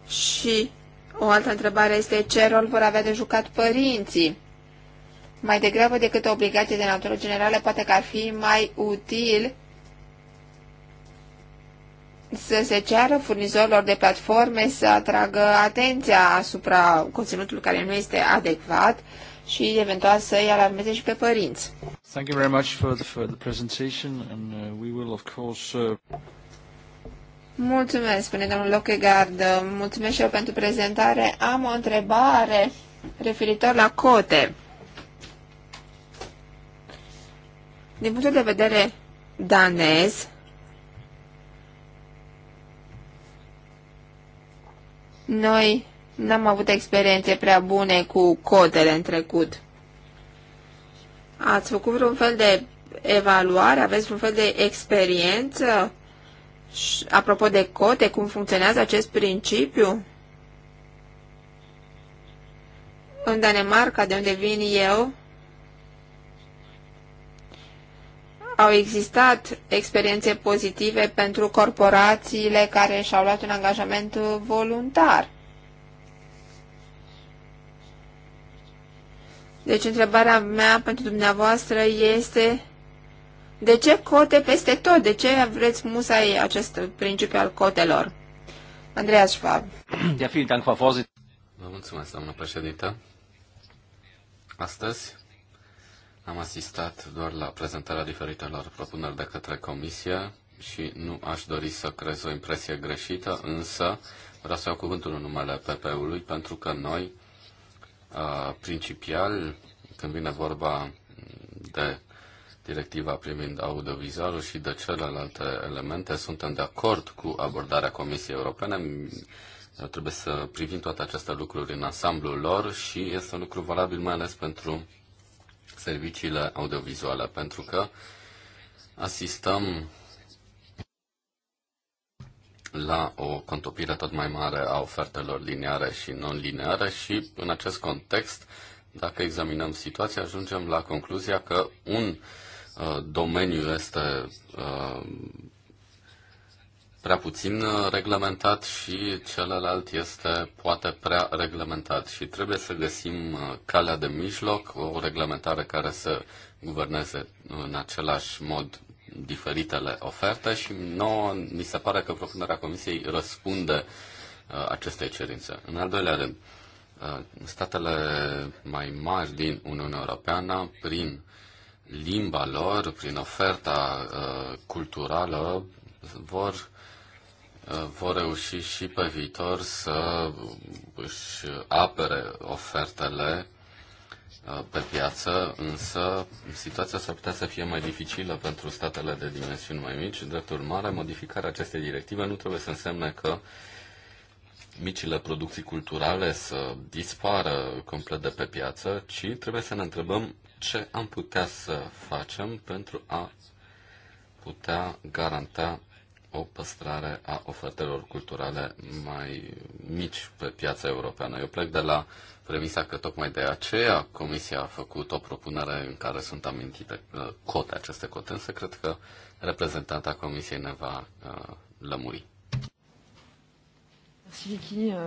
Speaker 1: Și o altă întrebare este ce rol vor avea de jucat părinții? Mai degrabă decât o obligație de natură generală, poate că ar fi mai util să se ceară furnizorilor de platforme să atragă atenția asupra conținutului care nu este adecvat și eventual să îi alarmeze și pe părinți. Thank you very much for the, for the presentation and uh, we will of course uh... Mulțumesc, spune domnul Lockegard. Mulțumesc și eu pentru prezentare. Am o întrebare referitor la cote. Din punctul de vedere danez, Noi n-am avut experiențe prea bune cu codele în trecut. Ați făcut vreun fel de evaluare? Aveți vreun fel de experiență? Și, apropo de cote, cum funcționează acest principiu? În Danemarca, de unde vin eu, au existat experiențe pozitive pentru corporațiile care și-au luat un angajament voluntar. Deci întrebarea mea pentru dumneavoastră este de ce cote peste tot? De ce vreți musai acest principiu al cotelor? Andreas Schwab.
Speaker 3: Vă mulțumesc, doamnă președintă. Astăzi am asistat doar la prezentarea diferitelor propuneri de către Comisie și nu aș dori să creez o impresie greșită, însă vreau să iau cuvântul în numele PP-ului, pentru că noi, principial, când vine vorba de directiva privind audiovizualul și de celelalte elemente, suntem de acord cu abordarea Comisiei Europene. Trebuie să privim toate aceste lucruri în ansamblul lor și este un lucru valabil mai ales pentru serviciile audiovizuale, pentru că asistăm la o contopire tot mai mare a ofertelor lineare și non-lineare și în acest context, dacă examinăm situația, ajungem la concluzia că un uh, domeniu este uh, prea puțin uh, reglementat și celălalt este poate prea reglementat și trebuie să găsim uh, calea de mijloc, o reglementare care să guverneze în același mod diferitele oferte și nouă ni se pare că propunerea Comisiei răspunde uh, acestei cerințe. În al doilea rând, statele mai mari din Uniunea Europeană, prin limba lor, prin oferta culturală, vor vor reuși și pe viitor să își apere ofertele uh, pe piață, însă situația s-ar putea să fie mai dificilă pentru statele de dimensiuni mai mici. Drept urmare, modificarea acestei directive nu trebuie să însemne că micile producții culturale să dispară complet de pe piață, ci trebuie să ne întrebăm ce am putea să facem pentru a putea garanta o păstrare a ofertelor culturale mai mici pe piața europeană. Eu plec de la premisa că tocmai de aceea Comisia a făcut o propunere în care sunt amintite uh, cote, aceste cote, însă cred că reprezentanta Comisiei ne va uh,
Speaker 2: lămuri.
Speaker 1: Merci Vicky. Euh,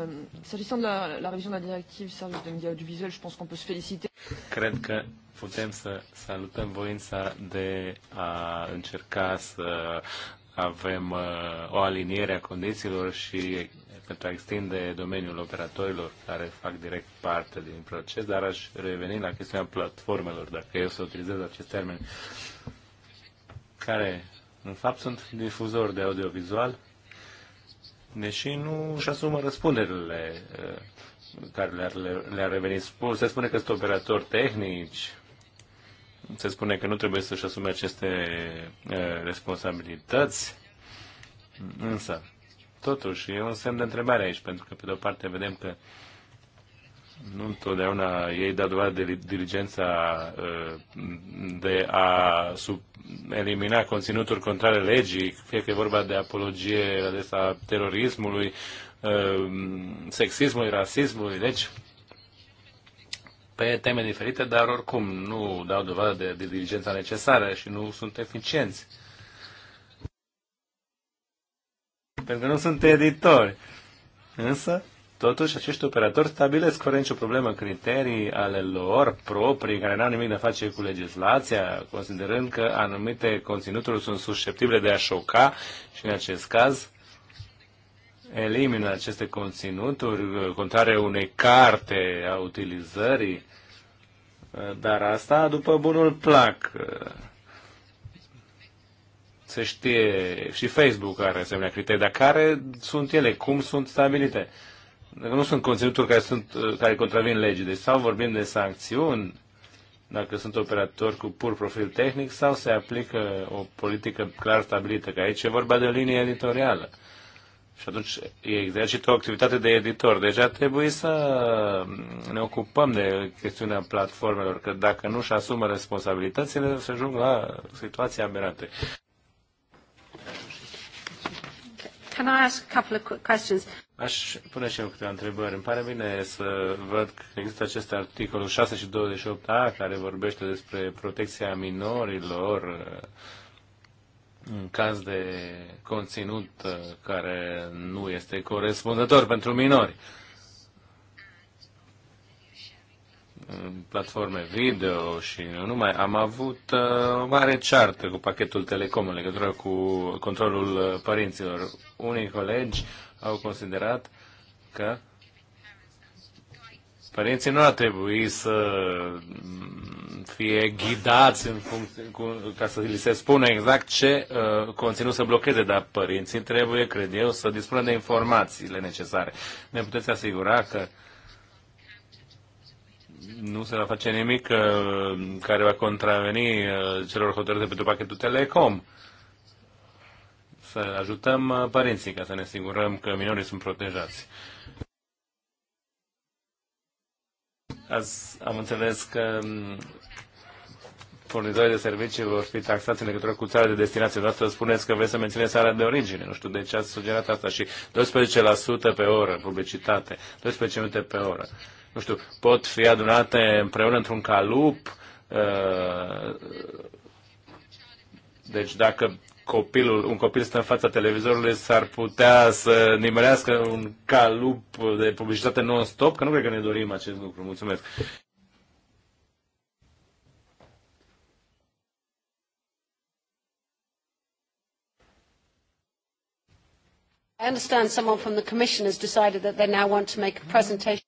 Speaker 1: s'agissant de la, la révision de la directive service de médias audiovisuels, je pense qu'on peut se féliciter.
Speaker 2: Cred că putem să salutăm voința de a încerca să avem uh, o aliniere a condițiilor și pentru a extinde domeniul operatorilor care fac direct parte din proces, dar aș reveni la chestiunea platformelor, dacă eu să utilizez acest termen, care în fapt sunt difuzori de audiovizual, deși nu își asumă răspunderile uh, care le-ar, le reveni. Se spune că sunt operatori tehnici, se spune că nu trebuie să-și asume aceste responsabilități, însă, totuși, e un semn de întrebare aici, pentru că, pe de o parte, vedem că nu întotdeauna ei dau dovadă de diligența de a sub elimina conținuturi contrare legii, fie că e vorba de apologie adesea terorismului, sexismului, rasismului. Deci, pe teme diferite, dar oricum nu dau dovadă de, de diligența necesară și nu sunt eficienți. Pentru că nu sunt editori. Însă, totuși, acești operatori stabilesc fără nicio problemă criterii ale lor proprii, care n-au nimic de face cu legislația, considerând că anumite conținuturi sunt susceptibile de a șoca și, în acest caz, elimină aceste conținuturi uh, contrare unei carte a utilizării, uh, dar asta după bunul plac. Uh, se știe și Facebook are asemenea criterii, dar care sunt ele, cum sunt stabilite? Dacă nu sunt conținuturi care, sunt, care contravin legii, deci sau vorbim de sancțiuni, dacă sunt operatori cu pur profil tehnic, sau se aplică o politică clar stabilită, că aici e vorba de o linie editorială și atunci exercită o activitate de editor. Deja deci trebuie să ne ocupăm de chestiunea platformelor, că dacă nu-și asumă responsabilitățile, se ajung la situații aberante.
Speaker 1: Can I ask a couple of questions?
Speaker 2: Aș pune și eu câteva întrebări. Îmi pare bine să văd că există acest articol 6 și 28a care vorbește despre protecția minorilor în caz de conținut uh, care nu este corespunzător pentru minori. platforme video și nu numai, am avut uh, o mare ceartă cu pachetul Telecom în legătură cu controlul uh, părinților. Unii colegi au considerat că Părinții nu ar trebui să fie ghidați în funcție, cu, ca să li se spună exact ce uh, conținut să blocheze, dar părinții trebuie, cred eu, să dispună de informațiile necesare. Ne puteți asigura că nu se va face nimic uh, care va contraveni uh, celor hotărâte pentru pachetul Telecom. Să ajutăm uh, părinții ca să ne asigurăm că minorii sunt protejați. Azi am înțeles că um, furnizorii de servicii vor fi taxați în legătură cu țara de destinație. Vreau să spuneți că vreți să mențineți țara de origine. Nu știu de ce ați sugerat asta. Și 12% pe oră, publicitate, 12 minute pe oră. Nu știu, pot fi adunate împreună într-un calup. Uh, deci dacă copilul, un copil stă în fața televizorului, s-ar putea să nimerească un calup de publicitate non-stop, că nu cred că ne dorim acest lucru. Mulțumesc!
Speaker 3: I understand someone from the Commission has decided that they now want to make a presentation.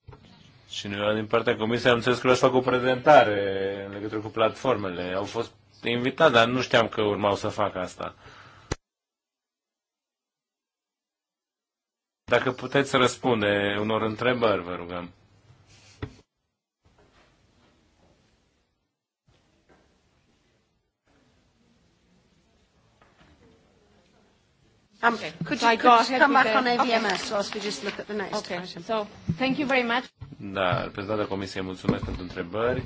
Speaker 2: Cineva din partea Comisiei am înțeles că vreau să fac o prezentare în legătură cu platformele. Au fost invitat, dar nu știam că urmau să fac asta. Dacă puteți răspunde unor întrebări, vă rugăm.
Speaker 1: Um, okay. Could you, I go could you come back on AVMS okay. whilst we just look at the next okay. item? So, thank you very much.
Speaker 2: Da, reprezentanta Comisiei, mulțumesc pentru întrebări.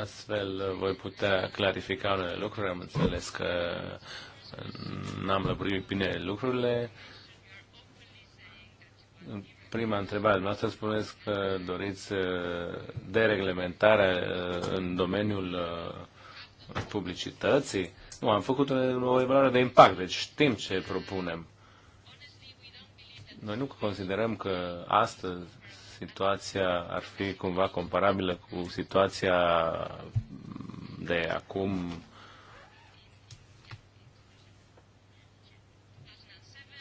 Speaker 2: Astfel uh, voi putea clarifica unele lucruri. Am înțeles că uh, n-am lămurit bine lucrurile. prima întrebare, noastră spuneți că doriți uh, dereglementarea în domeniul publicității. Nu, am făcut o evaluare de impact, deci știm ce propunem. Noi nu considerăm că astăzi situația ar fi cumva comparabilă cu situația de acum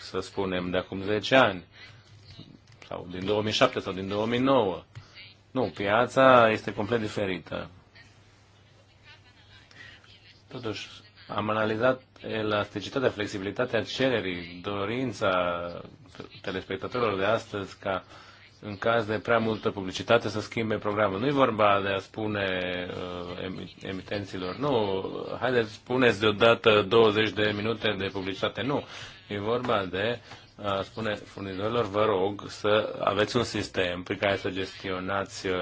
Speaker 2: să spunem de acum 10 ani sau din 2007 sau din 2009. Nu, piața este complet diferită. Totuși, am analizat elasticitatea, flexibilitatea cererii, dorința telespectatorilor de astăzi ca uh, în caz de prea multă publicitate, să schimbe programul. Nu e vorba de a spune uh, emitenților, nu, haideți, spuneți deodată 20 de minute de publicitate, nu. E vorba de a spune furnizorilor, vă rog să aveți un sistem prin care să gestionați uh,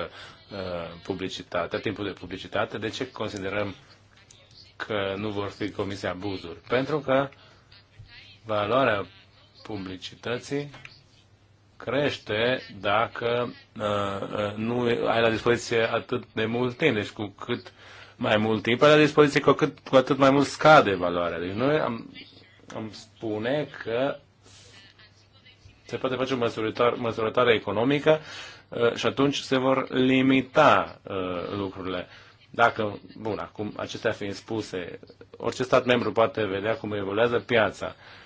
Speaker 2: publicitatea, timpul de publicitate. De ce considerăm că nu vor fi comise abuzuri? Pentru că valoarea publicității crește dacă uh, uh, nu ai la dispoziție atât de mult timp. Deci cu cât mai mult timp ai la dispoziție, cu, cât, cu atât mai mult scade valoarea. Deci noi am, am spune că se poate face o măsurătoare, măsurătoare economică uh, și atunci se vor limita uh, lucrurile. Dacă, bun, acum acestea fiind spuse, orice stat membru poate vedea cum evoluează piața. Uh,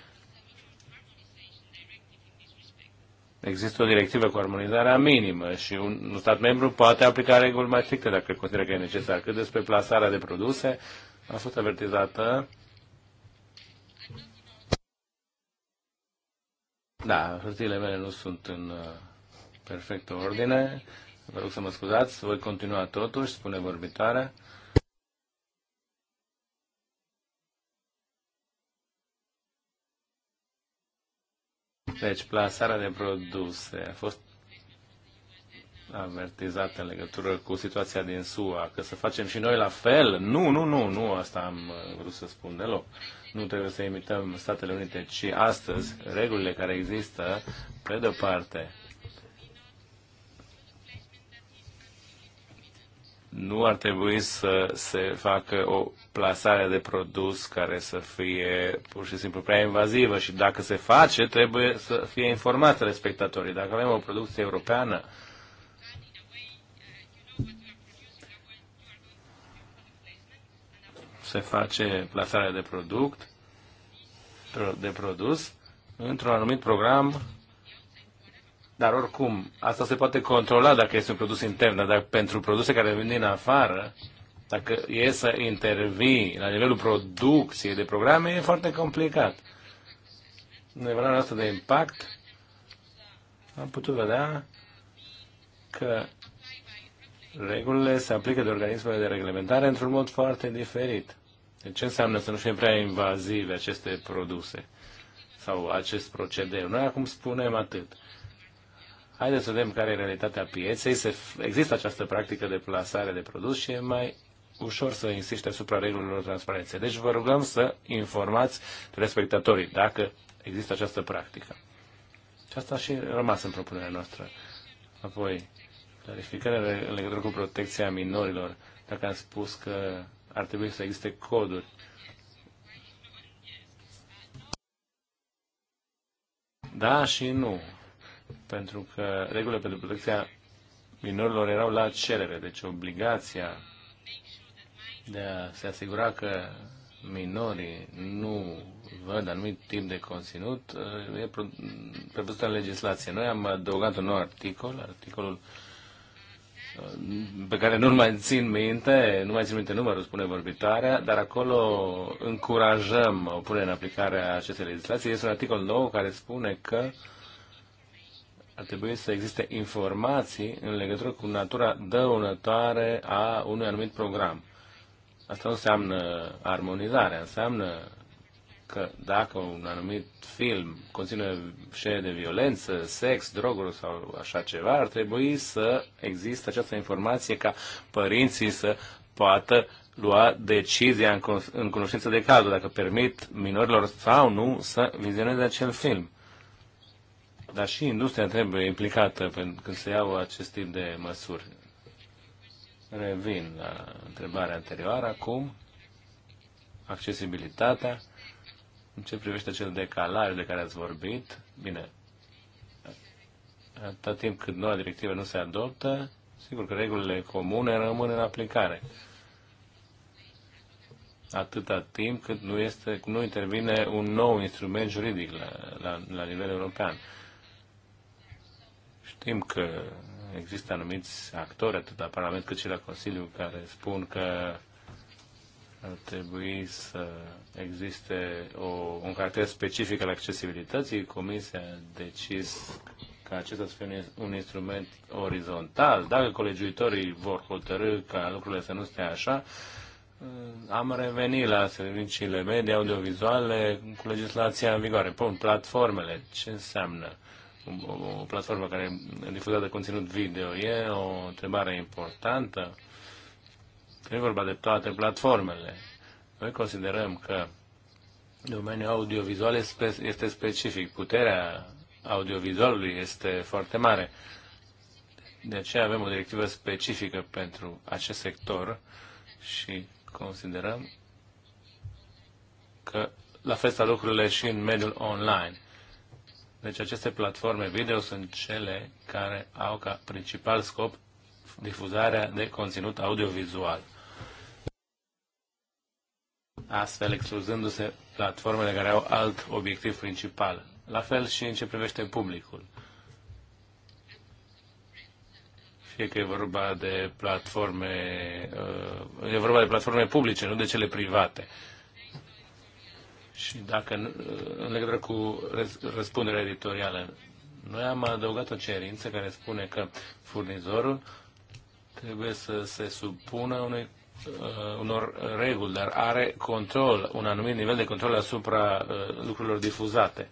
Speaker 2: Există o directivă cu armonizarea minimă și un stat membru poate aplica reguli mai stricte dacă consideră că e necesar. Cât despre plasarea de produse, a fost avertizată Da, hârtiile mele nu sunt în uh, perfectă ordine. Vă rog să mă scuzați. Voi continua totuși, spune vorbitoarea. Deci, plasarea de produse a fost avertizată în legătură cu situația din SUA, că să facem și noi la fel. Nu, nu, nu, nu asta am uh, vrut să spun deloc. Nu trebuie să imităm Statele Unite, ci astăzi regulile care există, pe de-o parte, nu ar trebui să se facă o plasare de produs care să fie pur și simplu prea invazivă și dacă se face, trebuie să fie informat respectatorii. Dacă avem o producție europeană, se face plasarea de product, de produs, într-un anumit program dar oricum, asta se poate controla dacă este un produs intern, dar pentru produse care vin din afară, dacă e să intervii la nivelul producției de programe, e foarte complicat. În evaluarea asta de impact, am putut vedea că regulile se aplică de organismele de reglementare într-un mod foarte diferit. Deci ce înseamnă să nu fie prea invazive aceste produse sau acest procedeu? Noi acum spunem atât. Haideți să vedem care e realitatea pieței. Se, există această practică de plasare de produs și e mai ușor să insiste asupra regulilor transparenței. Deci vă rugăm să informați respectatorii dacă există această practică. Și asta și rămas în propunerea noastră. Apoi, clarificarea în legătură cu protecția minorilor. Dacă am spus că ar trebui să existe coduri. Da și nu pentru că regulile pentru protecția minorilor erau la cerere, deci obligația de a se asigura că minorii nu văd anumit timp de conținut eh, e prevăzută în legislație. Noi am adăugat un nou articol, articolul eh, pe care nu-l mai țin minte, nu mai țin minte numărul, spune vorbitoarea, dar acolo încurajăm punere în aplicare a acestei legislații. Este un articol nou care spune că uh, ar trebui să existe informații în legătură cu natura dăunătoare a unui anumit program. Asta nu înseamnă armonizare, înseamnă că dacă un anumit film conține scene de violență, sex, droguri sau așa ceva, ar trebui să există această informație ca părinții să poată lua decizia în, cunoștință de cazul, dacă permit minorilor sau nu să vizioneze acel film. Dar și industria trebuie implicată când se iau acest tip de măsuri. Revin la întrebarea anterioară acum. Accesibilitatea. În ce privește acel decalaj de care ați vorbit, bine, atâta timp cât noua directivă nu se adoptă, sigur că regulile comune rămân în aplicare. Atâta timp cât nu, este, nu intervine un nou instrument juridic la, la, la nivel european. Știm că există anumiți actori, atât la Parlament cât și la Consiliu, care spun că ar trebui să existe o, un caracter specific al accesibilității. Comisia a decis ca acesta să fie un instrument orizontal. Dacă colegiuitorii vor hotărâ ca lucrurile să nu stea așa, eh, am revenit la serviciile media, audiovizuale, cu legislația în vigoare. Pun platformele. Ce înseamnă? o, o platformă care difuzează conținut video. E o întrebare importantă. Nu e vorba de toate platformele. Noi considerăm că domeniul audiovizual este specific. Puterea audiovizualului este foarte mare. De aceea avem o directivă specifică pentru acest sector și considerăm că la fel stau lucrurile și în mediul online. Deci aceste platforme video sunt cele care au ca principal scop difuzarea de conținut audiovizual. Astfel excluzându-se platformele care au alt obiectiv principal. La fel și în ce privește publicul. Fie că e vorba de platforme, uh, e vorba de platforme publice, nu de cele private și dacă uh, în legătură cu răspunderea editorială. Noi am adăugat o cerință care spune că furnizorul trebuie să se supună unui, uh, unor reguli, dar are control, un anumit nivel de control asupra uh, lucrurilor difuzate.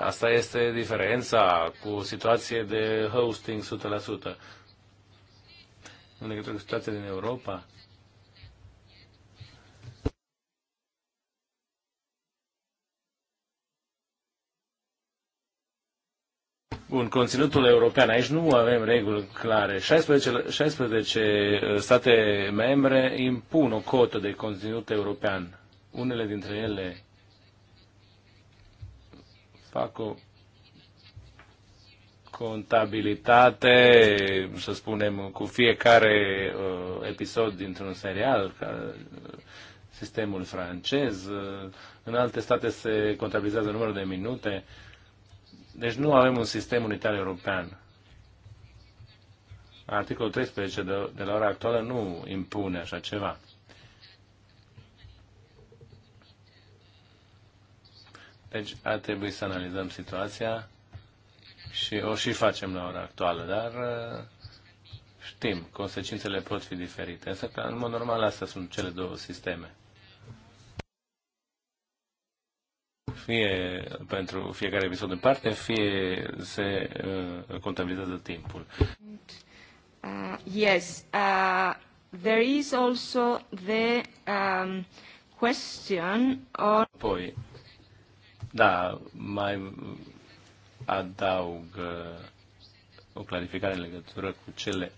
Speaker 2: Asta este diferența cu situație de hosting 100%. În legătură cu situația din Europa, Bun, conținutul european. Aici nu avem reguli clare. 16, 16 uh, state membre impun o cotă de conținut european. Unele dintre ele fac o contabilitate, să spunem, cu fiecare uh, episod dintr-un serial, ca uh, sistemul francez. Uh, în alte state se contabilizează numărul de minute. Uh, deci nu avem un sistem unitar european. Articolul 13 de, de la ora actuală nu impune așa ceva. Deci ar trebui să analizăm situația și o și facem la ora actuală, dar uh, știm, consecințele pot fi diferite. Însă, în mod normal, astea sunt cele două sisteme. fie pentru fiecare episod în parte, fie se uh, contabilizează timpul.
Speaker 1: Uh, yes, uh, there is also the um, question on...
Speaker 2: Apoi, da, mai adaug uh, o clarificare în legătură cu cele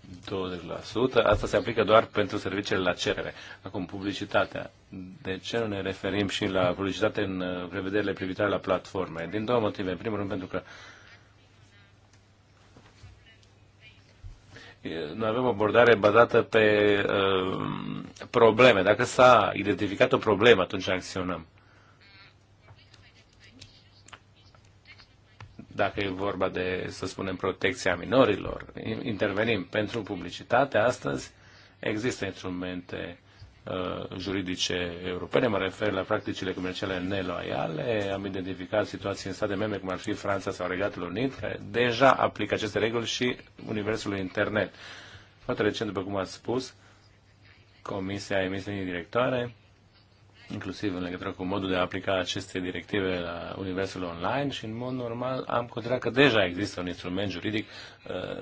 Speaker 2: 20%. Asta se aplică doar pentru serviciile la cerere. Acum, publicitatea de ce nu ne referim și la publicitate în uh, prevederile privitoare la platforme? Din două motive. În primul rând pentru că noi avem o abordare bazată pe uh, probleme. Dacă s-a identificat o problemă, atunci acționăm. Dacă e vorba de, să spunem, protecția minorilor, intervenim. Pentru publicitate, astăzi există instrumente Uh, juridice europene, mă refer la practicile comerciale neloiale, am identificat situații în state membre cum ar fi Franța sau Regatul Unit, care deja aplică aceste reguli și universul internet. Foarte recent, după cum ați spus, Comisia a emis linii directoare, inclusiv în legătură cu modul de a aplica aceste directive la universul online și, în mod normal, am considerat că deja există un instrument juridic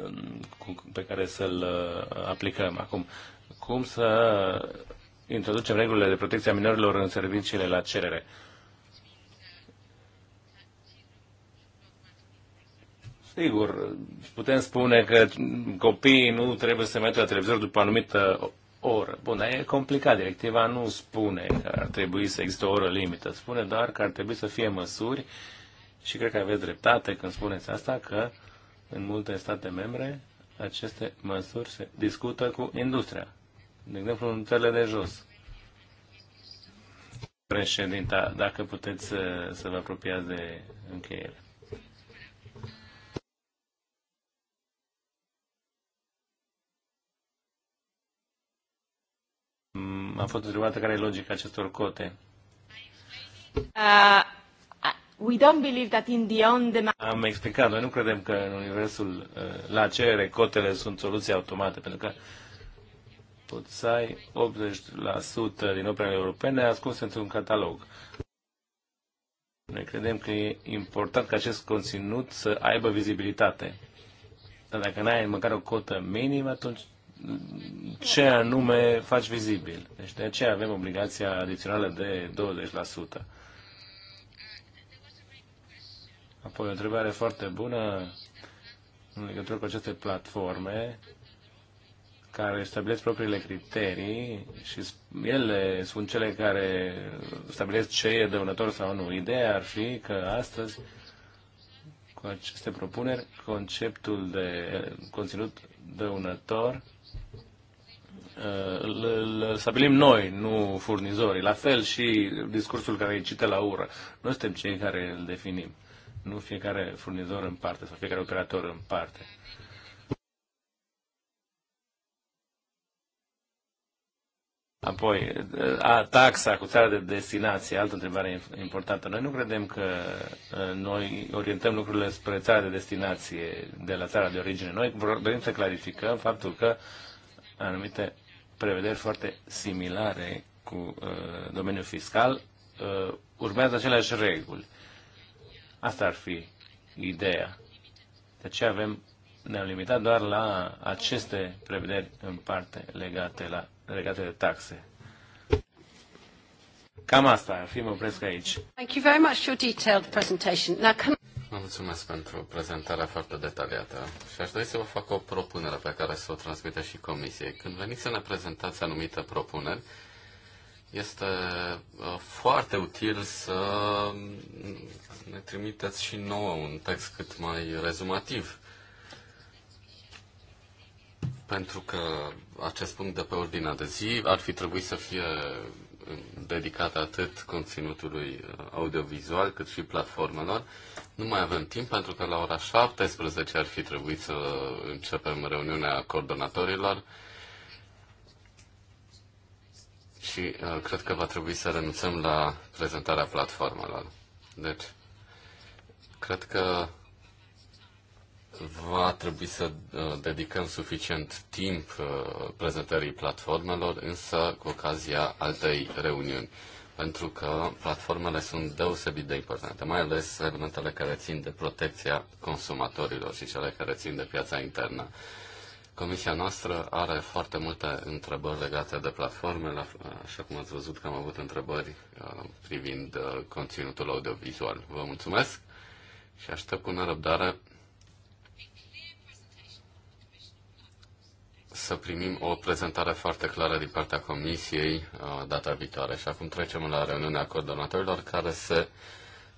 Speaker 2: uh, pe care să-l uh, aplicăm. Acum, cum să introducem regulile de protecție a minorilor în serviciile la cerere. Sigur, putem spune că copiii nu trebuie să meargă la televizor după o anumită oră. Bun, dar e complicat. Directiva nu spune că ar trebui să existe o oră limită. Spune doar că ar trebui să fie măsuri și cred că aveți dreptate când spuneți asta, că în multe state membre aceste măsuri se discută cu industria de exemplu, în țările de jos. Președinta, dacă puteți să, să vă apropiați de încheiere. Am mm, fost întrebată care e logica acestor cote.
Speaker 1: Uh, we don't believe that in the on
Speaker 2: Am explicat, noi nu credem că în universul uh, la cerere cotele sunt soluții automate, pentru că uh, poți să ai 80% din operele europene ascunse într-un catalog. Noi credem că e important ca acest conținut să aibă vizibilitate. Dar dacă n-ai măcar o cotă minimă, atunci ce anume faci vizibil. Deci de aceea avem obligația adițională de 20%. Apoi o întrebare foarte bună în legătură cu aceste platforme care stabilesc propriile criterii și ele sunt cele care stabilesc ce e dăunător sau nu. Ideea ar fi că astăzi, cu aceste propuneri, conceptul de conținut dăunător uh, îl, îl stabilim noi, nu furnizorii. La fel și discursul care îi cită la ură. Noi suntem cei care îl definim. Nu fiecare furnizor în parte sau fiecare operator în parte. Apoi, a, taxa cu țara de destinație, altă întrebare importantă. Noi nu credem că noi orientăm lucrurile spre țara de destinație de la țara de origine. Noi dorim să clarificăm faptul că anumite prevederi foarte similare cu uh, domeniul fiscal uh, urmează aceleași reguli. Asta ar fi ideea. De ce avem, ne-am limitat doar la aceste prevederi în parte legate la legate de taxe. Cam asta ar fi, mă opresc aici.
Speaker 1: Thank you very much for your detailed presentation. Now, can...
Speaker 3: Vă mulțumesc pentru prezentarea foarte detaliată și aș dori să vă fac o propunere pe care să o transmite și comisiei. Când veniți să ne prezentați anumite propuneri, este uh, foarte util să ne trimiteți și nouă un text cât mai rezumativ pentru că acest punct de pe ordinea de zi ar fi trebuit să fie uh, dedicat atât conținutului uh, audiovizual cât și platformelor. Nu mai avem timp pentru că la ora 17 ar fi trebuit să începem reuniunea coordonatorilor și uh, cred că va trebui să renunțăm la prezentarea platformelor. Deci, cred că va trebui să uh, dedicăm suficient timp uh, prezentării platformelor, însă cu ocazia altei reuniuni, pentru că platformele sunt deosebit de importante, mai ales elementele care țin de protecția consumatorilor și cele care țin de piața internă. Comisia noastră are foarte multe întrebări legate de platforme, așa cum ați văzut că am avut întrebări uh, privind conținutul audiovizual. Vă mulțumesc și aștept cu nerăbdare să primim o prezentare foarte clară din partea Comisiei uh, data viitoare. Și acum trecem la reuniunea coordonatorilor care se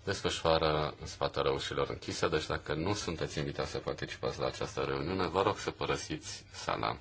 Speaker 3: desfășoară în spatele ușilor închise, deci dacă nu sunteți invitați să participați la această reuniune, vă rog să părăsiți sala.